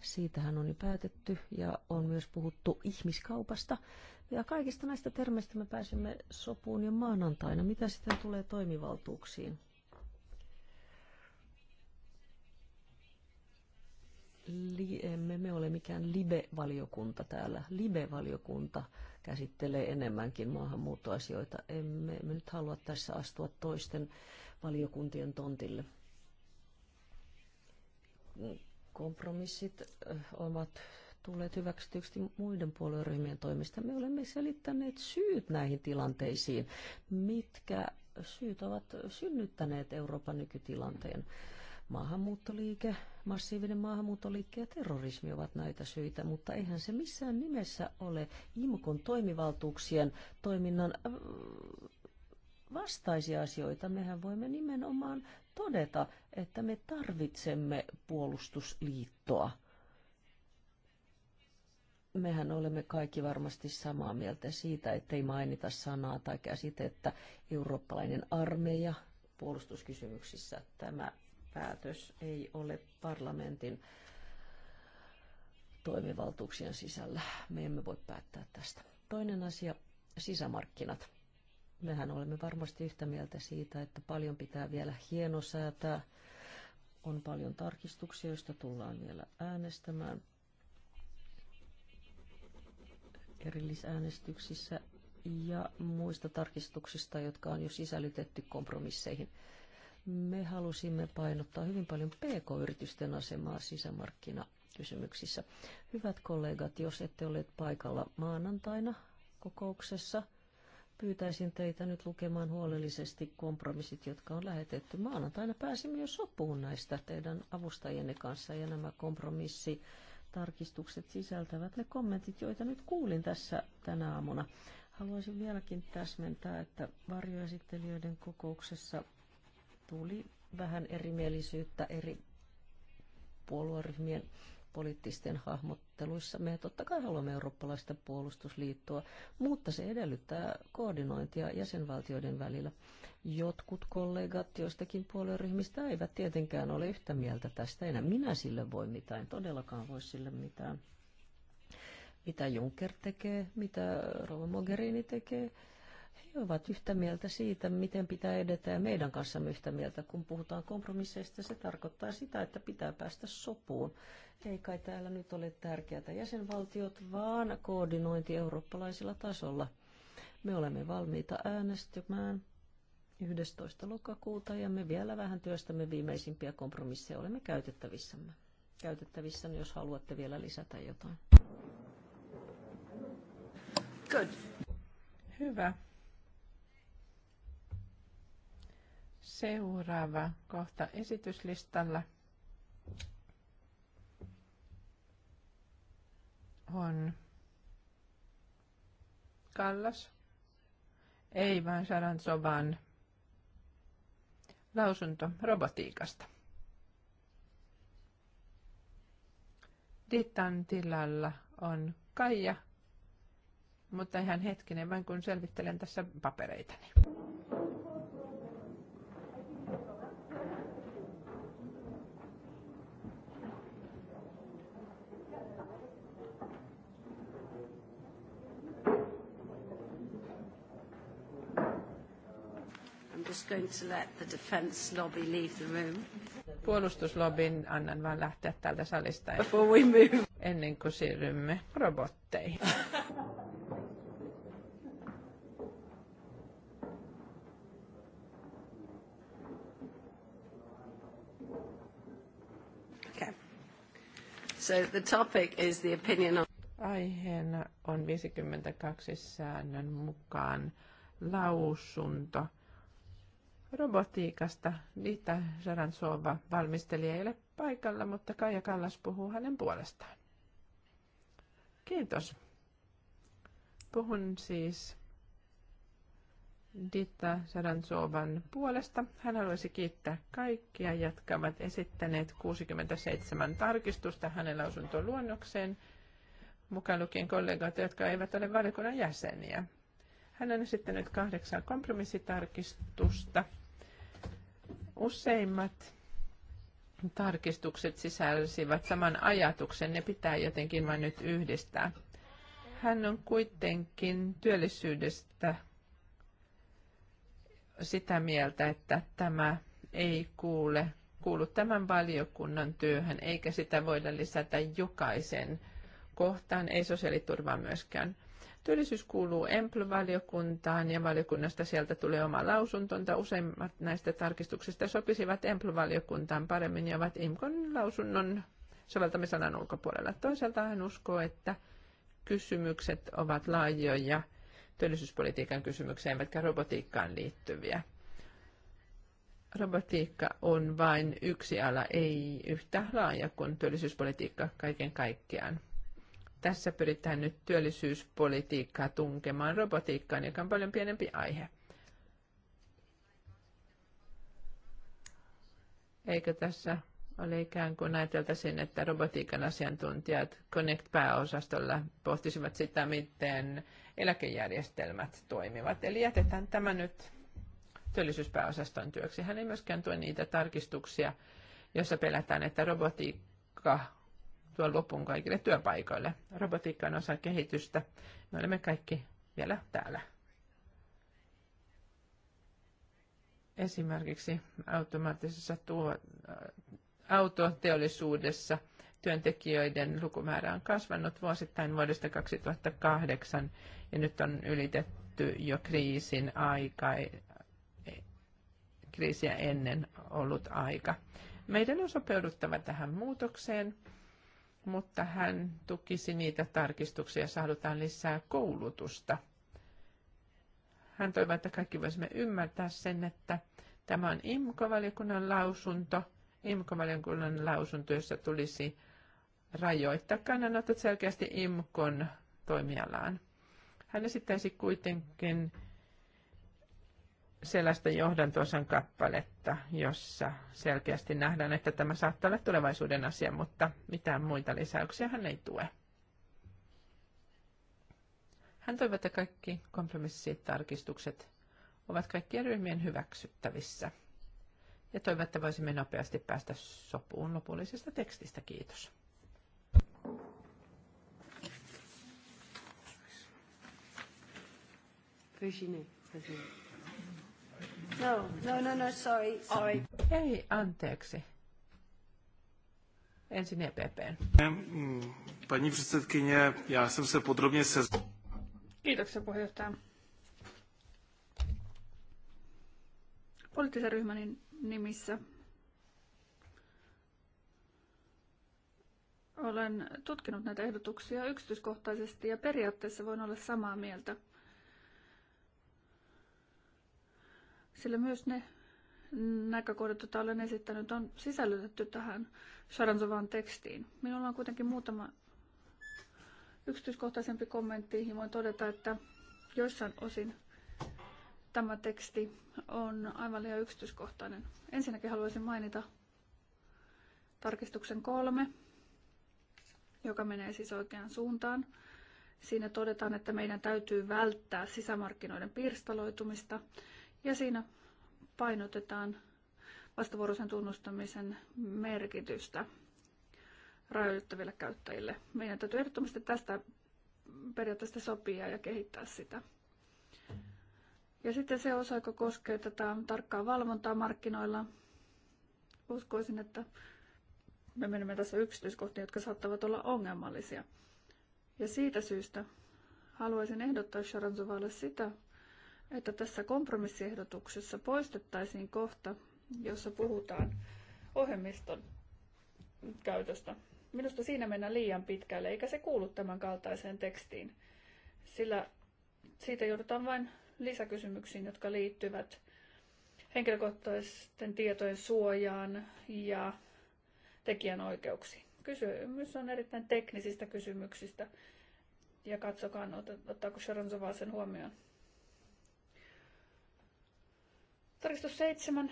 Speaker 1: siitähän on jo päätetty ja on myös puhuttu ihmiskaupasta. Ja kaikista näistä termeistä me pääsimme sopuun jo maanantaina. Mitä sitten tulee toimivaltuuksiin? Li, emme me ole mikään live-valiokunta täällä. Live-valiokunta käsittelee enemmänkin maahanmuuttoasioita. Emme me nyt halua tässä astua toisten valiokuntien tontille. Kompromissit ovat tulleet hyväksytyksi muiden puolueryhmien toimista. Me olemme selittäneet syyt näihin tilanteisiin, mitkä syyt ovat synnyttäneet Euroopan nykytilanteen. Maahanmuuttoliike, massiivinen maahanmuuttoliike ja terrorismi ovat näitä syitä, mutta eihän se missään nimessä ole IMKon toimivaltuuksien toiminnan äh, vastaisia asioita. Mehän voimme nimenomaan todeta, että me tarvitsemme puolustusliittoa mehän olemme kaikki varmasti samaa mieltä siitä, ettei mainita sanaa tai käsitettä eurooppalainen armeija puolustuskysymyksissä. Tämä päätös ei ole parlamentin toimivaltuuksien sisällä. Me emme voi päättää tästä. Toinen asia, sisämarkkinat. Mehän olemme varmasti yhtä mieltä siitä, että paljon pitää vielä hienosäätää. On paljon tarkistuksia, joista tullaan vielä äänestämään erillisäänestyksissä ja muista tarkistuksista, jotka on jo sisällytetty kompromisseihin. Me halusimme painottaa hyvin paljon pk-yritysten asemaa sisämarkkinakysymyksissä. Hyvät kollegat, jos ette ole paikalla maanantaina kokouksessa, pyytäisin teitä nyt lukemaan huolellisesti kompromissit, jotka on lähetetty. Maanantaina pääsimme jo sopuun näistä teidän avustajienne kanssa ja nämä kompromissit tarkistukset sisältävät ne kommentit, joita nyt kuulin tässä tänä aamuna. Haluaisin vieläkin täsmentää, että varjoesittelijöiden kokouksessa tuli vähän erimielisyyttä eri puolueryhmien poliittisten hahmotteluissa. Me totta kai haluamme eurooppalaista puolustusliittoa, mutta se edellyttää koordinointia jäsenvaltioiden välillä. Jotkut kollegat joistakin puolueryhmistä eivät tietenkään ole yhtä mieltä tästä enää. Minä sille voi mitään, en todellakaan voi sille mitään. Mitä Juncker tekee, mitä Rova Mogherini tekee, he ovat yhtä mieltä siitä, miten pitää edetä ja meidän kanssamme yhtä mieltä. Kun puhutaan kompromisseista, se tarkoittaa sitä, että pitää päästä sopuun ei kai täällä nyt ole tärkeätä jäsenvaltiot, vaan koordinointi eurooppalaisella tasolla. Me olemme valmiita äänestymään 11. lokakuuta ja me vielä vähän työstämme viimeisimpiä kompromisseja. Olemme käytettävissämme. Käytettävissä, jos haluatte vielä lisätä jotain.
Speaker 2: Good. Hyvä. Seuraava kohta esityslistalla on Kallas, ei vaan Sarantsovan lausunto robotiikasta. Dittan tilalla on Kaija, mutta ihan hetkinen, vain kun selvittelen tässä papereitani. going to let the defense lobby leave the room. Puolustuslobin annan vaan lähteä täältä salista Before we move. ennen kuin siirrymme robotteihin. okay. So the topic is the opinion of Aiheena on 52 säännön mukaan lausunto – robotiikasta. Dita Jaransova valmisteli ei ole paikalla, mutta Kaija Kallas puhuu hänen puolestaan. Kiitos. Puhun siis Ditta Sarantsovan puolesta. Hän haluaisi kiittää kaikkia, jotka ovat esittäneet 67 tarkistusta hänen lausuntoluonnokseen, mukaan lukien kollegoita, jotka eivät ole valiokunnan jäseniä. Hän on esittänyt kahdeksan kompromissitarkistusta Useimmat tarkistukset sisälsivät saman ajatuksen, ne pitää jotenkin vain nyt yhdistää. Hän on kuitenkin työllisyydestä sitä mieltä, että tämä ei kuule, kuulu tämän valiokunnan työhön, eikä sitä voida lisätä jokaisen kohtaan, ei sosiaaliturvaa myöskään. Työllisyys kuuluu Empl-valiokuntaan ja valiokunnasta sieltä tulee oma lausuntonta. Useimmat näistä tarkistuksista sopisivat Empl-valiokuntaan paremmin ja ovat IMKon lausunnon soveltamisalan ulkopuolella. Toisaalta hän uskoo, että kysymykset ovat laajoja työllisyyspolitiikan kysymyksiä, eivätkä robotiikkaan liittyviä. Robotiikka on vain yksi ala, ei yhtä laaja kuin työllisyyspolitiikka kaiken kaikkiaan. Tässä pyritään nyt työllisyyspolitiikkaa tunkemaan robotiikkaan, joka on paljon pienempi aihe. Eikö tässä ole ikään kuin ajateltaisin, että robotiikan asiantuntijat Connect-pääosastolla pohtisivat sitä, miten eläkejärjestelmät toimivat. Eli jätetään tämä nyt työllisyyspääosaston työksi. Hän ei myöskään tuo niitä tarkistuksia, joissa pelätään, että robotiikka tuon lopun kaikille työpaikoille. Robotiikka on osa kehitystä. Me olemme kaikki vielä täällä. Esimerkiksi automaattisessa tuo, autoteollisuudessa työntekijöiden lukumäärä on kasvanut vuosittain vuodesta 2008 ja nyt on ylitetty jo kriisin aika, kriisiä ennen ollut aika. Meidän on sopeuduttava tähän muutokseen mutta hän tukisi niitä tarkistuksia, ja saadutaan lisää koulutusta. Hän toivoi, että kaikki voisimme ymmärtää sen, että tämä on IMKO-valiokunnan lausunto. IMKO-valiokunnan lausunto, jossa tulisi rajoittaa kannanotot selkeästi IMKON toimialaan. Hän esittäisi kuitenkin sellaista johdantosan kappaletta, jossa selkeästi nähdään, että tämä saattaa olla tulevaisuuden asia, mutta mitään muita lisäyksiä hän ei tue. Hän toivoo, että kaikki kompromissitarkistukset ovat kaikkien ryhmien hyväksyttävissä. Ja toivon, että voisimme nopeasti päästä sopuun lopullisesta tekstistä. Kiitos. Virginie, Virginie.
Speaker 4: No,
Speaker 1: no, no, no,
Speaker 2: sorry, sorry. Ah. Ei, anteeksi. Ensin EPP. Mm,
Speaker 5: Pani předsedkyně, já jsem se podrobně se...
Speaker 2: Kiitoksia
Speaker 3: puheenjohtaja. Poliittisen ryhmän nimissä olen tutkinut näitä ehdotuksia yksityiskohtaisesti ja periaatteessa voin olla samaa mieltä – sillä myös ne näkökohdat, joita olen esittänyt, on sisällytetty tähän Sharansovan tekstiin. Minulla on kuitenkin muutama yksityiskohtaisempi kommentti ja voin todeta, että joissain osin tämä teksti on aivan liian yksityiskohtainen. Ensinnäkin haluaisin mainita tarkistuksen kolme, joka menee siis oikeaan suuntaan. Siinä todetaan, että meidän täytyy välttää sisämarkkinoiden pirstaloitumista ja siinä painotetaan vastavuoroisen tunnustamisen merkitystä rajoittaville käyttäjille. Meidän täytyy ehdottomasti tästä periaatteesta sopia ja kehittää sitä. Ja sitten se osa, joka koskee tätä tarkkaa valvontaa markkinoilla. Uskoisin, että me menemme tässä yksityiskohtiin, jotka saattavat olla ongelmallisia. Ja siitä syystä haluaisin ehdottaa Sharon sitä, että tässä kompromissiehdotuksessa poistettaisiin kohta, jossa puhutaan ohjelmiston käytöstä. Minusta siinä mennään liian pitkälle, eikä se kuulu tämän kaltaiseen tekstiin, sillä siitä joudutaan vain lisäkysymyksiin, jotka liittyvät henkilökohtaisten tietojen suojaan ja tekijänoikeuksiin. Kysymys on erittäin teknisistä kysymyksistä ja katsokaa, ottaako Sharon sen huomioon. Tarkistus 7,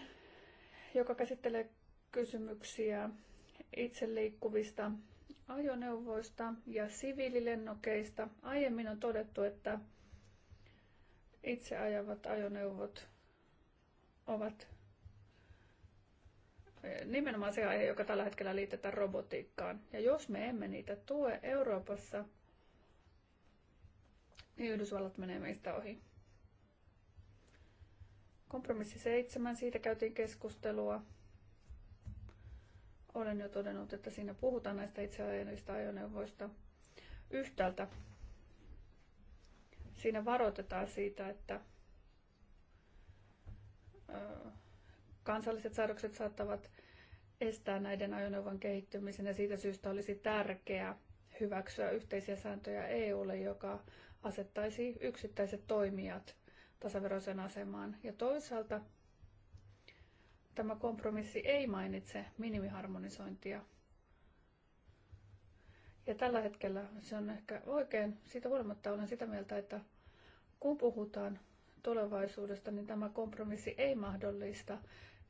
Speaker 3: joka käsittelee kysymyksiä itse liikkuvista ajoneuvoista ja siviililennokeista. Aiemmin on todettu, että itse ajavat ajoneuvot ovat eh, nimenomaan se aihe, joka tällä hetkellä liitetään robotiikkaan. Ja jos me emme niitä tue Euroopassa, niin Yhdysvallat menee meistä ohi. Kompromissi seitsemän, siitä käytiin keskustelua. Olen jo todennut, että siinä puhutaan näistä itseajavista ajoneuvoista yhtäältä. Siinä varoitetaan siitä, että kansalliset säädökset saattavat estää näiden ajoneuvon kehittymisen ja siitä syystä olisi tärkeää hyväksyä yhteisiä sääntöjä EUlle, joka asettaisi yksittäiset toimijat Tasaveroisen asemaan. Ja toisaalta tämä kompromissi ei mainitse minimiharmonisointia. Ja tällä hetkellä se on ehkä oikein. Siitä huolimatta olen sitä mieltä, että kun puhutaan tulevaisuudesta, niin tämä kompromissi ei mahdollista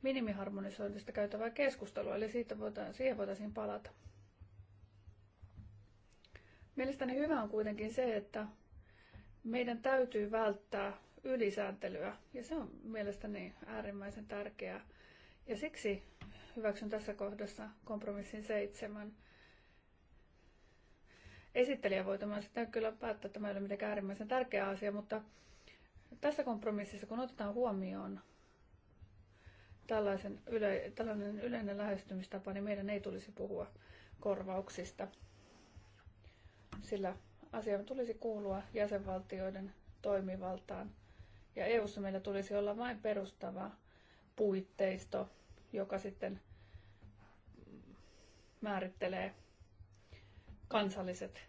Speaker 3: minimiharmonisoinnista käytävää keskustelua, eli siitä voitaisiin, siihen voitaisiin palata. Mielestäni hyvä on kuitenkin se, että meidän täytyy välttää ylisääntelyä. Ja se on mielestäni äärimmäisen tärkeää. Ja siksi hyväksyn tässä kohdassa kompromissin seitsemän. Esittelijä voi tämän sitten kyllä päättää, että tämä ei ole mitenkään äärimmäisen tärkeä asia, mutta tässä kompromississa, kun otetaan huomioon tällaisen yle, tällainen yleinen lähestymistapa, niin meidän ei tulisi puhua korvauksista, sillä asia tulisi kuulua jäsenvaltioiden toimivaltaan ja eu meillä tulisi olla vain perustava puitteisto, joka sitten määrittelee kansalliset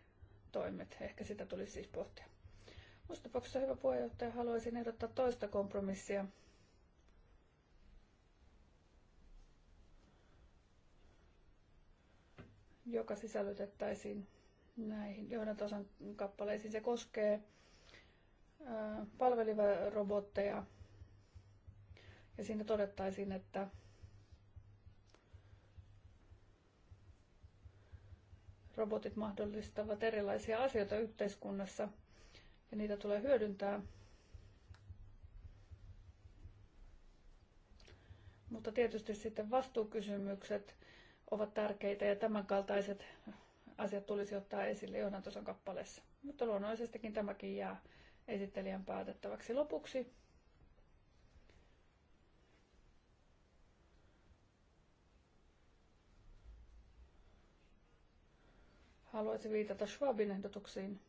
Speaker 3: toimet. Ehkä sitä tulisi siis pohtia. Musta hyvä puheenjohtaja, haluaisin ehdottaa toista kompromissia. joka sisällytettäisiin näihin johdantosan kappaleisiin. Se koskee palvelirobotteja. Ja siinä todettaisiin, että robotit mahdollistavat erilaisia asioita yhteiskunnassa ja niitä tulee hyödyntää. Mutta tietysti sitten vastuukysymykset ovat tärkeitä ja tämänkaltaiset asiat tulisi ottaa esille johdantosan kappaleessa. Mutta luonnollisestikin tämäkin jää esittelijän päätettäväksi lopuksi. Haluaisin viitata Schwabin ehdotuksiin,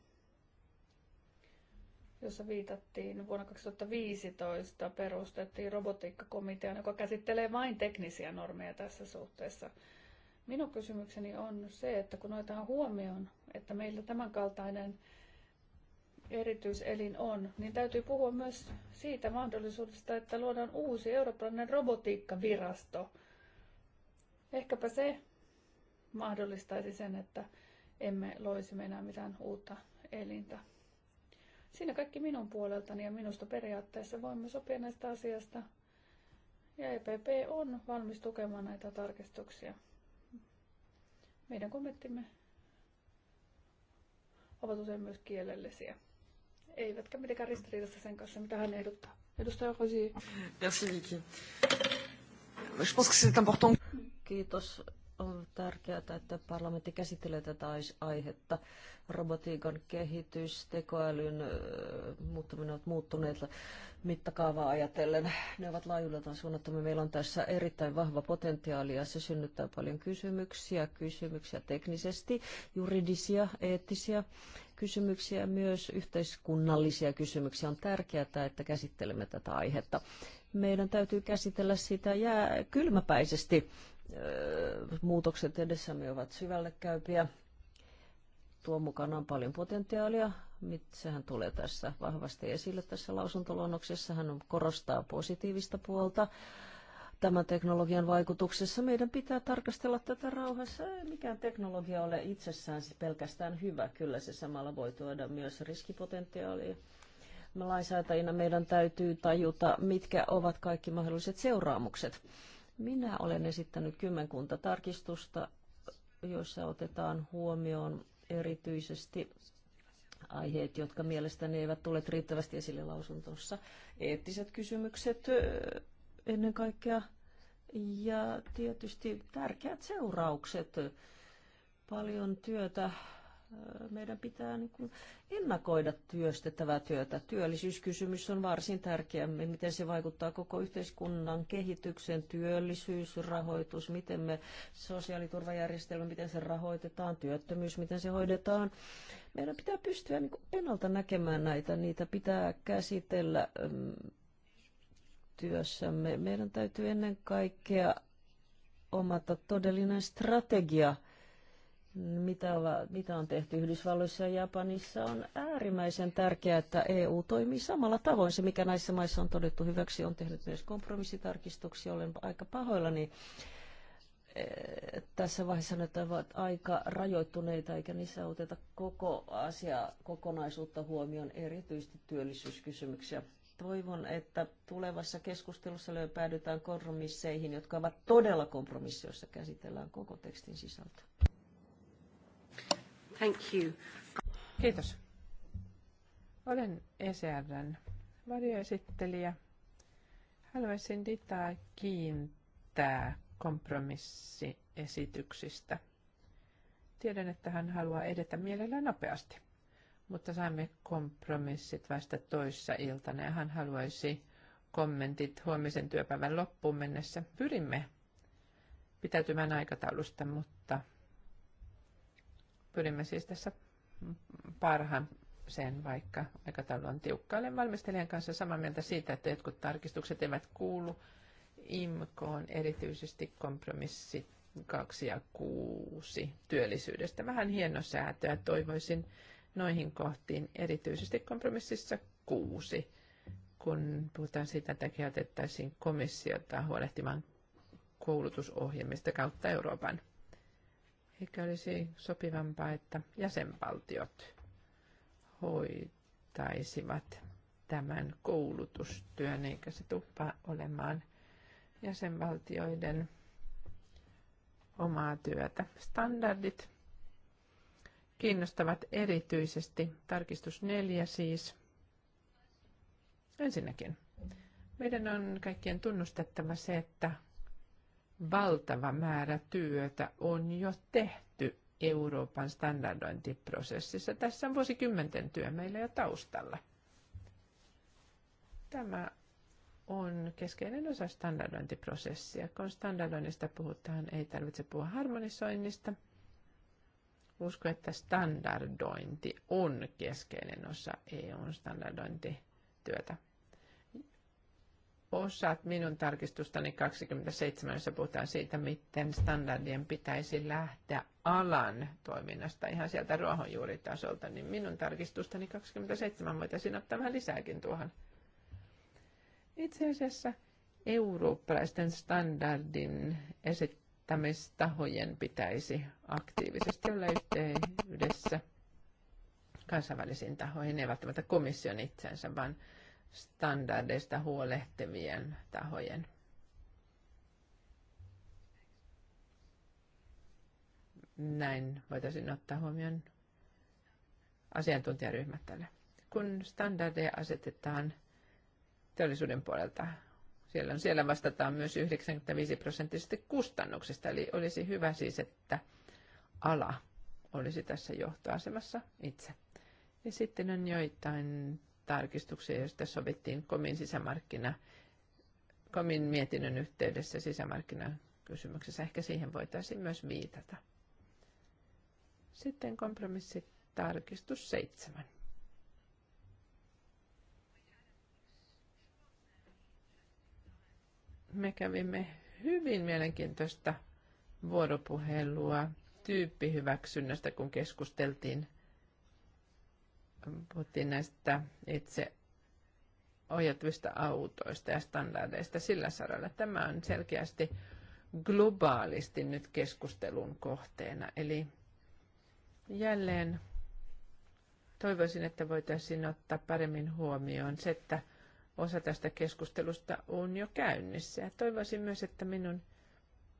Speaker 3: jossa viitattiin vuonna 2015 perustettiin robotiikkakomitea, joka käsittelee vain teknisiä normeja tässä suhteessa. Minun kysymykseni on se, että kun otetaan huomioon, että meillä tämänkaltainen kaltainen erityiselin on, niin täytyy puhua myös siitä mahdollisuudesta, että luodaan uusi eurooppalainen robotiikkavirasto. Ehkäpä se mahdollistaisi sen, että emme loisi enää mitään uutta elintä. Siinä kaikki minun puoleltani ja minusta periaatteessa voimme sopia näistä asiasta. Ja EPP on valmis tukemaan näitä tarkistuksia. Meidän kommenttimme ovat usein myös kielellisiä eivätkä mitenkään ristiriidassa sen kanssa, mitä hän ehdottaa. Edustaja
Speaker 4: Merci Vicky.
Speaker 1: Je pense que c'est important. Kiitos. On tärkeää, että parlamentti käsittelee tätä aihetta. Robotiikan kehitys, tekoälyn muuttuminen ovat muuttuneet mittakaavaa ajatellen. Ne ovat laajuudeltaan suunnattomia. Meillä on tässä erittäin vahva potentiaali ja se synnyttää paljon kysymyksiä, kysymyksiä teknisesti, juridisia, eettisiä kysymyksiä ja myös yhteiskunnallisia kysymyksiä. On tärkeää, että käsittelemme tätä aihetta. Meidän täytyy käsitellä sitä jää kylmäpäisesti. Muutokset edessämme ovat syvälle käypiä. Tuo on paljon potentiaalia. Sehän tulee tässä vahvasti esille tässä lausuntoluonnoksessa. Hän korostaa positiivista puolta tämän teknologian vaikutuksessa. Meidän pitää tarkastella tätä rauhassa. Ei mikään teknologia ole itsessään pelkästään hyvä. Kyllä se samalla voi tuoda myös riskipotentiaalia. Me lainsäätäjinä meidän täytyy tajuta, mitkä ovat kaikki mahdolliset seuraamukset. Minä olen esittänyt kymmenkunta tarkistusta, joissa otetaan huomioon erityisesti aiheet, jotka mielestäni eivät tule riittävästi esille lausuntossa. Eettiset kysymykset ennen kaikkea ja tietysti tärkeät seuraukset, paljon työtä. Äh, meidän pitää niin kuin ennakoida työstettävää työtä. Työllisyyskysymys on varsin tärkeä. Miten se vaikuttaa koko yhteiskunnan kehitykseen, työllisyys, rahoitus, miten me sosiaaliturvajärjestelmä, miten se rahoitetaan, työttömyys, miten se hoidetaan. Meidän pitää pystyä niin kuin ennalta näkemään näitä. Niitä pitää käsitellä mm, työssämme. Meidän täytyy ennen kaikkea omata todellinen strategia, mitä, olla, mitä on tehty Yhdysvalloissa ja Japanissa. On äärimmäisen tärkeää, että EU toimii samalla tavoin. Se, mikä näissä maissa on todettu hyväksi, on tehnyt myös kompromissitarkistuksia. Olen aika pahoillani eh, tässä vaiheessa ne ovat aika rajoittuneita, eikä niissä oteta koko asia kokonaisuutta huomioon, erityisesti työllisyyskysymyksiä. Toivon, että tulevassa keskustelussa löypäädytään kompromisseihin, jotka ovat todella kompromissi, jossa käsitellään koko tekstin sisältö.
Speaker 2: Thank you. Kiitos. Olen ECRn varjoesittelijä. Haluaisin Ditaa kiintää kompromissiesityksistä. Tiedän, että hän haluaa edetä mielellään nopeasti mutta saimme kompromissit vasta toissa iltana ja hän haluaisi kommentit huomisen työpäivän loppuun mennessä. Pyrimme pitäytymään aikataulusta, mutta pyrimme siis tässä parhaan sen, vaikka aikataulu on tiukka. Olen valmistelijan kanssa samaa mieltä siitä, että jotkut tarkistukset eivät kuulu IMKOon, erityisesti kompromissi 2 ja 6 työllisyydestä. Vähän hienosäätöä toivoisin noihin kohtiin, erityisesti kompromississa kuusi, kun puhutaan siitä, että kehotettaisiin komissiota huolehtimaan koulutusohjelmista kautta Euroopan. Eikä olisi sopivampaa, että jäsenvaltiot hoitaisivat tämän koulutustyön, eikä se tuppa olemaan jäsenvaltioiden omaa työtä. Standardit kiinnostavat erityisesti. Tarkistus neljä siis. Ensinnäkin, meidän on kaikkien tunnustettava se, että valtava määrä työtä on jo tehty Euroopan standardointiprosessissa. Tässä on vuosikymmenten työ meillä jo taustalla. Tämä on keskeinen osa standardointiprosessia. Kun standardoinnista puhutaan, ei tarvitse puhua harmonisoinnista – uskon, että standardointi on keskeinen osa eu standardointityötä. Osaat minun tarkistustani 27, jossa puhutaan siitä, miten standardien pitäisi lähteä alan toiminnasta ihan sieltä ruohonjuuritasolta, niin minun tarkistustani 27 voitaisiin ottaa vähän lisääkin tuohon. Itse asiassa eurooppalaisten standardin esittäminen kehittämistahojen pitäisi aktiivisesti olla yhteydessä kansainvälisiin tahoihin, ei välttämättä komission itsensä, vaan standardeista huolehtivien tahojen. Näin voitaisiin ottaa huomioon asiantuntijaryhmät tälle. Kun standardeja asetetaan teollisuuden puolelta siellä, siellä vastataan myös 95 prosenttisesti kustannuksista, eli olisi hyvä siis, että ala olisi tässä johtoasemassa itse. Ja sitten on joitain tarkistuksia, joista sovittiin komin sisämarkkina, komin mietinnön yhteydessä sisämarkkinan kysymyksessä. Ehkä siihen voitaisiin myös viitata. Sitten kompromissitarkistus seitsemän. me kävimme hyvin mielenkiintoista vuoropuhelua tyyppihyväksynnästä, kun keskusteltiin, puhuttiin näistä itse ohjatuista autoista ja standardeista sillä saralla. Tämä on selkeästi globaalisti nyt keskustelun kohteena. Eli jälleen toivoisin, että voitaisiin ottaa paremmin huomioon se, että – osa tästä keskustelusta on jo käynnissä. Ja toivoisin myös, että minun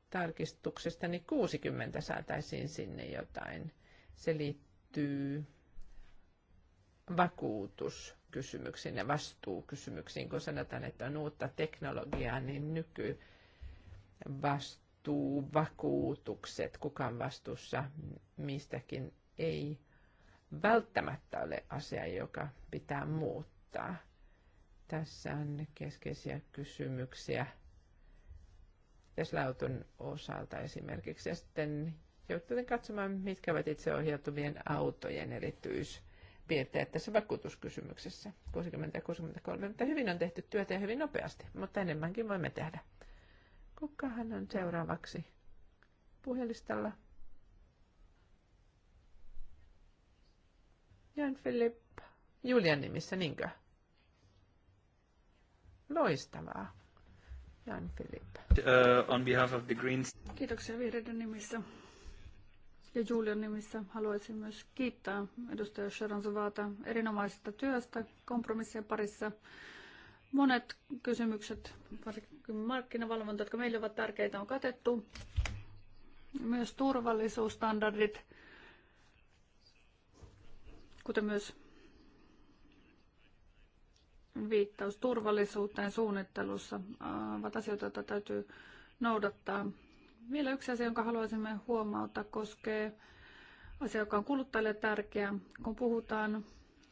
Speaker 2: tarkistuksestani 60 saataisiin sinne jotain. Se liittyy vakuutuskysymyksiin ja vastuukysymyksiin, kun sanotaan, että on uutta teknologiaa, niin nyky vastuu, vakuutukset, vastuussa mistäkin, ei välttämättä ole asia, joka pitää muuttaa tässä on keskeisiä kysymyksiä Teslautun osalta esimerkiksi. Ja sitten joudutaan katsomaan, mitkä ovat itseohjautuvien autojen erityispiirteet tässä vakuutuskysymyksessä 60 ja 63. Mutta hyvin on tehty työtä ja hyvin nopeasti, mutta enemmänkin voimme tehdä. Kukahan on seuraavaksi puhelistalla? Jan Philip Julian nimissä, niinkö? Loistavaa. Jan Filip.
Speaker 3: Uh, on behalf of the Greens. Kiitoksia vihreiden nimissä. Ja Julian nimissä haluaisin myös kiittää edustaja Sharon Zavata erinomaisesta työstä kompromissien parissa. Monet kysymykset, varsinkin markkinavalvonta, jotka meille ovat tärkeitä, on katettu. Myös turvallisuusstandardit, kuten myös viittaus turvallisuuteen suunnittelussa ovat asioita, joita täytyy noudattaa. Vielä yksi asia, jonka haluaisimme huomauttaa, koskee asia, joka on kuluttajille tärkeä. Kun puhutaan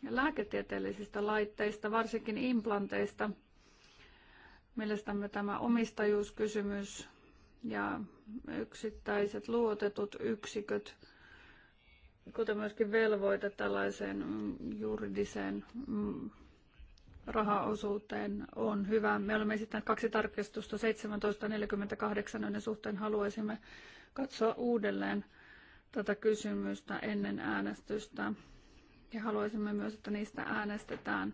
Speaker 3: lääketieteellisistä laitteista, varsinkin implanteista, mielestämme tämä omistajuuskysymys ja yksittäiset luotetut yksiköt, kuten myöskin velvoite tällaiseen juridiseen mm, rahaosuuteen on hyvä. Me olemme esittäneet kaksi tarkistusta 17.48, joiden suhteen haluaisimme katsoa uudelleen tätä kysymystä ennen äänestystä. Ja haluaisimme myös, että niistä äänestetään.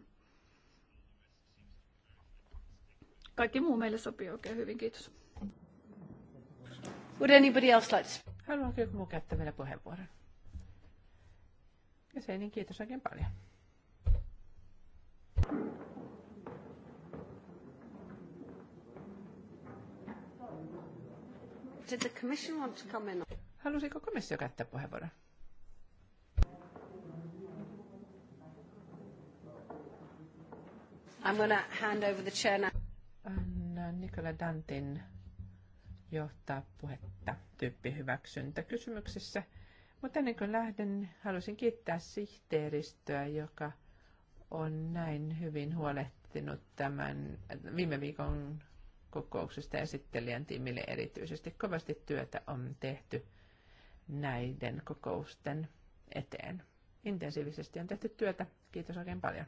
Speaker 3: Kaikki muu meille sopii oikein hyvin. Kiitos.
Speaker 2: Would anybody else like to... Haluanko joku muu käyttää vielä puheenvuoron? Ja ei, niin kiitos oikein paljon. Did the commission want to come in? Halusiko komissio käyttää puheenvuoron? I'm going to hand over the chair now. Annan Nikola Dantin johtaa puhetta tyyppihyväksyntäkysymyksissä. Mutta ennen kuin lähden, halusin kiittää sihteeristöä, joka – on näin hyvin huolehtinut tämän viime viikon kokouksesta esittelijän tiimille erityisesti. Kovasti työtä on tehty näiden kokousten eteen. Intensiivisesti on tehty työtä. Kiitos oikein paljon.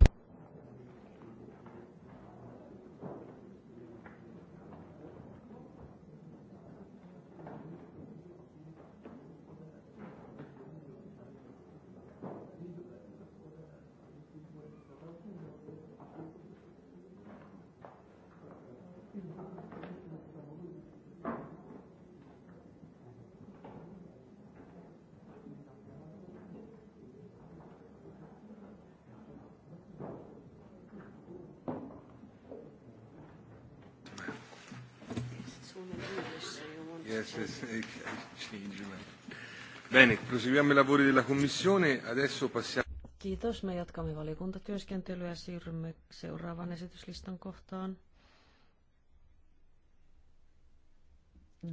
Speaker 5: Bene, proseguiamo i lavori della Commissione. Adesso passiamo...
Speaker 1: Kiitos. Me jatkamme valiokuntatyöskentelyä ja siirrymme seuraavan esityslistan kohtaan.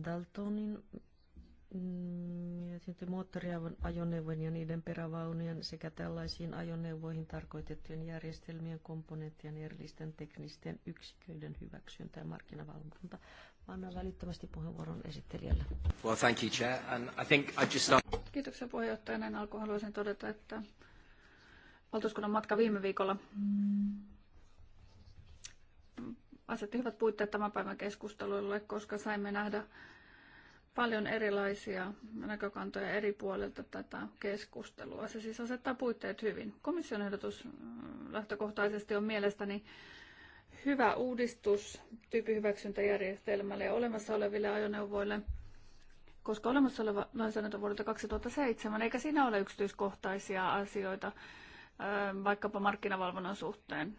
Speaker 1: Daltonin mietintö moottoriajoneuvojen ja niiden perävaunujen sekä tällaisiin ajoneuvoihin tarkoitettujen järjestelmien, komponenttien ja erillisten teknisten yksiköiden hyväksyntä ja markkinavalvonta. Annan välittömästi puheenvuoron esittelijälle.
Speaker 2: Well, thank you, Chair. And I think I just...
Speaker 3: Kiitoksia puheenjohtaja. Näin alkuun haluaisin todeta, että valtuuskunnan matka viime viikolla asetti hyvät puitteet tämän päivän keskusteluille, koska saimme nähdä paljon erilaisia näkökantoja eri puolilta tätä keskustelua. Se siis asettaa puitteet hyvin. Komission ehdotus äh, lähtökohtaisesti on mielestäni hyvä uudistus tyyppihyväksyntäjärjestelmälle ja olemassa oleville ajoneuvoille, koska olemassa oleva lainsäädäntö vuodelta 2007, eikä siinä ole yksityiskohtaisia asioita vaikkapa markkinavalvonnan suhteen.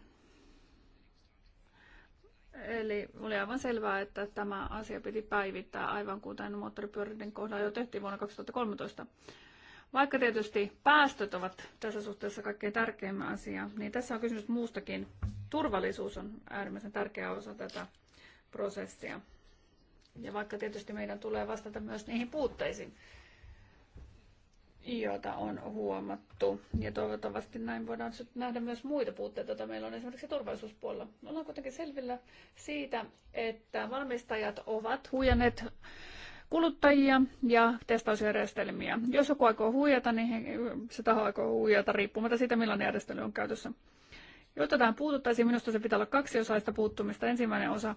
Speaker 3: Eli oli aivan selvää, että tämä asia piti päivittää aivan kuten moottoripyöräiden kohdalla jo tehtiin vuonna 2013. Vaikka tietysti päästöt ovat tässä suhteessa kaikkein tärkeimmä asia, niin tässä on kysymys muustakin turvallisuus on äärimmäisen tärkeä osa tätä prosessia. Ja vaikka tietysti meidän tulee vastata myös niihin puutteisiin, joita on huomattu. Ja toivottavasti näin voidaan nähdä myös muita puutteita, joita meillä on esimerkiksi turvallisuuspuolella. Ollaan kuitenkin selvillä siitä, että valmistajat ovat huijanneet kuluttajia ja testausjärjestelmiä. Jos joku aikoo huijata, niin se taho aikoo huijata riippumatta siitä, millainen järjestely on käytössä. Jotta tähän puututtaisiin, minusta se pitää olla kaksi osaista puuttumista. Ensimmäinen osa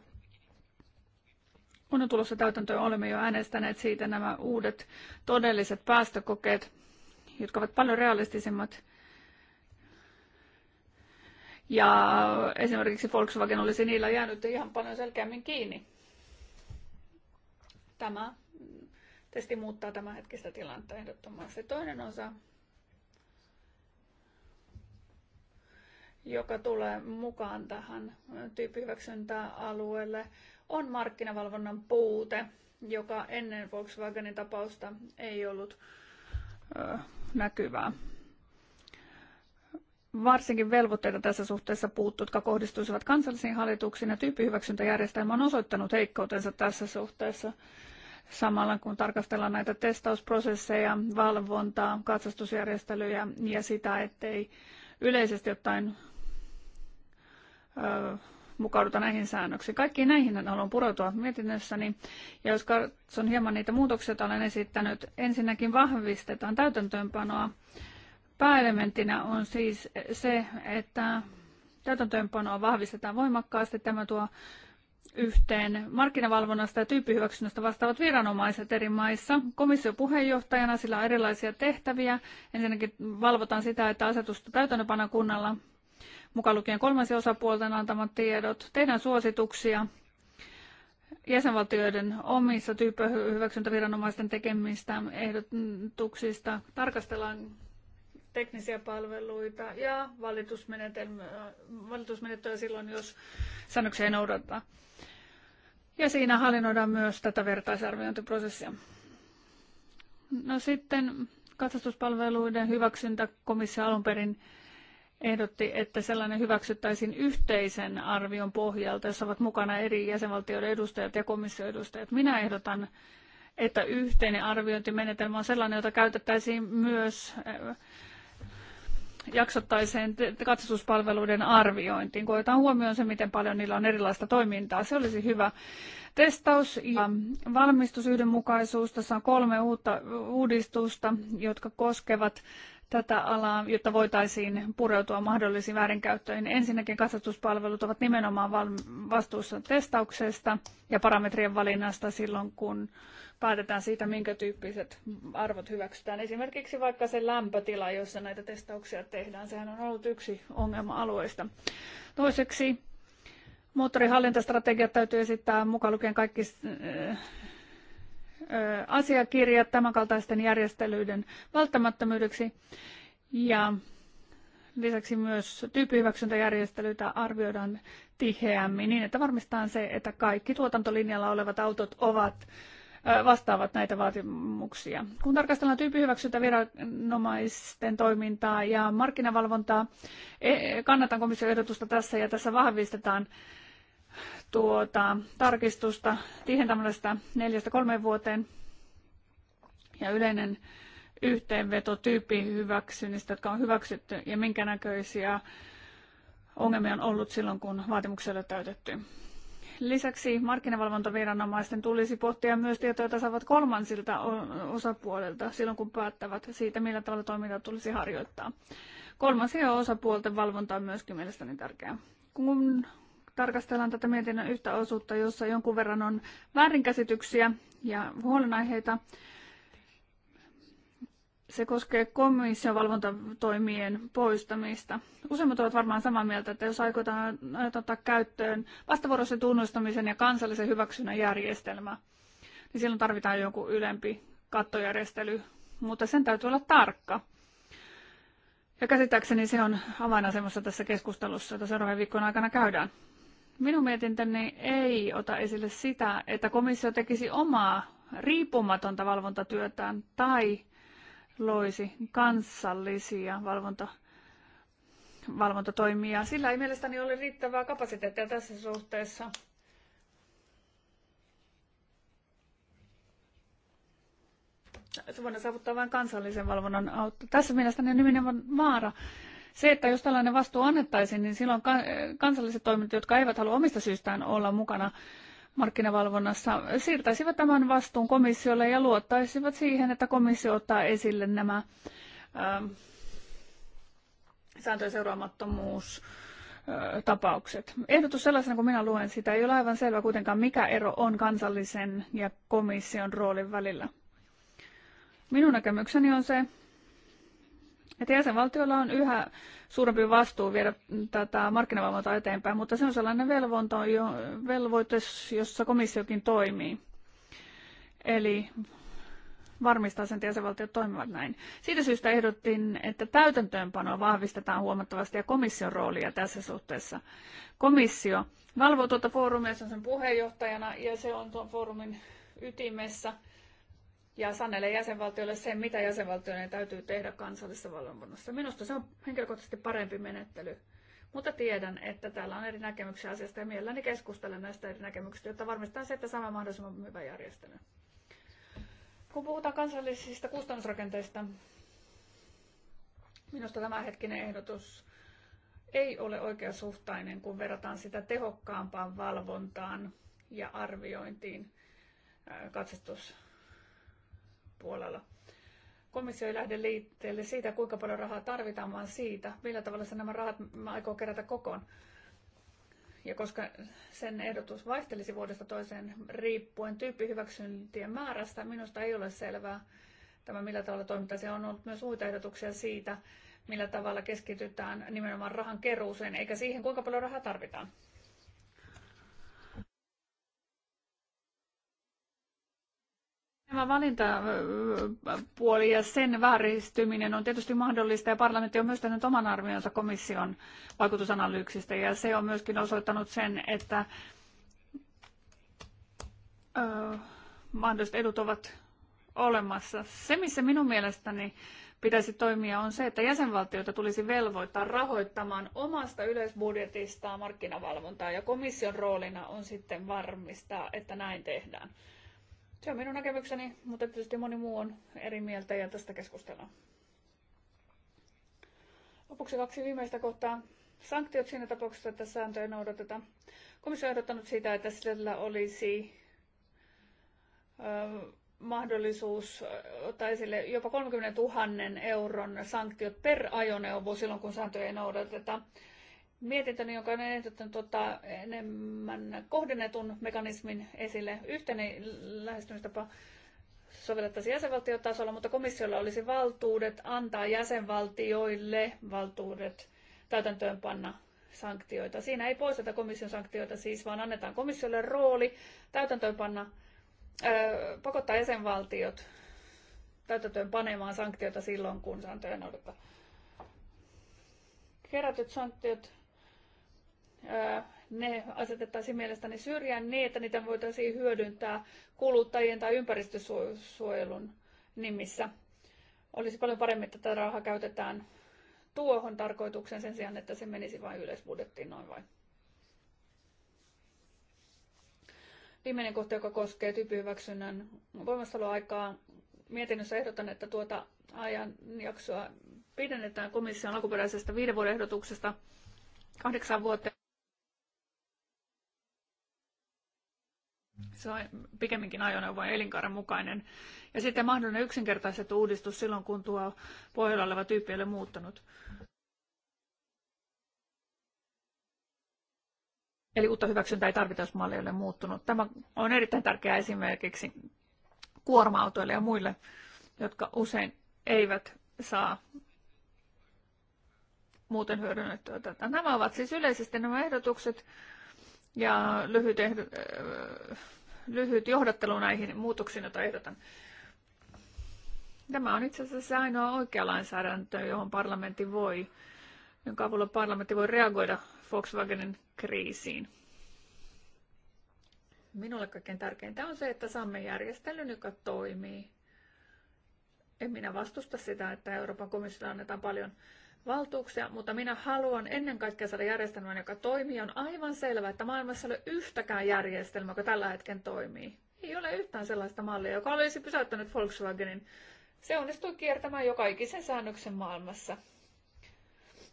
Speaker 3: on tulossa täytäntöön. Olemme jo äänestäneet siitä nämä uudet todelliset päästökokeet, jotka ovat paljon realistisemmat. Ja esimerkiksi Volkswagen olisi niillä jäänyt ihan paljon selkeämmin kiinni. Tämä testi muuttaa tämänhetkistä tilannetta ehdottomasti. Toinen osa joka tulee mukaan tähän tyyppihyväksyntää alueelle, on markkinavalvonnan puute, joka ennen Volkswagenin tapausta ei ollut ö, näkyvää. Varsinkin velvoitteita tässä suhteessa puuttu, jotka kohdistuisivat kansallisiin hallituksiin ja tyyppihyväksyntäjärjestelmä on osoittanut heikkoutensa tässä suhteessa samalla kun tarkastellaan näitä testausprosesseja, valvontaa, katsastusjärjestelyjä ja sitä, ettei yleisesti ottaen mukauduta näihin säännöksiin. Kaikkiin näihin haluan pureutua mietinnössäni. Ja jos katson hieman niitä muutoksia, joita olen esittänyt, ensinnäkin vahvistetaan täytäntöönpanoa. Pääelementtinä on siis se, että täytäntöönpanoa vahvistetaan voimakkaasti. Tämä tuo yhteen markkinavalvonnasta ja tyyppihyväksynnästä vastaavat viranomaiset eri maissa. Komission puheenjohtajana sillä on erilaisia tehtäviä. Ensinnäkin valvotaan sitä, että asetusta täytäntöönpanokunnalla mukaan lukien kolmansien osapuolten antamat tiedot, tehdään suosituksia jäsenvaltioiden omissa tyyppihyväksyntäviranomaisten tekemistä ehdotuksista, tarkastellaan teknisiä palveluita ja valitusmenettelyä silloin, jos säännöksiä ei noudata. Ja siinä hallinnoidaan myös tätä vertaisarviointiprosessia. No sitten katsastuspalveluiden hyväksyntä komissio alun perin ehdotti, että sellainen hyväksyttäisiin yhteisen arvion pohjalta, jossa ovat mukana eri jäsenvaltioiden edustajat ja komission edustajat. Minä ehdotan, että yhteinen arviointimenetelmä on sellainen, jota käytettäisiin myös eh, jaksottaiseen katsastuspalveluiden arviointiin, kun otetaan huomioon se, miten paljon niillä on erilaista toimintaa. Se olisi hyvä testaus ja valmistusyhdenmukaisuus. Tässä on kolme uutta uudistusta, jotka koskevat tätä alaa, jotta voitaisiin pureutua mahdollisiin väärinkäyttöihin. Ensinnäkin katsastuspalvelut ovat nimenomaan vastuussa testauksesta ja parametrien valinnasta silloin, kun päätetään siitä, minkä tyyppiset arvot hyväksytään. Esimerkiksi vaikka se lämpötila, jossa näitä testauksia tehdään, sehän on ollut yksi ongelma-alueista. Toiseksi moottorihallintastrategiat täytyy esittää mukaan lukien kaikki eh, asiakirjat tämänkaltaisten järjestelyiden välttämättömyydeksi. Ja lisäksi myös tyyppihyväksyntäjärjestelyitä arvioidaan tiheämmin niin, että varmistetaan se, että kaikki tuotantolinjalla olevat autot ovat vastaavat näitä vaatimuksia. Kun tarkastellaan tyyppihyväksyntäviranomaisten toimintaa ja markkinavalvontaa, e, kannatan komission ehdotusta tässä ja tässä vahvistetaan tuota tarkistusta tihentämällä sitä neljästä kolmeen vuoteen ja yleinen yhteenveto tyyppiin hyväksynnistä, jotka on hyväksytty ja minkä näköisiä
Speaker 2: ongelmia on ollut
Speaker 3: silloin, kun vaatimuksia on täytetty. Lisäksi markkinavalvontaviranomaisten tulisi pohtia myös tietoja, joita saavat kolmansilta osapuolilta silloin, kun päättävät siitä, millä tavalla toimintaa tulisi harjoittaa. Kolmansia osapuolten valvonta on myöskin mielestäni tärkeää. Kun tarkastellaan tätä mietinnön yhtä osuutta, jossa jonkun verran on väärinkäsityksiä ja huolenaiheita. Se koskee komission valvontatoimien poistamista. Useimmat ovat varmaan samaa mieltä, että jos aikotaan ottaa käyttöön vastavuoroisen tunnustamisen ja kansallisen hyväksynnän järjestelmä, niin silloin tarvitaan joku ylempi kattojärjestely, mutta sen täytyy olla tarkka. Ja käsittääkseni se on avainasemassa tässä keskustelussa, jota seuraavien viikkojen aikana käydään. Minun mietintäni ei ota esille sitä, että komissio tekisi omaa riippumatonta valvontatyötään tai loisi kansallisia valvonta, valvontatoimia. Sillä ei mielestäni ole riittävää kapasiteettia tässä suhteessa. Se voidaan saavuttaa vain kansallisen valvonnan autta. Tässä mielestäni on nimenomaan vaara, se, että jos tällainen vastuu annettaisiin, niin silloin kansalliset toimijat, jotka eivät halua omista syistään olla mukana markkinavalvonnassa, siirtäisivät tämän vastuun komissiolle ja luottaisivat siihen, että komissio ottaa esille nämä ähm, sääntöjen seuraamattomuus äh, tapaukset. Ehdotus sellaisena kuin minä luen sitä, ei ole aivan selvä kuitenkaan, mikä ero on kansallisen ja komission roolin välillä. Minun näkemykseni on se, että jäsenvaltiolla on yhä suurempi vastuu viedä tätä markkinavalvontaa eteenpäin, mutta se on sellainen velvonta, jo, velvoite, jossa komissiokin toimii. Eli varmistaa sen, että jäsenvaltiot toimivat näin. Siitä syystä ehdotin, että täytäntöönpanoa vahvistetaan huomattavasti ja komission roolia tässä suhteessa. Komissio valvoo tuota foorumia, se on sen puheenjohtajana ja se on tuon foorumin ytimessä – ja sanelee jäsenvaltioille sen, mitä jäsenvaltioiden täytyy tehdä kansallisessa valvonnassa. Minusta se on henkilökohtaisesti parempi menettely. Mutta tiedän, että täällä on eri näkemyksiä asiasta ja mielelläni keskustelen näistä eri näkemyksistä, jotta varmistetaan se, että sama mahdollisimman hyvä järjestely. Kun puhutaan kansallisista kustannusrakenteista, minusta tämä hetkinen ehdotus ei ole oikeasuhtainen, kun verrataan sitä tehokkaampaan valvontaan ja arviointiin katsastus puolella. Komissio ei lähde liitteelle siitä, kuinka paljon rahaa tarvitaan, vaan siitä, millä tavalla se nämä rahat aikoo kerätä kokoon. Ja koska sen ehdotus vaihtelisi vuodesta toiseen riippuen tyyppihyväksyntien määrästä, minusta ei ole selvää tämä, millä tavalla toiminta. Se on ollut myös muita ehdotuksia siitä, millä tavalla keskitytään nimenomaan rahan keruuseen, eikä siihen, kuinka paljon rahaa tarvitaan. Tämä valintapuoli ja sen vääristyminen on tietysti mahdollista ja parlamentti on myös tehnyt oman arvionsa komission vaikutusanalyysistä ja se on myöskin osoittanut sen, että ö, mahdolliset edut ovat olemassa. Se, missä minun mielestäni pitäisi toimia, on se, että jäsenvaltioita tulisi velvoittaa rahoittamaan omasta yleisbudjetistaan markkinavalvontaa ja komission roolina on sitten varmistaa, että näin tehdään. Se on minun näkemykseni, mutta tietysti moni muu on eri mieltä ja tästä keskustellaan. Lopuksi kaksi viimeistä kohtaa. Sanktiot siinä tapauksessa, että sääntöjä noudatetaan. Komissio on ehdottanut sitä, että sillä olisi mahdollisuus ottaa esille jopa 30 000 euron sanktiot per ajoneuvo silloin, kun sääntöjä ei noudateta mietintöni, jonka on ehdottanut ottaa enemmän kohdennetun mekanismin esille. Yhteinen lähestymistapa sovellettaisiin jäsenvaltiotasolla, mutta komissiolla olisi valtuudet antaa jäsenvaltioille valtuudet täytäntöönpanna sanktioita. Siinä ei poisteta komission sanktioita siis, vaan annetaan komissiolle rooli täytäntöönpanna, öö, pakottaa jäsenvaltiot täytäntöön panemaan sanktioita silloin, kun sääntöjä noudattaa. Kerätyt sanktiot ne asetettaisiin mielestäni syrjään niin, että niitä voitaisiin hyödyntää kuluttajien tai ympäristösuojelun nimissä. Olisi paljon paremmin, että tätä rahaa käytetään tuohon tarkoitukseen sen sijaan, että se menisi vain yleisbudjettiin noin vain. Viimeinen kohta, joka koskee tyyppihyväksynnän voimassaoloaikaa. Mietinnössä ehdotan, että tuota ajanjaksoa pidennetään komission alkuperäisestä viiden vuoden ehdotuksesta kahdeksan vuoteen. se on pikemminkin ajoneuvon elinkaaren mukainen. Ja sitten mahdollinen yksinkertaistettu uudistus silloin, kun tuo pohjalla oleva tyyppi ei ole muuttanut. Eli uutta hyväksyntää ei tarvita, jos malli ei ole muuttunut. Tämä on erittäin tärkeä esimerkiksi kuorma-autoille ja muille, jotka usein eivät saa muuten hyödynnettyä tätä. Nämä ovat siis yleisesti nämä ehdotukset ja lyhyt ehdo, lyhyt johdattelu näihin muutoksiin, joita ehdotan. Tämä on itse asiassa ainoa oikea lainsäädäntö, johon parlamentti voi, jonka avulla parlamentti voi reagoida Volkswagenin kriisiin. Minulle kaikkein tärkeintä on se, että saamme järjestelyn, joka toimii. En minä vastusta sitä, että Euroopan komissiolle annetaan paljon valtuuksia, mutta minä haluan ennen kaikkea saada järjestelmän, joka toimii. On aivan selvää, että maailmassa ei ole yhtäkään järjestelmää, joka tällä hetkellä toimii. Ei ole yhtään sellaista mallia, joka olisi pysäyttänyt Volkswagenin. Se onnistui kiertämään jo kaikisen säännöksen maailmassa.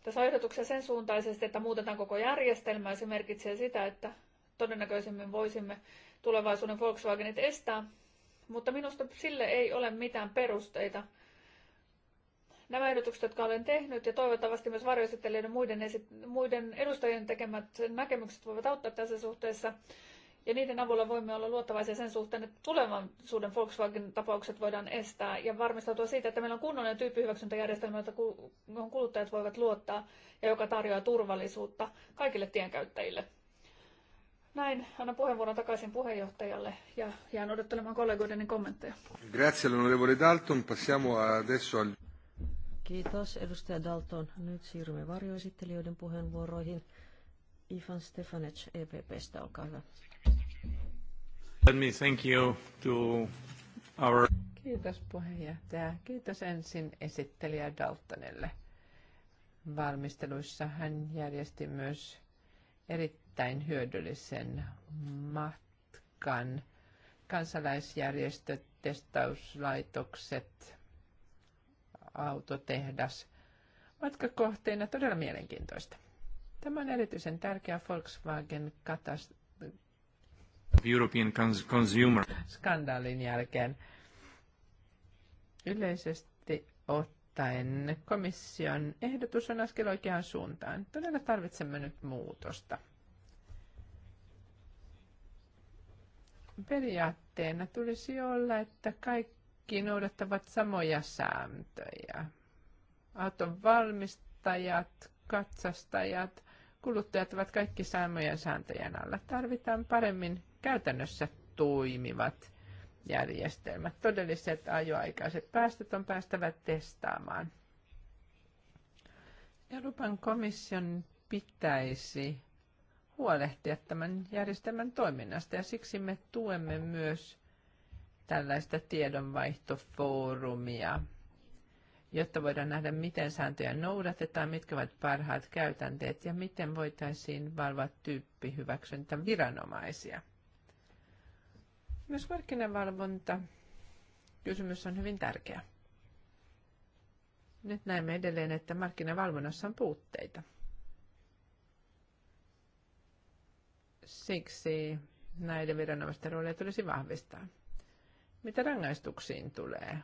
Speaker 3: Tässä on sen suuntaisesti, että muutetaan koko järjestelmää. Se merkitsee sitä, että todennäköisemmin voisimme tulevaisuuden Volkswagenit estää, mutta minusta sille ei ole mitään perusteita – Nämä ehdotukset, jotka olen tehnyt ja toivottavasti myös varjoesittelijöiden muiden, esi- muiden edustajien tekemät näkemykset voivat auttaa tässä suhteessa. Ja niiden avulla voimme olla luottavaisia sen suhteen, että tulevaisuuden Volkswagen-tapaukset voidaan estää ja varmistautua siitä, että meillä on kunnollinen tyyppihyväksyntäjärjestelmä, johon kuluttajat voivat luottaa ja joka tarjoaa turvallisuutta kaikille tienkäyttäjille. Näin, annan puheenvuoron takaisin puheenjohtajalle ja jään odottelemaan kollegoideni
Speaker 1: kommentteja.
Speaker 5: Grazie, l'onorevole Dalton. Passiamo adesso al...
Speaker 1: Kiitos edustaja Dalton. Nyt siirrymme varjoesittelijöiden puheenvuoroihin. Ivan
Speaker 2: Stefanec EPPstä, olkaa hyvä.
Speaker 4: Let me thank you to our...
Speaker 2: Kiitos puheenjohtaja. Kiitos ensin esittelijä Daltonille. Valmisteluissa hän järjesti myös erittäin hyödyllisen matkan kansalaisjärjestöt, testauslaitokset, autotehdas Matkakohteena todella mielenkiintoista. Tämä on erityisen tärkeä Volkswagen katastrofi
Speaker 5: European consumer.
Speaker 2: skandaalin jälkeen. Yleisesti ottaen komission ehdotus on askel oikeaan suuntaan. Todella tarvitsemme nyt muutosta. Periaatteena tulisi olla, että kaikki kaikki noudattavat samoja sääntöjä. Auton valmistajat, katsastajat, kuluttajat ovat kaikki samojen sääntöjen alla. Tarvitaan paremmin käytännössä toimivat järjestelmät. Todelliset ajoaikaiset päästöt on päästävä testaamaan. Euroopan komission pitäisi huolehtia tämän järjestelmän toiminnasta ja siksi me tuemme myös tällaista tiedonvaihtofoorumia, jotta voidaan nähdä, miten sääntöjä noudatetaan, mitkä ovat parhaat käytänteet ja miten voitaisiin valvoa tyyppihyväksyntä viranomaisia. Myös markkinavalvonta kysymys on hyvin tärkeä. Nyt näemme edelleen, että markkinavalvonnassa on puutteita. Siksi näiden viranomaisten roolia tulisi vahvistaa. Mitä rangaistuksiin tulee?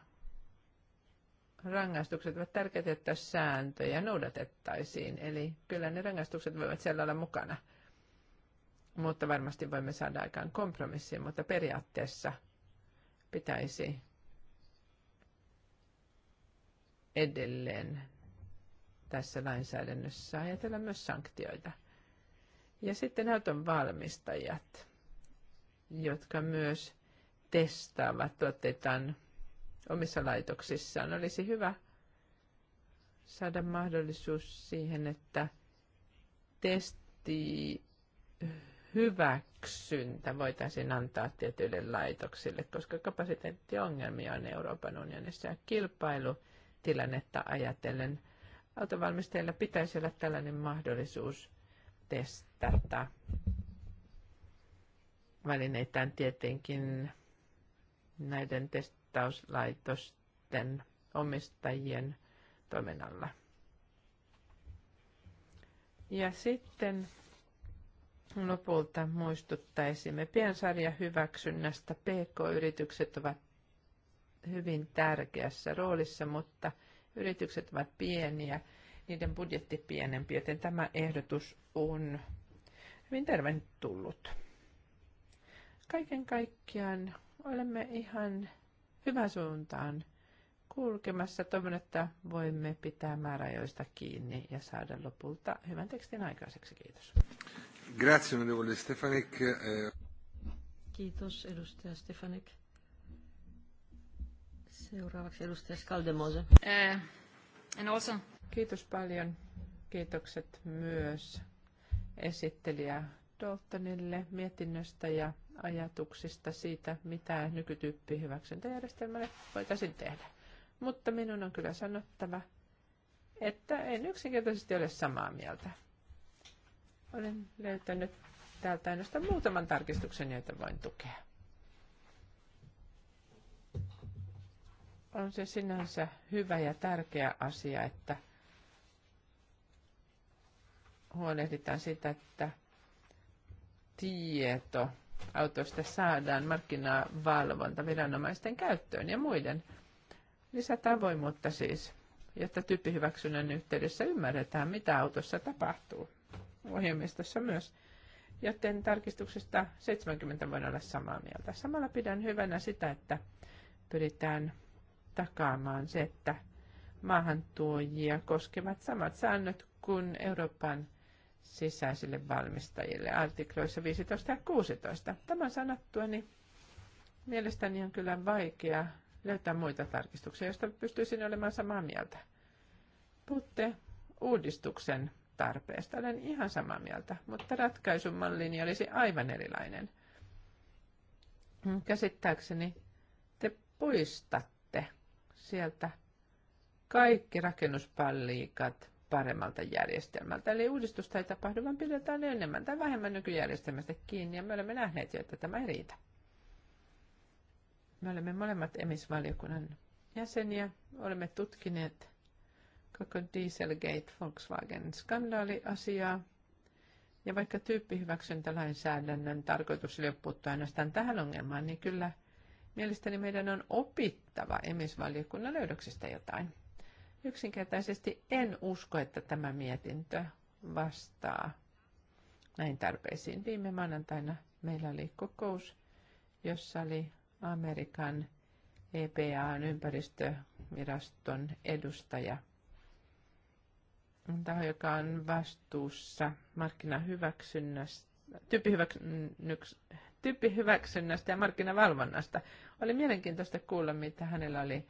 Speaker 2: Rangaistukset ovat tärkeitä, että sääntöjä noudatettaisiin, eli kyllä ne rangaistukset voivat siellä olla mukana. Mutta varmasti voimme saada aikaan kompromissin, mutta periaatteessa pitäisi edelleen tässä lainsäädännössä ajatella myös sanktioita. Ja sitten auton valmistajat, jotka myös testaavat otetaan omissa laitoksissaan. Olisi hyvä saada mahdollisuus siihen, että testi hyväksyntä voitaisiin antaa tietyille laitoksille, koska kapasiteettiongelmia on Euroopan unionissa ja kilpailutilannetta ajatellen. Autovalmistajilla pitäisi olla tällainen mahdollisuus testata välineitään tietenkin näiden testauslaitosten omistajien toiminnalla. Ja sitten lopulta muistuttaisimme hyväksynnästä PK-yritykset ovat hyvin tärkeässä roolissa, mutta yritykset ovat pieniä, niiden budjetti pienempi, joten tämä ehdotus on hyvin tervetullut. Kaiken kaikkiaan olemme ihan hyvän suuntaan kulkemassa. Toivon, että voimme pitää määräajoista kiinni ja saada lopulta hyvän tekstin aikaiseksi. Kiitos. Grazie, Kiitos, edustaja Stefanik. Seuraavaksi edustaja Skaldemose. Eh, Kiitos paljon. Kiitokset myös esittelijä Daltonille mietinnöstä ja ajatuksista siitä, mitä nykytyyppi hyväksyntäjärjestelmälle voitaisiin tehdä. Mutta minun on kyllä sanottava, että en yksinkertaisesti ole samaa mieltä. Olen löytänyt täältä ainoastaan muutaman tarkistuksen, joita voin tukea. On se sinänsä hyvä ja tärkeä asia, että huolehditaan sitä, että tieto autoista saadaan markkinavalvonta viranomaisten käyttöön ja muiden. Lisätavoimuutta siis, jotta tyyppihyväksynnän yhteydessä ymmärretään, mitä autossa tapahtuu. Ohjelmistossa myös. Joten tarkistuksesta 70 voin olla samaa mieltä. Samalla pidän hyvänä sitä, että pyritään takaamaan se, että maahantuojia koskevat samat säännöt kuin Euroopan sisäisille valmistajille artikloissa 15 ja 16. Tämän sanottuani niin mielestäni on kyllä vaikea löytää muita tarkistuksia, joista pystyisin olemaan samaa mieltä. Puhutte uudistuksen tarpeesta, olen ihan samaa mieltä, mutta ratkaisumallini olisi aivan erilainen. Käsittääkseni te poistatte sieltä kaikki rakennuspalliikat – paremmalta järjestelmältä. Eli uudistusta ei tapahdu, vaan pidetään enemmän tai vähemmän nykyjärjestelmästä kiinni, ja me olemme nähneet jo, että tämä ei riitä. Me olemme molemmat emisvaliokunnan jäseniä, olemme tutkineet koko Dieselgate Volkswagen-skandaaliasiaa, ja vaikka tyyppihyväksyntälainsäädännön tarkoitus ei ole puuttua ainoastaan tähän ongelmaan, niin kyllä mielestäni meidän on opittava emisvaliokunnan löydöksistä jotain. Yksinkertaisesti en usko, että tämä mietintö vastaa näin tarpeisiin. Viime maanantaina meillä oli kokous, jossa oli Amerikan EPAn ympäristöviraston edustaja, taho, joka on vastuussa markkinahyväksynnästä, tyyppihyväksynnästä ja markkinavalvonnasta. Oli mielenkiintoista kuulla, mitä hänellä oli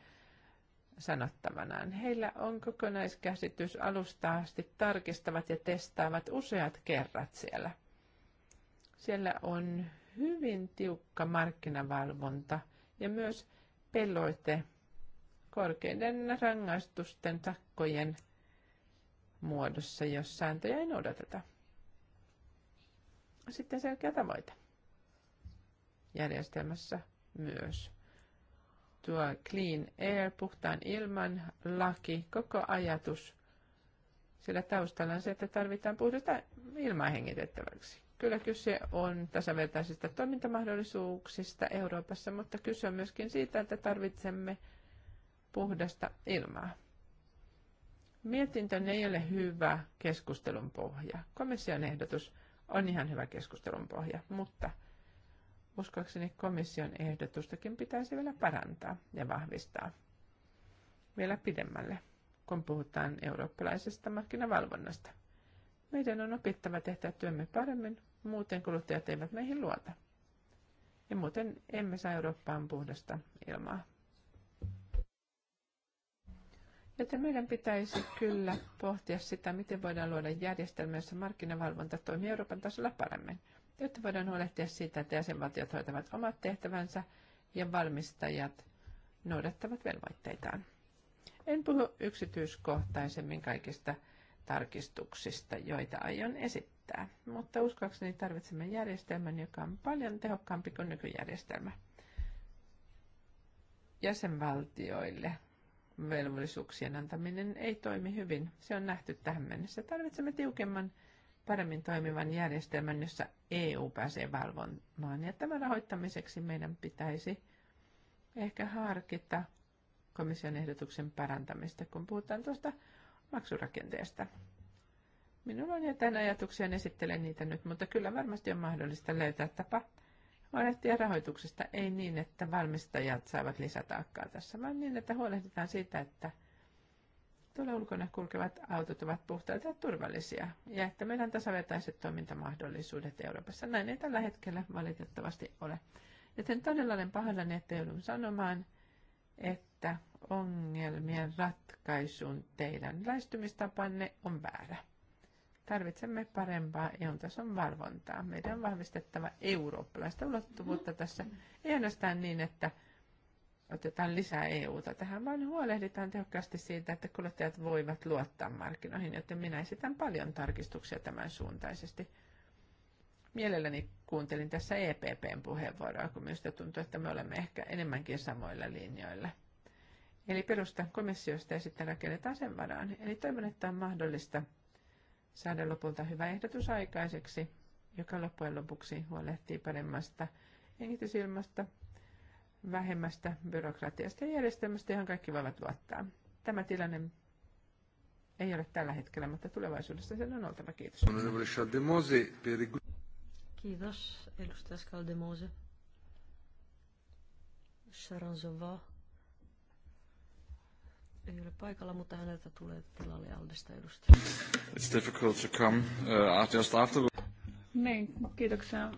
Speaker 2: sanottavanaan. Heillä on kokonaiskäsitys alusta asti, tarkistavat ja testaavat useat kerrat siellä. Siellä on hyvin tiukka markkinavalvonta ja myös peloite korkeiden rangaistusten takkojen muodossa, jos sääntöjä ei noudateta. Sitten selkeä tavoite järjestelmässä myös tuo Clean Air, puhtaan ilman laki, koko ajatus, sillä taustalla on se, että tarvitaan puhdasta ilmaa hengitettäväksi. Kyllä kyse on tasavertaisista toimintamahdollisuuksista Euroopassa, mutta kyse on myöskin siitä, että tarvitsemme puhdasta ilmaa. Mietintö ei ole hyvä keskustelun pohja. Komission ehdotus on ihan hyvä keskustelun pohja, mutta – uskoakseni komission ehdotustakin pitäisi vielä parantaa ja vahvistaa vielä pidemmälle, kun puhutaan eurooppalaisesta markkinavalvonnasta. Meidän on opittava tehdä työmme paremmin, muuten kuluttajat eivät meihin luota. Ja muuten emme saa Eurooppaan puhdasta ilmaa. Joten meidän pitäisi kyllä pohtia sitä, miten voidaan luoda järjestelmä, jossa markkinavalvonta toimii Euroopan tasolla paremmin jotta voidaan huolehtia siitä, että jäsenvaltiot hoitavat omat tehtävänsä ja valmistajat noudattavat velvoitteitaan. En puhu yksityiskohtaisemmin kaikista tarkistuksista, joita aion esittää, mutta uskoakseni tarvitsemme järjestelmän, joka on paljon tehokkaampi kuin nykyjärjestelmä. Jäsenvaltioille velvollisuuksien antaminen ei toimi hyvin. Se on nähty tähän mennessä. Tarvitsemme tiukemman paremmin toimivan järjestelmän, jossa EU pääsee valvomaan. Ja tämän rahoittamiseksi meidän pitäisi ehkä harkita komission ehdotuksen parantamista, kun puhutaan tuosta maksurakenteesta. Minulla on jotain ajatuksia, esittelen niitä nyt, mutta kyllä varmasti on mahdollista löytää tapa huolehtia rahoituksesta. Ei niin, että valmistajat saavat lisätaakkaa tässä, vaan niin, että huolehditaan siitä, että – tuolla ulkona kulkevat autot ovat puhtaita ja turvallisia ja että meillä on tasavertaiset toimintamahdollisuudet Euroopassa. Näin ei tällä hetkellä valitettavasti ole. Joten todella olen pahoillani, että joudun sanomaan, että ongelmien ratkaisun teidän lähestymistapanne on väärä. Tarvitsemme parempaa EU-tason valvontaa. Meidän on vahvistettava eurooppalaista ulottuvuutta tässä. Ei ainoastaan niin, että – otetaan lisää EUta tähän, vaan huolehditaan tehokkaasti siitä, että kuluttajat voivat luottaa markkinoihin, joten minä esitän paljon tarkistuksia tämän suuntaisesti. Mielelläni kuuntelin tässä EPPn puheenvuoroa, kun minusta tuntuu, että me olemme ehkä enemmänkin samoilla linjoilla. Eli perustan komissiosta ja sitten rakennetaan sen varaan. Eli toivon, että on mahdollista saada lopulta hyvä ehdotus aikaiseksi, joka loppujen lopuksi huolehtii paremmasta hengitysilmasta, vähemmästä byrokratiasta ja järjestelmästä, johon kaikki voivat luottaa. Tämä tilanne ei ole tällä hetkellä, mutta tulevaisuudessa sen on oltava. Kiitos. Kiitos, edustaja Skaldemose.
Speaker 1: Zova, ei ole paikalla, mutta häneltä tulee tilalle Aldesta edustaja.
Speaker 5: It's difficult to come uh, just after.
Speaker 1: Niin,
Speaker 3: kiitoksia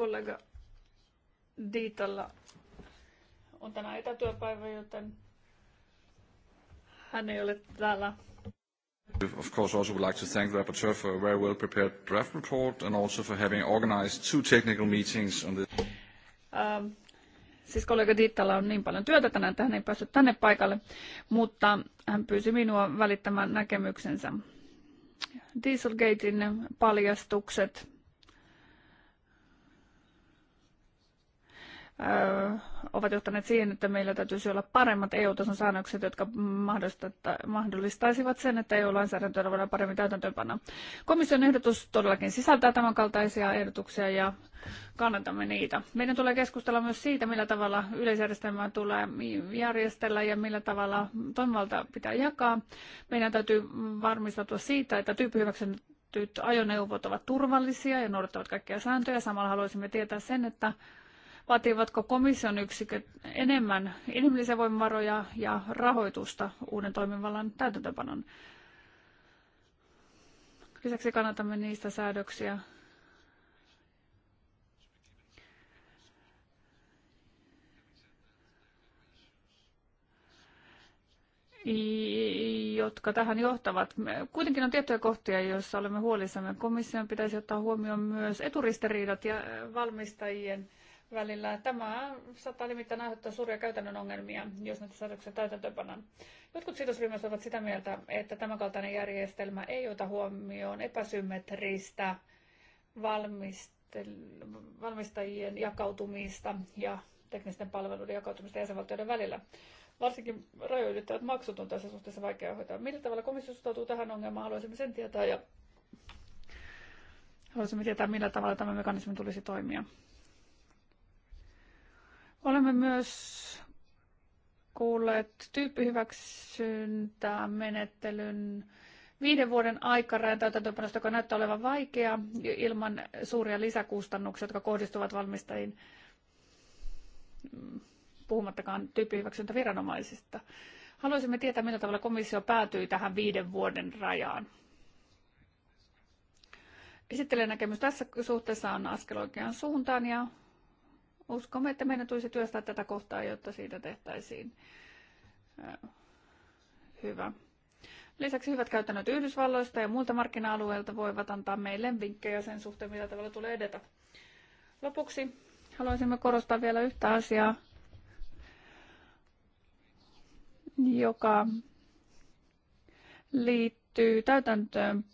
Speaker 3: kollega Diitalla on tänään etätyöpäivä, joten hän ei ole täällä.
Speaker 5: Of course, also would like to thank the rapporteur for a very well prepared draft report and also for having organized two technical meetings on this.
Speaker 3: Ähm, siis kollega Diittalla on niin paljon työtä tänään, että hän ei päässyt tänne paikalle, mutta hän pyysi minua välittämään näkemyksensä. Dieselgatein paljastukset ovat johtaneet siihen, että meillä täytyisi olla paremmat EU-tason säännökset, jotka mahdollistaisivat sen, että EU-lainsäädäntöä voidaan paremmin täytäntöönpanna. Komission ehdotus todellakin sisältää tämänkaltaisia ehdotuksia ja kannatamme niitä. Meidän tulee keskustella myös siitä, millä tavalla yleisjärjestelmää tulee järjestellä ja millä tavalla toimivalta pitää jakaa. Meidän täytyy varmistautua siitä, että tyyppihyväksytyt ajoneuvot ovat turvallisia ja noudattavat kaikkia sääntöjä. Samalla haluaisimme tietää sen, että Vaativatko komission yksiköt enemmän inhimillisiä voimavaroja ja rahoitusta uuden toimivallan täytäntöpanon? Lisäksi kannatamme niistä säädöksiä, jotka tähän johtavat. Kuitenkin on tiettyjä kohtia, joissa olemme huolissamme. Komission pitäisi ottaa huomioon myös eturistiriidat ja valmistajien välillä. Tämä saattaa nimittäin aiheuttaa suuria käytännön ongelmia, jos näitä säädöksiä täytäntöönpannaan. Jotkut sidosryhmät ovat sitä mieltä, että tämänkaltainen järjestelmä ei ota huomioon epäsymmetristä valmistajien jakautumista ja teknisten palveluiden jakautumista jäsenvaltioiden välillä. Varsinkin rajoitettavat maksut on tässä suhteessa vaikea hoitaa. Millä tavalla komissio suhtautuu tähän ongelmaan? Haluaisimme sen tietää ja haluaisimme tietää, millä tavalla tämä mekanismi tulisi toimia. Olemme myös kuulleet tyyppihyväksyntää menettelyn viiden vuoden aikarajan täytäntöönpanosta, joka näyttää olevan vaikea ilman suuria lisäkustannuksia, jotka kohdistuvat valmistajiin, puhumattakaan viranomaisista. Haluaisimme tietää, millä tavalla komissio päätyi tähän viiden vuoden rajaan. Esittelijän näkemys tässä suhteessa on askel oikeaan suuntaan ja Uskomme, että meidän tulisi työstää tätä kohtaa, jotta siitä tehtäisiin hyvä. Lisäksi hyvät käytännöt Yhdysvalloista ja muilta markkina-alueilta voivat antaa meille vinkkejä sen suhteen, millä tavalla tulee edetä. Lopuksi haluaisimme korostaa vielä yhtä asiaa, joka liittyy täytäntöön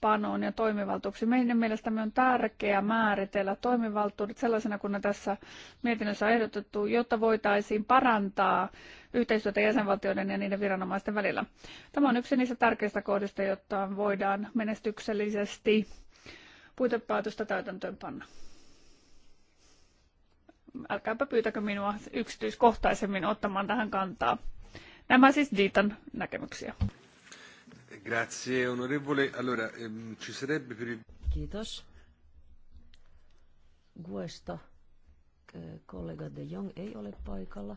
Speaker 3: panoon ja toimivaltuuksiin. Meidän mielestämme on tärkeää määritellä toimivaltuudet sellaisena kuin ne tässä mietinnössä on ehdotettu, jotta voitaisiin parantaa yhteistyötä jäsenvaltioiden ja niiden viranomaisten välillä. Tämä on yksi niistä tärkeistä kohdista, jotta voidaan menestyksellisesti puitepäätöstä täytäntöönpanna. Älkääpä pyytäkö minua yksityiskohtaisemmin ottamaan tähän kantaa. Nämä siis Diitan näkemyksiä.
Speaker 5: Grazie, onorevole. Allora, ehm, ci sarebbe per il...
Speaker 1: Kiitos. Guesta eh, kollega De Jong ei ole paikalla.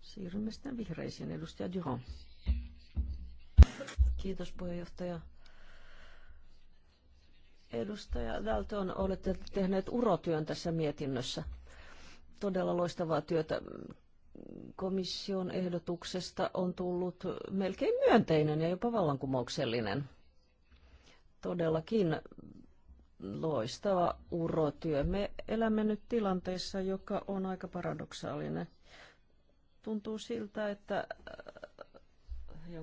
Speaker 1: Siirrymme sitten vihreisiin. Edustaja Juhon. Kiitos puheenjohtaja. Edustaja Dalton, olette tehneet urotyön tässä mietinnössä. Todella loistavaa työtä komission ehdotuksesta on tullut melkein myönteinen ja jopa vallankumouksellinen. Todellakin loistava urotyö. Me elämme nyt tilanteessa, joka on aika paradoksaalinen. Tuntuu siltä, että äh,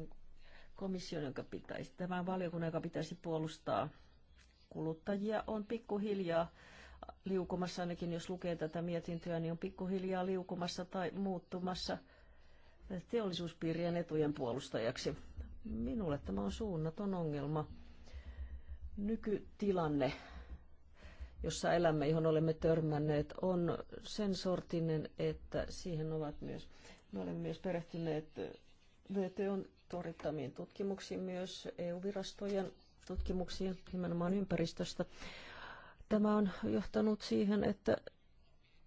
Speaker 1: komission, joka pitäisi, tämän valiokunnan, joka pitäisi puolustaa kuluttajia, on pikkuhiljaa liukumassa, ainakin jos lukee tätä mietintöä, niin on pikkuhiljaa liukumassa tai muuttumassa teollisuuspiirien etujen puolustajaksi. Minulle tämä on suunnaton ongelma. Nykytilanne, jossa elämme, johon olemme törmänneet, on sen sortinen, että siihen ovat myös, me olemme myös perehtyneet VTOn torittamiin tutkimuksiin, myös EU-virastojen tutkimuksiin nimenomaan ympäristöstä. Tämä on johtanut siihen, että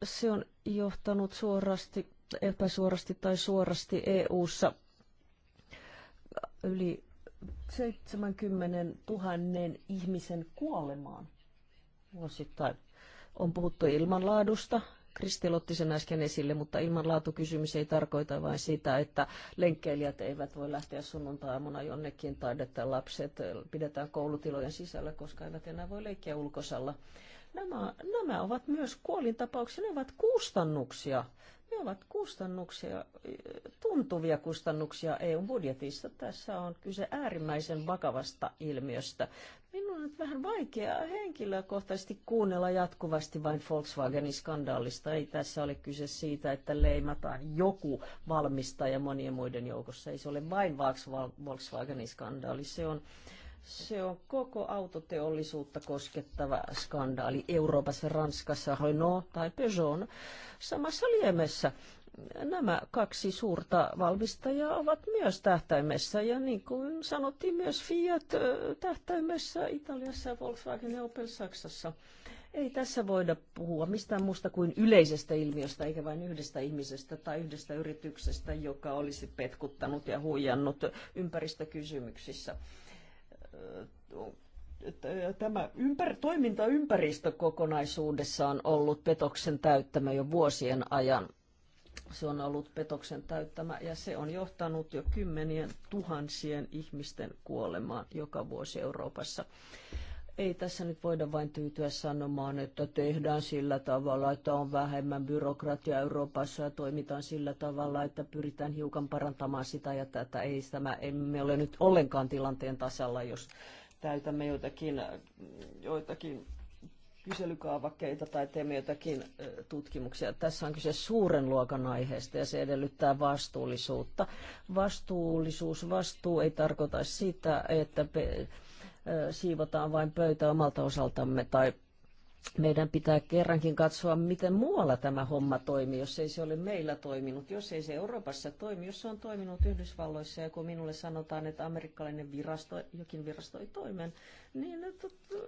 Speaker 1: se on johtanut suorasti, epäsuorasti tai suorasti EU-ssa yli 70 000 ihmisen kuolemaan vuosittain. On puhuttu ilmanlaadusta, Kristel otti sen äsken esille, mutta ilman laatukysymys ei tarkoita vain sitä, että lenkkeilijät eivät voi lähteä sunnuntaamuna jonnekin tai että lapset pidetään koulutilojen sisällä, koska eivät enää voi leikkiä ulkosalla. Nämä, nämä ovat myös kuolintapauksia, ne ovat kustannuksia. Ne ovat kustannuksia, tuntuvia kustannuksia eu budjetissa Tässä on kyse äärimmäisen vakavasta ilmiöstä. Minun on nyt vähän vaikeaa henkilökohtaisesti kuunnella jatkuvasti vain Volkswagenin skandaalista. Ei tässä ole kyse siitä, että leimataan joku valmistaja monien muiden joukossa. Ei se ole vain Volkswagenin skandaali. Se on se on koko autoteollisuutta koskettava skandaali Euroopassa, Ranskassa, Renault tai Peugeot samassa liemessä. Nämä kaksi suurta valmistajaa ovat myös tähtäimessä ja niin kuin sanottiin myös Fiat tähtäimessä Italiassa, Volkswagen ja Opel Saksassa. Ei tässä voida puhua mistään muusta kuin yleisestä ilmiöstä, eikä vain yhdestä ihmisestä tai yhdestä yrityksestä, joka olisi petkuttanut ja huijannut ympäristökysymyksissä tämä ympär, toimintaympäristö kokonaisuudessaan ollut petoksen täyttämä jo vuosien ajan. Se on ollut petoksen täyttämä ja se on johtanut jo kymmenien tuhansien ihmisten kuolemaan joka vuosi Euroopassa. Ei tässä nyt voida vain tyytyä sanomaan, että tehdään sillä tavalla, että on vähemmän byrokratia Euroopassa ja toimitaan sillä tavalla, että pyritään hiukan parantamaan sitä ja tätä. Ei tämä, emme ole nyt ollenkaan tilanteen tasalla, jos täytämme joitakin, joitakin kyselykaavakkeita tai teemme jotakin tutkimuksia. Tässä on kyse suuren luokan aiheesta ja se edellyttää vastuullisuutta. Vastuullisuus, vastuu ei tarkoita sitä, että siivotaan vain pöytä omalta osaltamme tai meidän pitää kerrankin katsoa, miten muualla tämä homma toimii, jos ei se ole meillä toiminut, jos ei se Euroopassa toimi, jos se on toiminut Yhdysvalloissa ja kun minulle sanotaan, että amerikkalainen virasto, jokin virasto ei toimen, niin että no,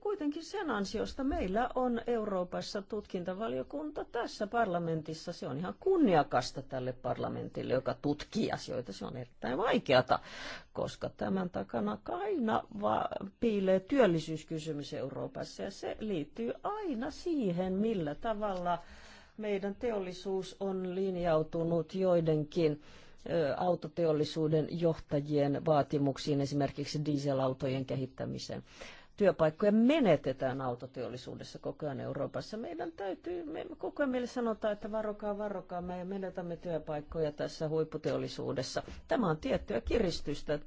Speaker 1: kuitenkin sen ansiosta meillä on Euroopassa tutkintavaliokunta tässä parlamentissa. Se on ihan kunniakasta tälle parlamentille, joka tutkii asioita. Se on erittäin vaikeata, koska tämän takana aina piilee työllisyyskysymys Euroopassa ja se liittyy aina siihen, millä tavalla meidän teollisuus on linjautunut joidenkin autoteollisuuden johtajien vaatimuksiin esimerkiksi dieselautojen kehittämiseen työpaikkoja menetetään autoteollisuudessa koko ajan Euroopassa. Meidän täytyy, me koko ajan meille sanotaan, että varokaa, varokaa, me menetämme työpaikkoja tässä huipputeollisuudessa. Tämä on tiettyä kiristystä,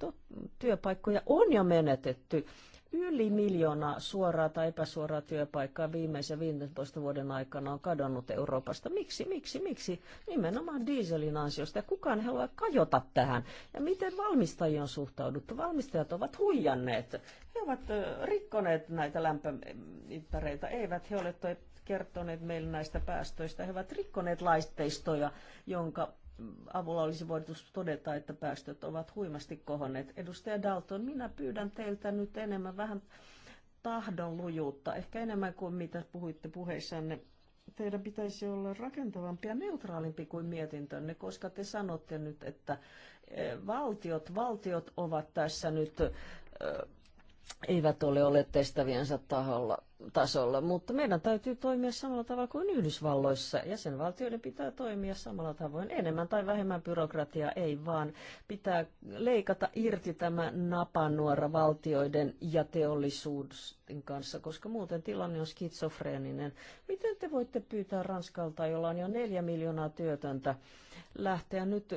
Speaker 1: työpaikkoja on jo menetetty Yli miljoonaa suoraa tai epäsuoraa työpaikkaa viimeisen 15 vuoden aikana on kadonnut Euroopasta. Miksi, miksi, miksi? Nimenomaan dieselin ansiosta. Ja kukaan ei halua kajota tähän. Ja miten valmistajien on suhtauduttu? Valmistajat ovat huijanneet. He ovat rikkoneet näitä lämpömittareita. Eivät he ole kertoneet meille näistä päästöistä. He ovat rikkoneet laitteistoja, jonka avulla olisi voitu todeta, että päästöt ovat huimasti kohonneet. Edustaja Dalton, minä pyydän teiltä nyt enemmän vähän tahdonlujuutta, ehkä enemmän kuin mitä puhuitte puheissanne. Teidän pitäisi olla rakentavampi ja neutraalimpi kuin mietintönne, koska te sanotte nyt, että eh, valtiot, valtiot ovat tässä nyt eh, eivät ole olleet testäviensä taholla, tasolla, mutta meidän täytyy toimia samalla tavalla kuin Yhdysvalloissa. Jäsenvaltioiden pitää toimia samalla tavoin. Enemmän tai vähemmän byrokratiaa ei vaan. Pitää leikata irti tämä napanuora valtioiden ja teollisuuden kanssa, koska muuten tilanne on skitsofreeninen. Miten te voitte pyytää Ranskalta, jolla on jo neljä miljoonaa työtöntä, lähteä nyt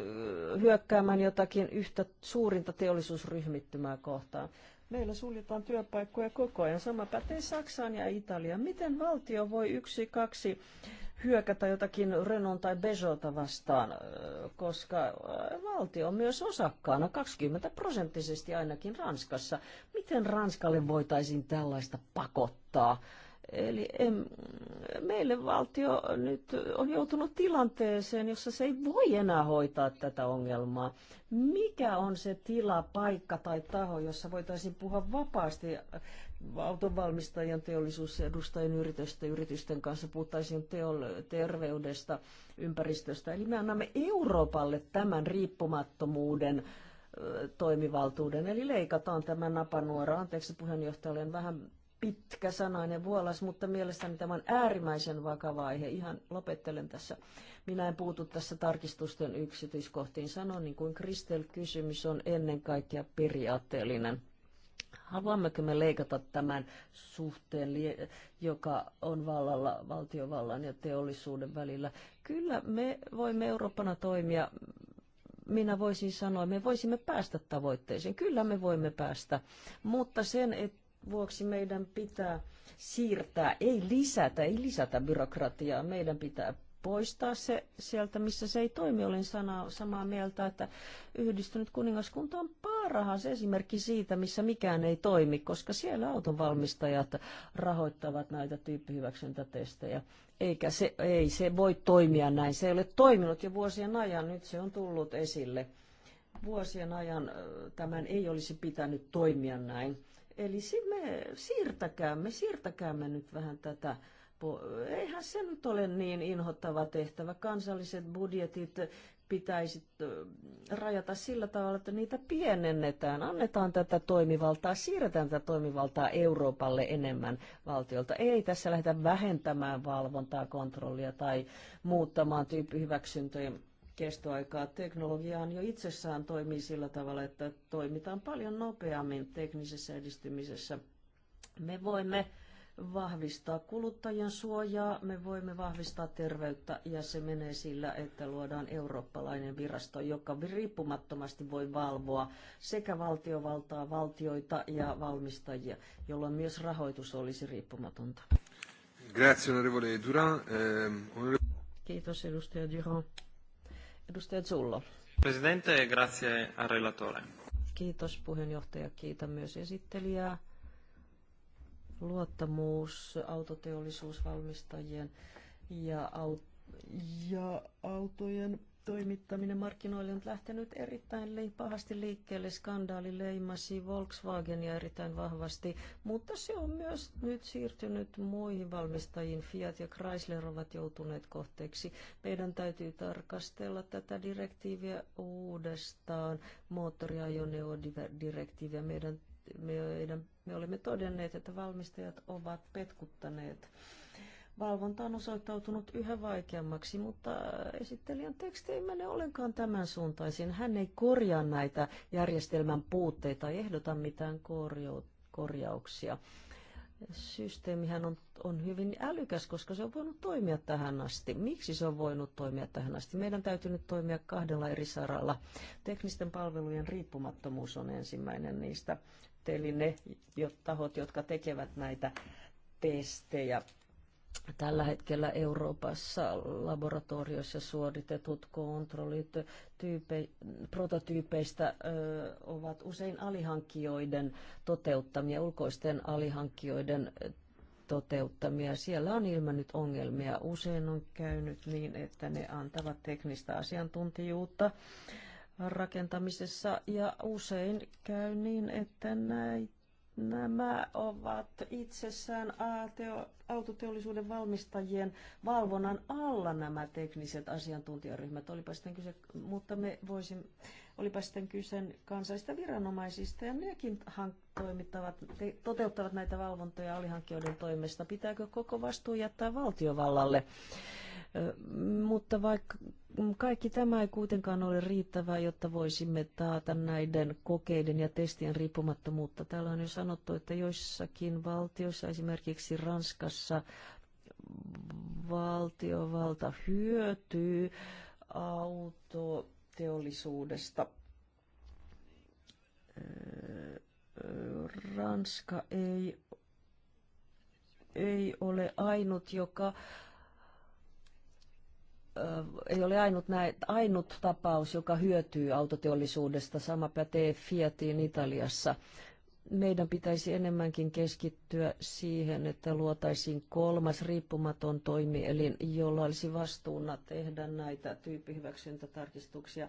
Speaker 1: hyökkäämään jotakin yhtä suurinta teollisuusryhmittymää kohtaan? Meillä suljetaan työpaikkoja koko ajan. Sama pätee Saksaan ja Italiaan. Miten valtio voi yksi, kaksi hyökätä jotakin Renon tai Peugeota vastaan, koska valtio on myös osakkaana 20 prosenttisesti ainakin Ranskassa. Miten Ranskalle voitaisiin tällaista pakottaa? Eli em, meille valtio nyt on joutunut tilanteeseen, jossa se ei voi enää hoitaa tätä ongelmaa. Mikä on se tila, paikka tai taho, jossa voitaisiin puhua vapaasti autonvalmistajien, teollisuusedustajien, yritysten, yritysten kanssa, puhuttaisiin terveydestä, ympäristöstä. Eli me annamme Euroopalle tämän riippumattomuuden toimivaltuuden, eli leikataan tämä napanuora. Anteeksi puheenjohtaja, olen vähän pitkä sanainen vuolas, mutta mielestäni tämä on äärimmäisen vakava aihe. Ihan lopettelen tässä. Minä en puutu tässä tarkistusten yksityiskohtiin. Sanon, niin kuin Kristel, kysymys on ennen kaikkea periaatteellinen. Haluammeko me leikata tämän suhteen, joka on vallalla, valtiovallan ja teollisuuden välillä? Kyllä me voimme Eurooppana toimia minä voisin sanoa, me voisimme päästä tavoitteeseen. Kyllä me voimme päästä, mutta sen, että vuoksi meidän pitää siirtää, ei lisätä, ei lisätä byrokratiaa. Meidän pitää poistaa se sieltä, missä se ei toimi. Olen sana, samaa mieltä, että yhdistynyt kuningaskunta on parhaas esimerkki siitä, missä mikään ei toimi, koska siellä autonvalmistajat rahoittavat näitä tyyppihyväksyntätestejä. Eikä se, ei se voi toimia näin. Se ei ole toiminut jo vuosien ajan, nyt se on tullut esille. Vuosien ajan tämän ei olisi pitänyt toimia näin Eli me siirtäkäämme, siirtäkäämme nyt vähän tätä eihän se nyt ole niin inhottava tehtävä. Kansalliset budjetit pitäisi rajata sillä tavalla, että niitä pienennetään, annetaan tätä toimivaltaa, siirretään tätä toimivaltaa Euroopalle enemmän valtiolta. Ei tässä lähdetä vähentämään valvontaa, kontrollia tai muuttamaan tyyppihyväksyntöjä kestoaikaa. Teknologia on jo itsessään toimii sillä tavalla, että toimitaan paljon nopeammin teknisessä edistymisessä. Me voimme vahvistaa kuluttajien suojaa, me voimme vahvistaa terveyttä ja se menee sillä, että luodaan eurooppalainen virasto, joka riippumattomasti voi valvoa sekä valtiovaltaa, valtioita ja valmistajia, jolloin myös rahoitus olisi riippumatonta.
Speaker 5: Grazie, onorevole Duran. Ehm,
Speaker 1: Kiitos, edustaja Durand. Edustaja Zullo.
Speaker 2: Presidente, grazie relatore.
Speaker 1: Kiitos puheenjohtaja, kiitän myös esittelijää. Luottamus autoteollisuusvalmistajien ja, aut- ja autojen toimittaminen markkinoille on lähtenyt erittäin pahasti liikkeelle. Skandaali leimasi Volkswagenia erittäin vahvasti, mutta se on myös nyt siirtynyt muihin valmistajiin. Fiat ja Chrysler ovat joutuneet kohteeksi. Meidän täytyy tarkastella tätä direktiiviä uudestaan, moottoriajoneodirektiiviä. Meidän, meidän, me olemme todenneet, että valmistajat ovat petkuttaneet Valvonta on osoittautunut yhä vaikeammaksi, mutta esittelijän teksti ei mene ollenkaan tämän suuntaisin. Hän ei korjaa näitä järjestelmän puutteita, ei ehdota mitään korjauksia. Systeemihän on, on hyvin älykäs, koska se on voinut toimia tähän asti. Miksi se on voinut toimia tähän asti? Meidän täytyy nyt toimia kahdella eri saralla. Teknisten palvelujen riippumattomuus on ensimmäinen niistä. Eli ne tahot, jotka tekevät näitä testejä Tällä hetkellä Euroopassa laboratorioissa suoritetut kontrollit tyype, prototyypeistä ö, ovat usein alihankkijoiden toteuttamia, ulkoisten alihankkijoiden toteuttamia. Siellä on ilmennyt ongelmia. Usein on käynyt niin, että ne antavat teknistä asiantuntijuutta rakentamisessa ja usein käy niin, että näitä Nämä ovat itsessään autoteollisuuden valmistajien valvonnan alla nämä tekniset asiantuntijaryhmät, olipa sitten kyse, mutta me voisimme, olipa sitten kyse kansallisista viranomaisista ja nekin toimittavat, te, toteuttavat näitä valvontoja alihankkijoiden toimesta. Pitääkö koko vastuu jättää valtiovallalle? Mutta vaikka kaikki tämä ei kuitenkaan ole riittävää, jotta voisimme taata näiden kokeiden ja testien riippumattomuutta. Täällä on jo sanottu, että joissakin valtioissa, esimerkiksi Ranskassa, valtiovalta hyötyy autoteollisuudesta. Ranska ei, ei ole ainut, joka ei ole ainut, näin, ainut tapaus, joka hyötyy autoteollisuudesta. Sama pätee Fiatiin Italiassa. Meidän pitäisi enemmänkin keskittyä siihen, että luotaisiin kolmas riippumaton toimielin, jolla olisi vastuuna tehdä näitä tyyppihyväksyntätarkistuksia.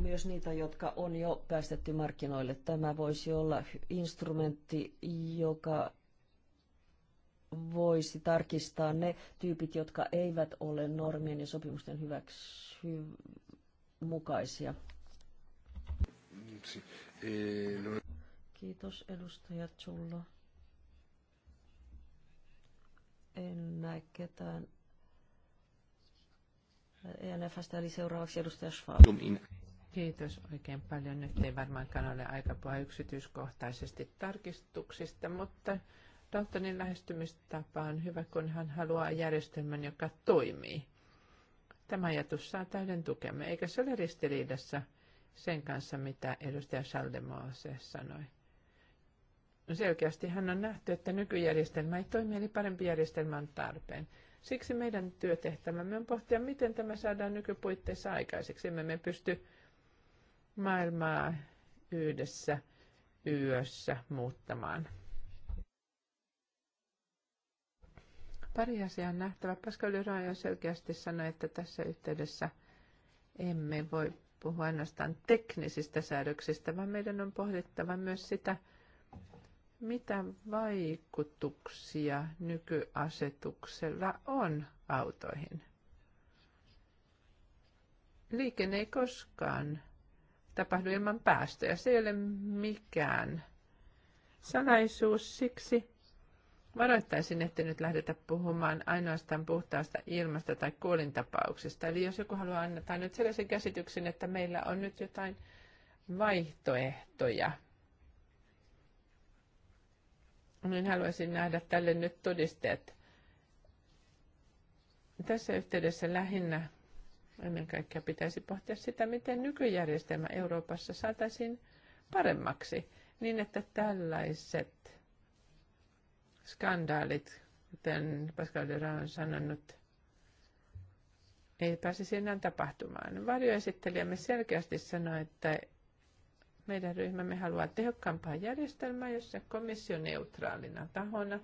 Speaker 1: Myös niitä, jotka on jo päästetty markkinoille. Tämä voisi olla instrumentti, joka voisi tarkistaa ne tyypit, jotka eivät ole normien ja sopimusten hyväksy mukaisia.
Speaker 5: Eh,
Speaker 1: Kiitos edustaja Zullo. En näe ketään.
Speaker 2: ENFstä eli seuraavaksi edustaja Schwab. Kiitos oikein paljon. Nyt ei varmaankaan ole aika puhua yksityiskohtaisesti tarkistuksista, mutta Daltonin lähestymistapa on hyvä, kun hän haluaa järjestelmän, joka toimii. Tämä ajatus saa täyden tukemme, eikä se ole ristiriidassa sen kanssa, mitä edustaja Schaldemose sanoi. No selkeästi hän on nähty, että nykyjärjestelmä ei toimi, eli parempi järjestelmä on tarpeen. Siksi meidän työtehtävämme on pohtia, miten tämä saadaan nykypuitteissa aikaiseksi. Emme me pysty maailmaa yhdessä yössä muuttamaan. Pari asiaa nähtävä. Pascal Leroy jo selkeästi sanoi, että tässä yhteydessä emme voi puhua ainoastaan teknisistä säädöksistä, vaan meidän on pohdittava myös sitä, mitä vaikutuksia nykyasetuksella on autoihin. Liikenne ei koskaan tapahdu ilman päästöjä. Se ei ole mikään salaisuus, siksi Varoittaisin, että nyt lähdetä puhumaan ainoastaan puhtaasta ilmasta tai kuolintapauksesta. Eli jos joku haluaa antaa nyt sellaisen käsityksen, että meillä on nyt jotain vaihtoehtoja, niin haluaisin nähdä tälle nyt todisteet. Tässä yhteydessä lähinnä ennen kaikkea pitäisi pohtia sitä, miten nykyjärjestelmä Euroopassa saataisiin paremmaksi, niin että tällaiset skandaalit, kuten Pascal Dura on sanonut, ei pääsisi enää tapahtumaan. Varjoesittelijämme selkeästi sanoi, että meidän ryhmämme haluaa tehokkaampaa järjestelmää, jossa komissio neutraalina tahona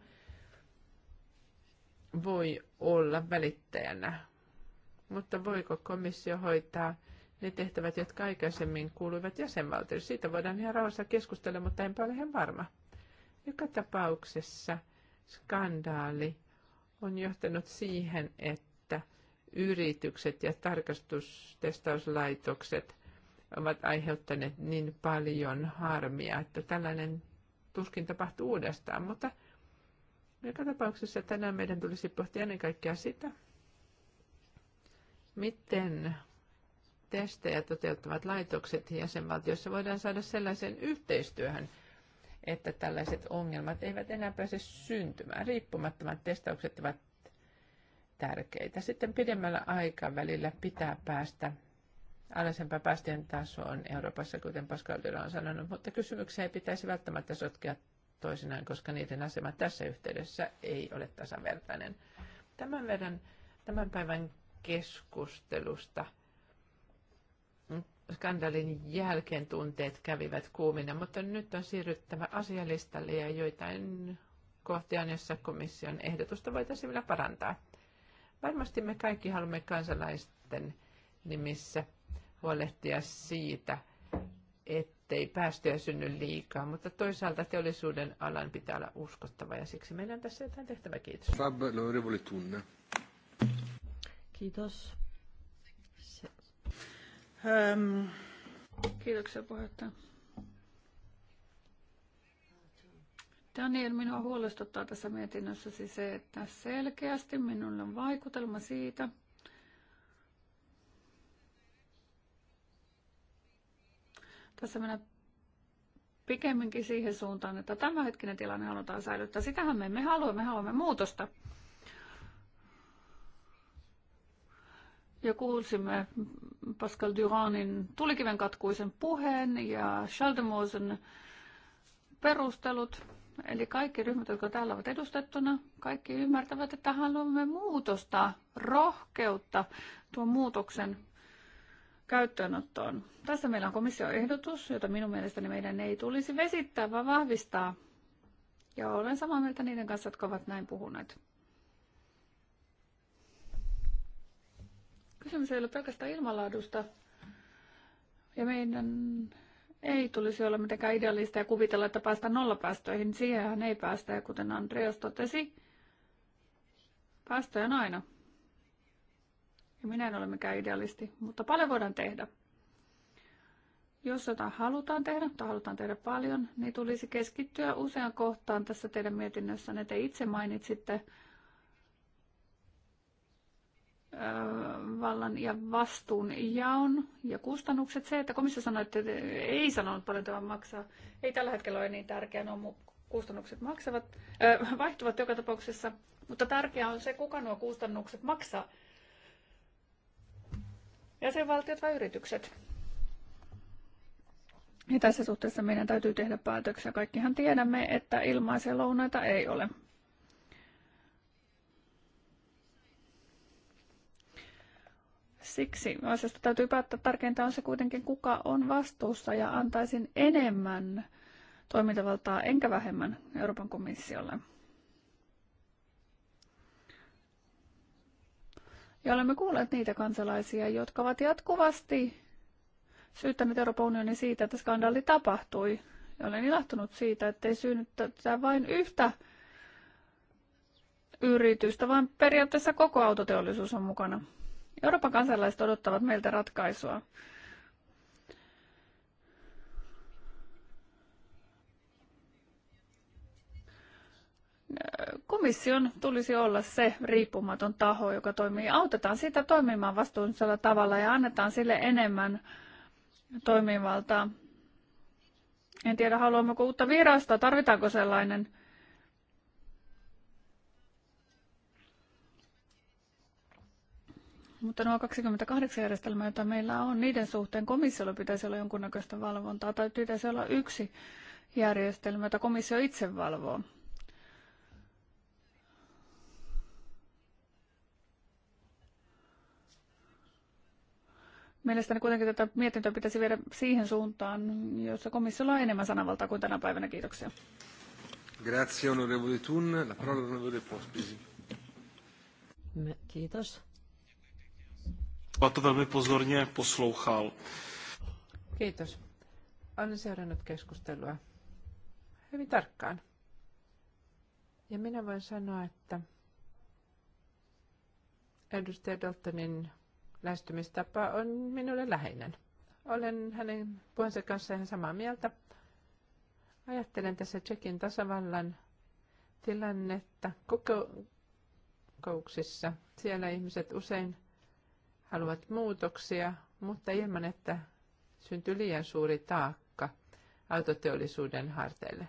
Speaker 2: voi olla välittäjänä. Mutta voiko komissio hoitaa ne tehtävät, jotka aikaisemmin kuuluivat jäsenvaltioille? Siitä voidaan ihan rauhassa keskustella, mutta enpä ole ihan varma. Joka tapauksessa – skandaali on johtanut siihen, että yritykset ja tarkastustestauslaitokset ovat aiheuttaneet niin paljon harmia, että tällainen tuskin tapahtuu uudestaan. Mutta joka tapauksessa tänään meidän tulisi pohtia ennen kaikkea sitä, miten testejä toteuttavat laitokset jäsenvaltiossa voidaan saada sellaisen yhteistyöhön – että tällaiset ongelmat eivät enää pääse syntymään. Riippumattomat testaukset ovat tärkeitä. Sitten pidemmällä aikavälillä pitää päästä alhaisempaan päästöjen tasoon Euroopassa, kuten Pascal Dylan on sanonut, mutta kysymyksiä ei pitäisi välttämättä sotkea toisinaan, koska niiden asema tässä yhteydessä ei ole tasavertainen. Tämän verran tämän päivän keskustelusta – skandaalin jälkeen tunteet kävivät kuumina, mutta nyt on siirryttävä asialistalle ja joitain kohtia, jossa komission ehdotusta voitaisiin vielä parantaa. Varmasti me kaikki haluamme kansalaisten nimissä huolehtia siitä, ettei päästöjä synny liikaa, mutta toisaalta teollisuuden alan pitää olla uskottava ja siksi meidän on tässä jotain tehtävä. Kiitos. Kiitos. Ähm. Kiitoksia
Speaker 3: puheenjohtaja. Daniel, minua huolestuttaa tässä mietinnössäsi siis se, että selkeästi minulla on vaikutelma siitä, tässä mennä pikemminkin siihen suuntaan, että tämänhetkinen tilanne halutaan säilyttää. Sitähän me emme halua, me haluamme muutosta. ja kuulsimme Pascal Duranin tulikiven katkuisen puheen ja Schaldemosen perustelut. Eli kaikki ryhmät, jotka täällä ovat edustettuna, kaikki ymmärtävät, että haluamme muutosta, rohkeutta tuon muutoksen käyttöönottoon. Tässä meillä on komission ehdotus, jota minun mielestäni meidän ei tulisi vesittää, vaan vahvistaa. Ja olen samaa mieltä niiden kanssa, jotka ovat näin puhuneet. Kysymys ei ole pelkästään ilmanlaadusta. Ja meidän ei tulisi olla mitenkään idealista ja kuvitella, että päästään nollapäästöihin. Siihenhän ei päästä, ja kuten Andreas totesi, päästöjä on aina. Ja minä en ole mikään idealisti, mutta paljon voidaan tehdä. Jos jotain halutaan tehdä, tai halutaan tehdä paljon, niin tulisi keskittyä usean kohtaan tässä teidän että Te itse mainitsitte vallan ja vastuun jaon ja kustannukset. Se, että komissio sanoi, että ei sanonut paljon tämä maksaa, ei tällä hetkellä ole niin tärkeää, no kustannukset maksavat, äh, vaihtuvat joka tapauksessa, mutta tärkeää on se, kuka nuo kustannukset maksaa. Jäsenvaltiot vai yritykset? Ja tässä suhteessa meidän täytyy tehdä päätöksiä. Kaikkihan tiedämme, että ilmaisia lounaita ei ole. Siksi asiasta täytyy päättää. Tärkeintä on se kuitenkin, kuka on vastuussa ja antaisin enemmän toimintavaltaa enkä vähemmän Euroopan komissiolle. Ja olemme kuulleet niitä kansalaisia, jotka ovat jatkuvasti syyttäneet Euroopan unionin siitä, että skandaali tapahtui. Ja olen ilahtunut siitä, ei synnyttää vain yhtä yritystä, vaan periaatteessa koko autoteollisuus on mukana. Euroopan kansalaiset odottavat meiltä ratkaisua. komission tulisi olla se riippumaton taho, joka toimii. Autetaan sitä toimimaan vastuullisella tavalla ja annetaan sille enemmän toimivaltaa. En tiedä, haluammeko uutta virasta, tarvitaanko sellainen. Mutta nuo 28 järjestelmää, joita meillä on, niiden suhteen komissiolla pitäisi olla jonkunnäköistä valvontaa tai pitäisi olla yksi järjestelmä, jota komissio itse valvoo. Mielestäni kuitenkin tätä mietintöä pitäisi viedä siihen suuntaan, jossa komissiolla on enemmän sanavaltaa kuin tänä päivänä. Kiitoksia.
Speaker 5: Grazie, onorevole Thun. La parola onorevole Pospisi. Kiitos to velmi pozorně poslouchal.
Speaker 2: Kiitos. Olen seurannut keskustelua hyvin tarkkaan. Ja minä voin sanoa, että edustaja Daltonin lähestymistapa on minulle läheinen. Olen hänen puheensa kanssa ihan samaa mieltä. Ajattelen tässä Tsekin tasavallan tilannetta kokouksissa. Siellä ihmiset usein haluavat muutoksia, mutta ilman, että syntyy liian suuri taakka autoteollisuuden harteille.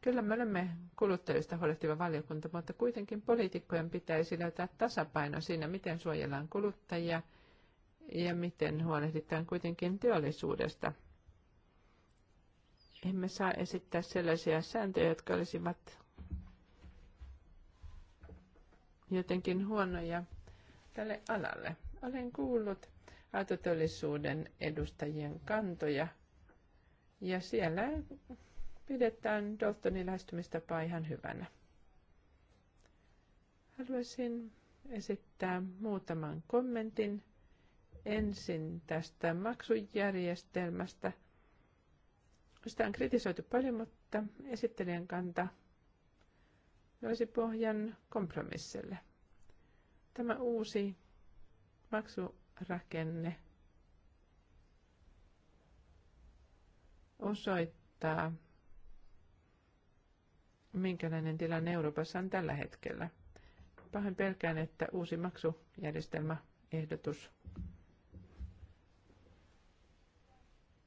Speaker 2: Kyllä me olemme kuluttajista huolehtiva valiokunta, mutta kuitenkin poliitikkojen pitäisi löytää tasapaino siinä, miten suojellaan kuluttajia ja miten huolehditaan kuitenkin teollisuudesta. Emme saa esittää sellaisia sääntöjä, jotka olisivat jotenkin huonoja tälle alalle. Olen kuullut autotollisuuden edustajien kantoja ja siellä pidetään Daltonin lähestymistapaa ihan hyvänä. Haluaisin esittää muutaman kommentin ensin tästä maksujärjestelmästä. Sitä on kritisoitu paljon, mutta esittelijän kanta olisi pohjan kompromisselle. Tämä uusi maksurakenne osoittaa, minkälainen tilanne Euroopassa on tällä hetkellä. Pahoin pelkään, että uusi maksujärjestelmäehdotus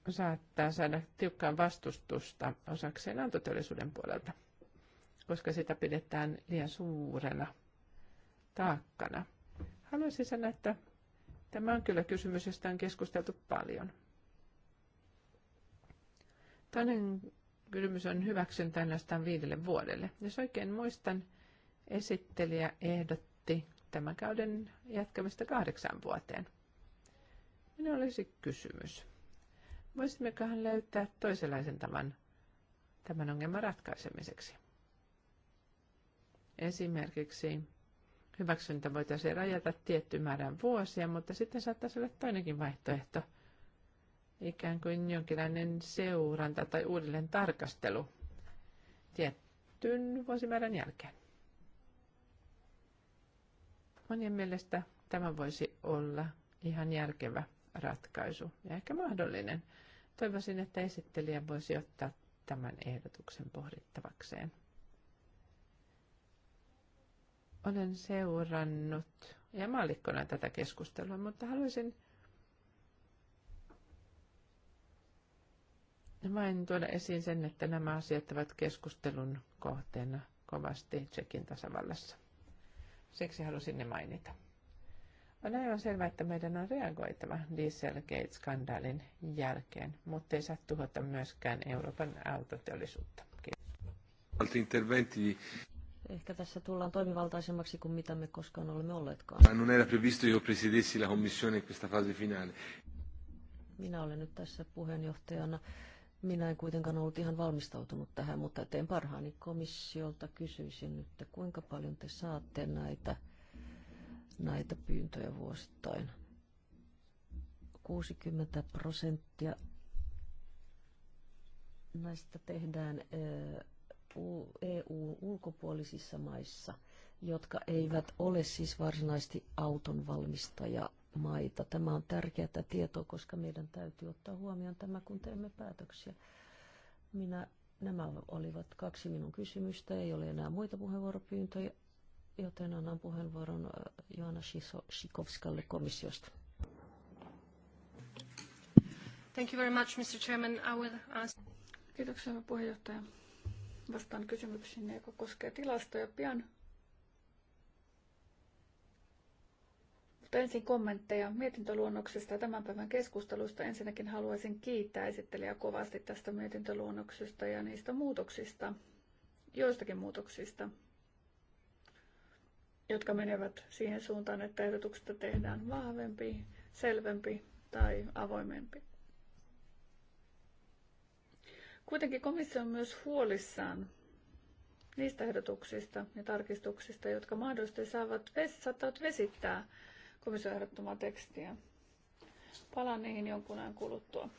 Speaker 2: saattaa saada tiukkaan vastustusta osakseen autoteollisuuden puolelta, koska sitä pidetään liian suurena taakkana. Haluaisin sanoa, että Tämä on kyllä kysymys, josta on keskusteltu paljon. Toinen kysymys on hyväksyntä ainoastaan viidelle vuodelle. Jos oikein muistan, esittelijä ehdotti tämän kauden jatkamista kahdeksan vuoteen. Minulla olisi kysymys. Voisimmekohan löytää toisenlaisen tämän tämän ongelman ratkaisemiseksi? Esimerkiksi hyväksyntä voitaisiin rajata tietty määrän vuosia, mutta sitten saattaisi olla toinenkin vaihtoehto, ikään kuin jonkinlainen seuranta tai uudelleen tarkastelu tietyn vuosimäärän jälkeen. Monien mielestä tämä voisi olla ihan järkevä ratkaisu ja ehkä mahdollinen. Toivoisin, että esittelijä voisi ottaa tämän ehdotuksen pohdittavakseen. Olen seurannut ja mallikkona tätä keskustelua, mutta haluaisin vain tuoda esiin sen, että nämä asiat ovat keskustelun kohteena kovasti Tsekin tasavallassa. Siksi halusin ne mainita. On aivan selvää, että meidän on reagoitava Dieselgate-skandaalin jälkeen, mutta ei saa tuhota myöskään Euroopan autoteollisuutta.
Speaker 5: Kiitos.
Speaker 1: Ehkä tässä tullaan toimivaltaisemmaksi kuin mitä me koskaan olemme olleetkaan.
Speaker 5: Non era previsto io presiedessi la commissione in questa fase finale.
Speaker 1: Minä olen nyt tässä puheenjohtajana. Minä en kuitenkaan ollut ihan valmistautunut tähän, mutta teen parhaani komissiolta. Kysyisin nyt, että kuinka paljon te saatte näitä, näitä pyyntöjä vuosittain? 60 prosenttia näistä tehdään EU-ulkopuolisissa maissa, jotka eivät ole siis varsinaisesti auton valmistaja maita. Tämä on tärkeää tietoa, koska meidän täytyy ottaa huomioon tämä, kun teemme päätöksiä. Minä, nämä olivat kaksi minun kysymystä. Ei ole enää muita puheenvuoropyyntöjä, joten annan puheenvuoron äh, Joana Sikovskalle komissiosta.
Speaker 3: Thank you very much, Mr. Chairman. I will ask... Kiitoksia, puheenjohtaja vastaan kysymyksiin, joka koskee tilastoja pian. Mutta ensin kommentteja mietintöluonnoksesta ja tämän päivän keskustelusta. Ensinnäkin haluaisin kiittää esittelijää kovasti tästä mietintöluonnoksesta ja niistä muutoksista, joistakin muutoksista, jotka menevät siihen suuntaan, että ehdotuksesta tehdään vahvempi, selvempi tai avoimempi. Kuitenkin komissio on myös huolissaan niistä ehdotuksista ja tarkistuksista, jotka mahdollisesti saavat ves, saattavat vesittää komission ehdottomaa tekstiä. Palaan niihin jonkun ajan kuluttua.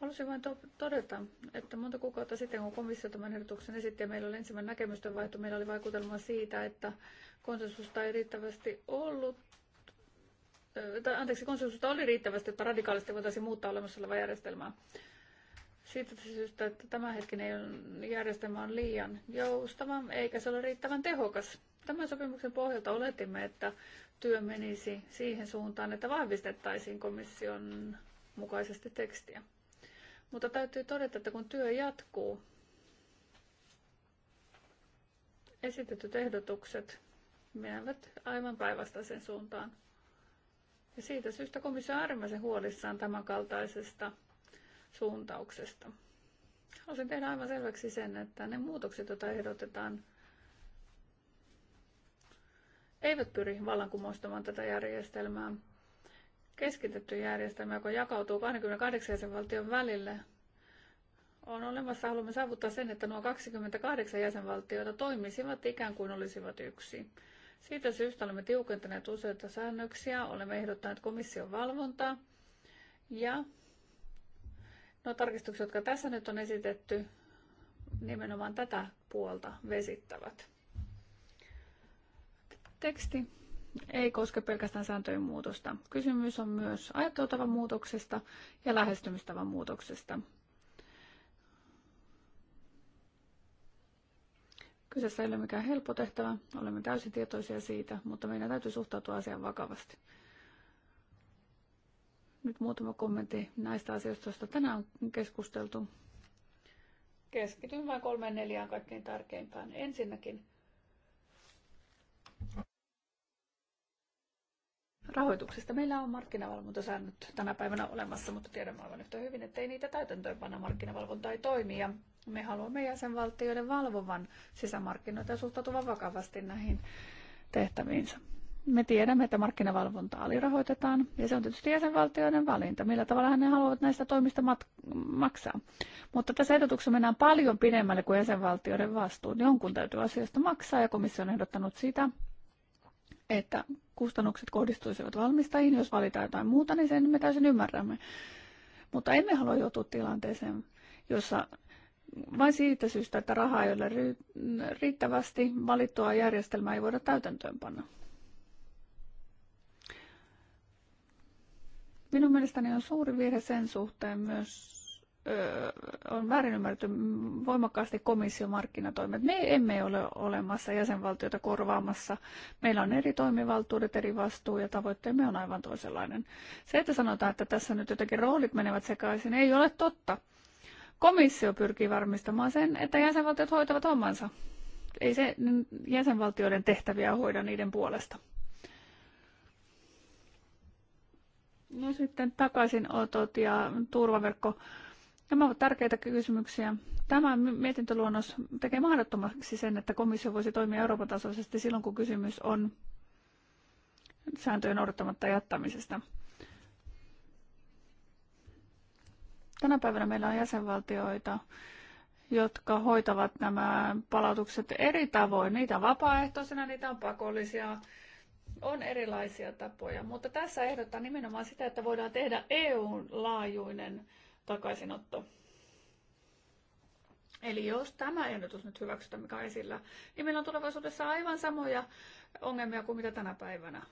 Speaker 3: Halusin vain to- todeta, että monta kuukautta sitten, kun komissio tämän ehdotuksen esitti ja meillä oli ensimmäinen näkemysten vaihto, meillä oli vaikutelma siitä, että konsensusta ei riittävästi ollut tai anteeksi, konsensusta oli riittävästi, että radikaalisti voitaisiin muuttaa olemassa olevaa järjestelmää siitä syystä, että tämänhetkinen järjestelmä on liian joustava eikä se ole riittävän tehokas. Tämän sopimuksen pohjalta oletimme, että työ menisi siihen suuntaan, että vahvistettaisiin komission mukaisesti tekstiä. Mutta täytyy todeta, että kun työ jatkuu, esitetyt ehdotukset menevät aivan päinvastaisen suuntaan. Ja siitä syystä komissio on äärimmäisen huolissaan tämänkaltaisesta suuntauksesta. Haluaisin tehdä aivan selväksi sen, että ne muutokset, joita ehdotetaan, eivät pyri vallankumoistamaan tätä järjestelmää. Keskitetty järjestelmä, joka jakautuu 28 jäsenvaltion välille, on olemassa. Haluamme saavuttaa sen, että nuo 28 jäsenvaltiota toimisivat ikään kuin olisivat yksi. Siitä syystä olemme tiukentaneet useita säännöksiä, olemme ehdottaneet komission valvontaa ja No tarkistukset, jotka tässä nyt on esitetty, nimenomaan tätä puolta vesittävät. Teksti ei koske pelkästään sääntöjen muutosta. Kysymys on myös ajattelutavan muutoksesta ja lähestymistavan muutoksesta. Kyseessä ei ole mikään helppo tehtävä, olemme täysin tietoisia siitä, mutta meidän täytyy suhtautua asiaan vakavasti. Nyt muutama kommentti näistä asioista, joista tänään on keskusteltu. Keskityn vain kolmeen neljään kaikkein tärkeimpään. Ensinnäkin rahoituksesta. Meillä on markkinavalvontasäännöt tänä päivänä olemassa, mutta tiedämme aivan yhtä hyvin, että ei niitä täytäntöönpana markkinavalvonta ei toimi. Ja me haluamme jäsenvaltioiden valvovan sisämarkkinoita ja suhtautuvan vakavasti näihin tehtäviinsä. Me tiedämme, että markkinavalvonta alirahoitetaan ja se on tietysti jäsenvaltioiden valinta, millä tavalla ne haluavat näistä toimista maksaa. Mutta tässä ehdotuksessa mennään paljon pidemmälle kuin jäsenvaltioiden vastuu. Jonkun täytyy asiasta maksaa ja komissio on ehdottanut sitä, että kustannukset kohdistuisivat valmistajiin. Jos valitaan jotain muuta, niin sen me täysin ymmärrämme. Mutta emme halua joutua tilanteeseen, jossa vain siitä syystä, että rahaa ei ole riittävästi, valittua järjestelmää ei voida täytäntöönpanna. Minun mielestäni on suuri virhe sen suhteen myös öö, on väärin ymmärretty voimakkaasti komission markkinatoimet. Me emme ole olemassa jäsenvaltioita korvaamassa. Meillä on eri toimivaltuudet, eri vastuu ja tavoitteemme on aivan toisenlainen. Se, että sanotaan, että tässä nyt jotenkin roolit menevät sekaisin, ei ole totta. Komissio pyrkii varmistamaan sen, että jäsenvaltiot hoitavat omansa. Ei se jäsenvaltioiden tehtäviä hoida niiden puolesta. No sitten takaisin otot ja turvaverkko. Nämä ovat tärkeitä kysymyksiä. Tämä mietintöluonnos tekee mahdottomaksi sen, että komissio voisi toimia Euroopan tasoisesti silloin, kun kysymys on sääntöjen odottamatta jättämisestä. Tänä päivänä meillä on jäsenvaltioita, jotka hoitavat nämä palautukset eri tavoin. Niitä on vapaaehtoisena, niitä on pakollisia on erilaisia tapoja, mutta tässä ehdottaa nimenomaan sitä, että voidaan tehdä EU-laajuinen takaisinotto. Eli jos tämä ehdotus nyt hyväksytään, mikä on esillä, niin meillä on tulevaisuudessa aivan samoja ongelmia kuin mitä tänä päivänä.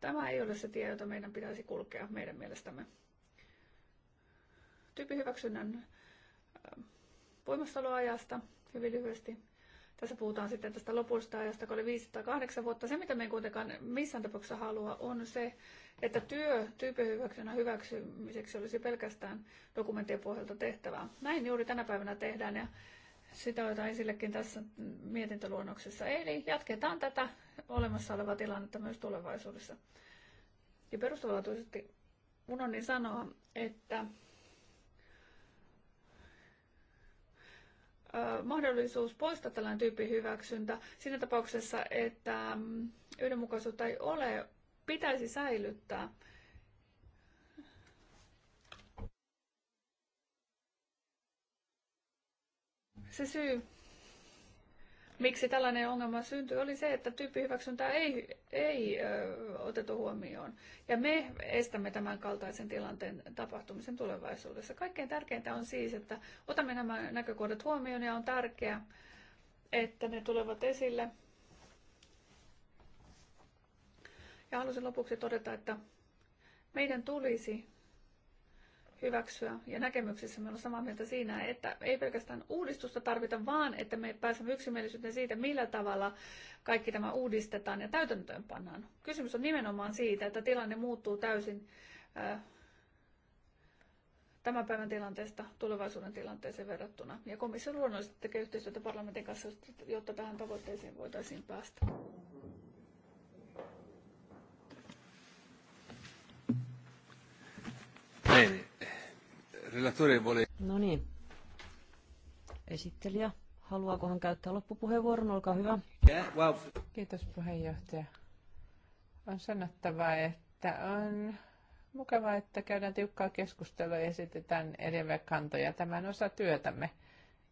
Speaker 3: Tämä ei ole se tie, jota meidän pitäisi kulkea meidän mielestämme. Tyyppihyväksynnän voimassaoloajasta hyvin lyhyesti. Tässä puhutaan sitten tästä lopullisesta ajasta, kun oli 508 vuotta. Se, mitä me ei kuitenkaan missään tapauksessa halua, on se, että työ tyyppihyväksynnän hyväksymiseksi olisi pelkästään dokumenttien pohjalta tehtävää. Näin juuri tänä päivänä tehdään ja sitä otetaan esillekin tässä mietintöluonnoksessa. Eli jatketaan tätä olemassa olevaa tilannetta myös tulevaisuudessa. Ja perustavanlaatuisesti mun on niin sanoa, että mahdollisuus poistaa tällainen tyyppi hyväksyntä siinä tapauksessa, että mm, yhdenmukaisuutta ei ole, pitäisi säilyttää. Se syy, miksi tällainen ongelma syntyi, oli se, että tyyppihyväksyntää ei, ei ö, otettu huomioon. Ja me estämme tämän kaltaisen tilanteen tapahtumisen tulevaisuudessa. Kaikkein tärkeintä on siis, että otamme nämä näkökohdat huomioon ja on tärkeää, että ne tulevat esille. Ja halusin lopuksi todeta, että meidän tulisi hyväksyä. Ja näkemyksessä me ollaan samaa mieltä siinä, että ei pelkästään uudistusta tarvita, vaan että me pääsemme yksimielisyyteen siitä, millä tavalla kaikki tämä uudistetaan ja täytäntöön pannaan. Kysymys on nimenomaan siitä, että tilanne muuttuu täysin äh, tämän päivän tilanteesta tulevaisuuden tilanteeseen verrattuna. Ja komissio luonnollisesti tekee yhteistyötä parlamentin kanssa, jotta tähän tavoitteeseen voitaisiin päästä.
Speaker 5: Relatore vole...
Speaker 1: No
Speaker 2: niin. Esittelijä, haluaako hän käyttää loppupuheenvuoron? Olkaa hyvä. Yeah, well. Kiitos puheenjohtaja. On sanottava, että on mukavaa, että käydään tiukkaa keskustelua ja esitetään eriäviä kantoja. Tämä on osa työtämme.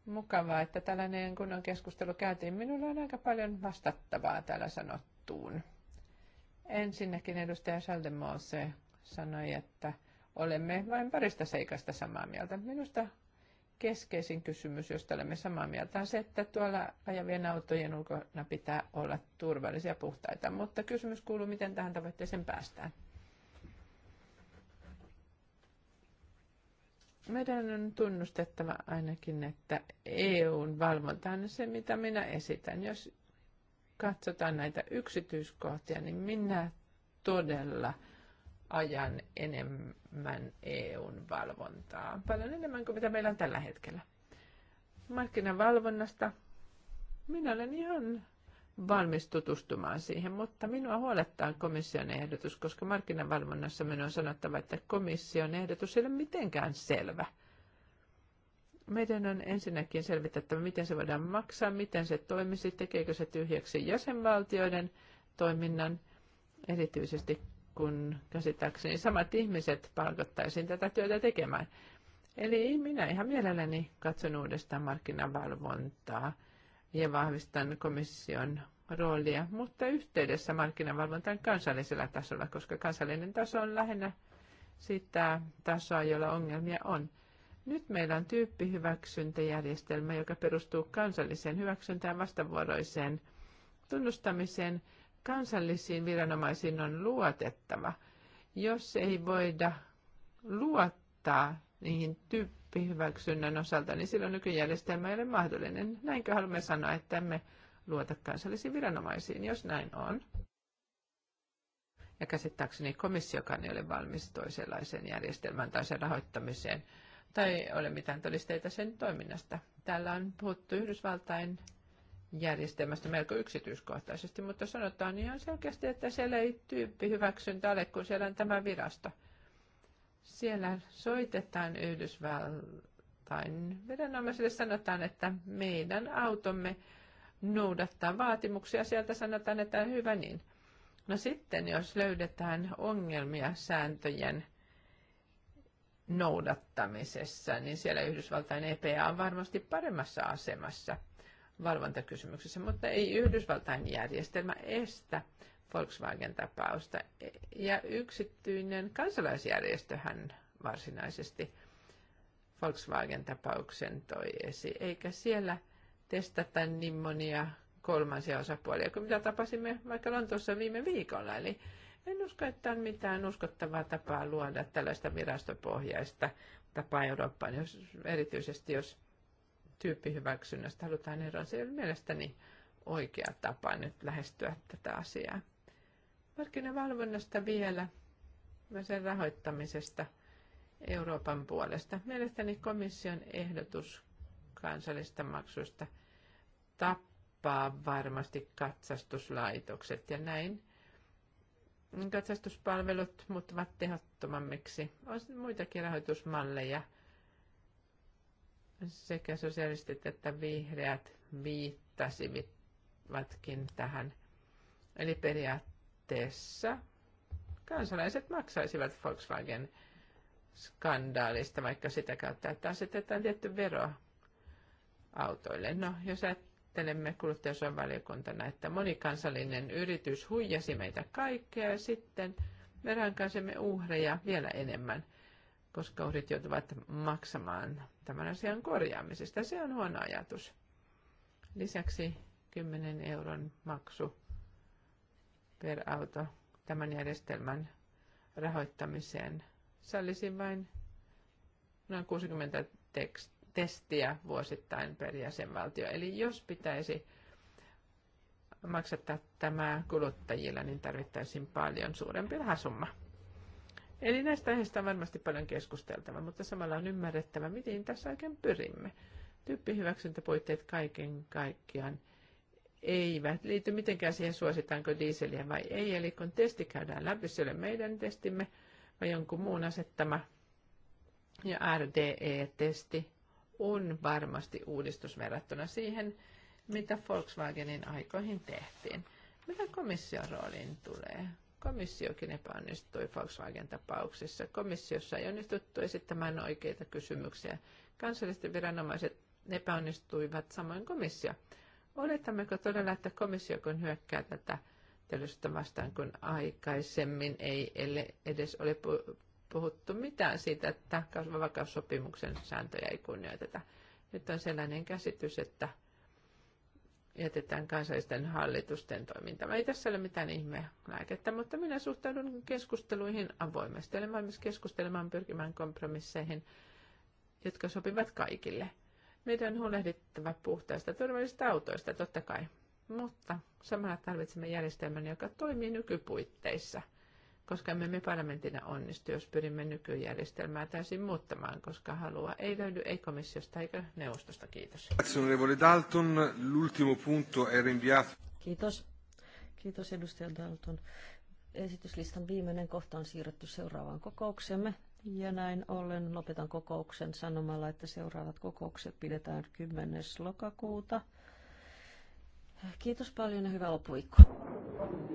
Speaker 2: Mukavaa, että tällainen kunnon keskustelu käytiin. Minulla on aika paljon vastattavaa täällä sanottuun. Ensinnäkin edustaja Schaldemose sanoi, että – olemme vain parista seikasta samaa mieltä. Minusta keskeisin kysymys, josta olemme samaa mieltä, on se, että tuolla ajavien autojen ulkona pitää olla turvallisia puhtaita. Mutta kysymys kuuluu, miten tähän tavoitteeseen päästään. meidän on tunnustettava ainakin, että EUn valvonta on se, mitä minä esitän. Jos katsotaan näitä yksityiskohtia, niin minä todella ajan enemmän EUn valvontaa, paljon enemmän kuin mitä meillä on tällä hetkellä. Markkinavalvonnasta minä olen ihan valmis tutustumaan siihen, mutta minua huolettaa komission ehdotus, koska markkinavalvonnassa minun on sanottava, että komission ehdotus ei ole mitenkään selvä. Meidän on ensinnäkin selvitettävä, miten se voidaan maksaa, miten se toimisi, tekeekö se tyhjäksi jäsenvaltioiden toiminnan, erityisesti kun käsittääkseni samat ihmiset palkattaisiin tätä työtä tekemään. Eli minä ihan mielelläni katson uudestaan markkinavalvontaa ja vahvistan komission roolia, mutta yhteydessä markkinavalvontaan kansallisella tasolla, koska kansallinen taso on lähinnä sitä tasoa, jolla ongelmia on. Nyt meillä on tyyppihyväksyntäjärjestelmä, joka perustuu kansalliseen hyväksyntään vastavuoroiseen tunnustamiseen – kansallisiin viranomaisiin on luotettava. Jos ei voida luottaa niihin tyyppihyväksynnän osalta, niin silloin nykyjärjestelmä ei ole mahdollinen. Näinkö haluamme sanoa, että emme luota kansallisiin viranomaisiin, jos näin on? Ja käsittääkseni komissiokaan ei ole valmis toisenlaiseen järjestelmään tai sen rahoittamiseen, tai ole mitään todisteita sen toiminnasta. Täällä on puhuttu Yhdysvaltain järjestelmästä melko yksityiskohtaisesti, mutta sanotaan ihan selkeästi, että siellä ei tyyppi hyväksyntä ole, kun siellä on tämä virasto. Siellä soitetaan Yhdysvaltain viranomaisille, sanotaan, että meidän automme noudattaa vaatimuksia. Sieltä sanotaan, että hyvä niin. No sitten, jos löydetään ongelmia sääntöjen noudattamisessa, niin siellä Yhdysvaltain EPA on varmasti paremmassa asemassa – valvontakysymyksessä, mutta ei Yhdysvaltain järjestelmä estä Volkswagen-tapausta. Ja yksityinen kansalaisjärjestöhän varsinaisesti Volkswagen-tapauksen toi esiin, eikä siellä testata niin monia kolmansia osapuolia kuin mitä tapasimme vaikka Lontoossa viime viikolla. Eli en usko, että on mitään uskottavaa tapaa luoda tällaista virastopohjaista tapaa Eurooppaan, jos, erityisesti jos tyyppihyväksynnästä halutaan eroon. Se on mielestäni oikea tapa nyt lähestyä tätä asiaa. Markkinavalvonnasta vielä, myös sen rahoittamisesta Euroopan puolesta. Mielestäni komission ehdotus kansallista maksuista tappaa varmasti katsastuslaitokset ja näin katsastuspalvelut muuttuvat tehottomammiksi. On muitakin rahoitusmalleja – sekä sosialistit että vihreät viittasivatkin tähän. Eli periaatteessa kansalaiset maksaisivat Volkswagen skandaalista, vaikka sitä kautta, että asetetaan tietty vero autoille. No, jos ajattelemme kuluttajasuojan valiokuntana, että monikansallinen yritys huijasi meitä kaikkea ja sitten me rankaisemme uhreja vielä enemmän – koska uhrit joutuvat maksamaan tämän asian korjaamisesta. Se on huono ajatus. Lisäksi 10 euron maksu per auto tämän järjestelmän rahoittamiseen sallisi vain noin 60 tekst- testiä vuosittain per jäsenvaltio. Eli jos pitäisi maksattaa tämä kuluttajilla, niin tarvittaisiin paljon suurempi rahasumma. Eli näistä aiheista on varmasti paljon keskusteltava, mutta samalla on ymmärrettävä, miten tässä oikein pyrimme. Tyyppihyväksyntäpuitteet kaiken kaikkiaan eivät liity mitenkään siihen, suositaanko diiseliä vai ei. Eli kun testi käydään läpi, se ei ole meidän testimme vai jonkun muun asettama. Ja RDE-testi on varmasti uudistus verrattuna siihen, mitä Volkswagenin aikoihin tehtiin. Mitä komission rooliin tulee? Komissiokin epäonnistui Volkswagen-tapauksessa. Komissiossa ei onnistuttu esittämään oikeita kysymyksiä. Kansalliset viranomaiset epäonnistuivat, samoin komissio. Oletammeko todella, että komissio kun hyökkää tätä teollisuutta vastaan, kun aikaisemmin ei edes ole puhuttu mitään siitä, että kasvavakaussopimuksen sääntöjä ei kunnioiteta. Nyt on sellainen käsitys, että jätetään kansallisten hallitusten toimintaan. Ei tässä ole mitään ihmeä lääkettä, mutta minä suhtaudun keskusteluihin avoimesti. Olen valmis keskustelemaan pyrkimään kompromisseihin, jotka sopivat kaikille. Meidän on huolehdittava puhtaista turvallisista autoista, totta kai. Mutta samalla tarvitsemme järjestelmän, joka toimii nykypuitteissa – koska emme me parlamentina onnistu, jos pyrimme nykyjärjestelmää täysin muuttamaan, koska halua ei löydy ei komissiosta eikä neuvostosta. Kiitos.
Speaker 1: Kiitos. Kiitos edustaja Dalton. Esityslistan viimeinen kohta on siirretty seuraavaan kokouksemme. Ja näin ollen lopetan kokouksen sanomalla, että seuraavat kokoukset pidetään 10. lokakuuta. Kiitos paljon ja hyvää loppuviikkoa.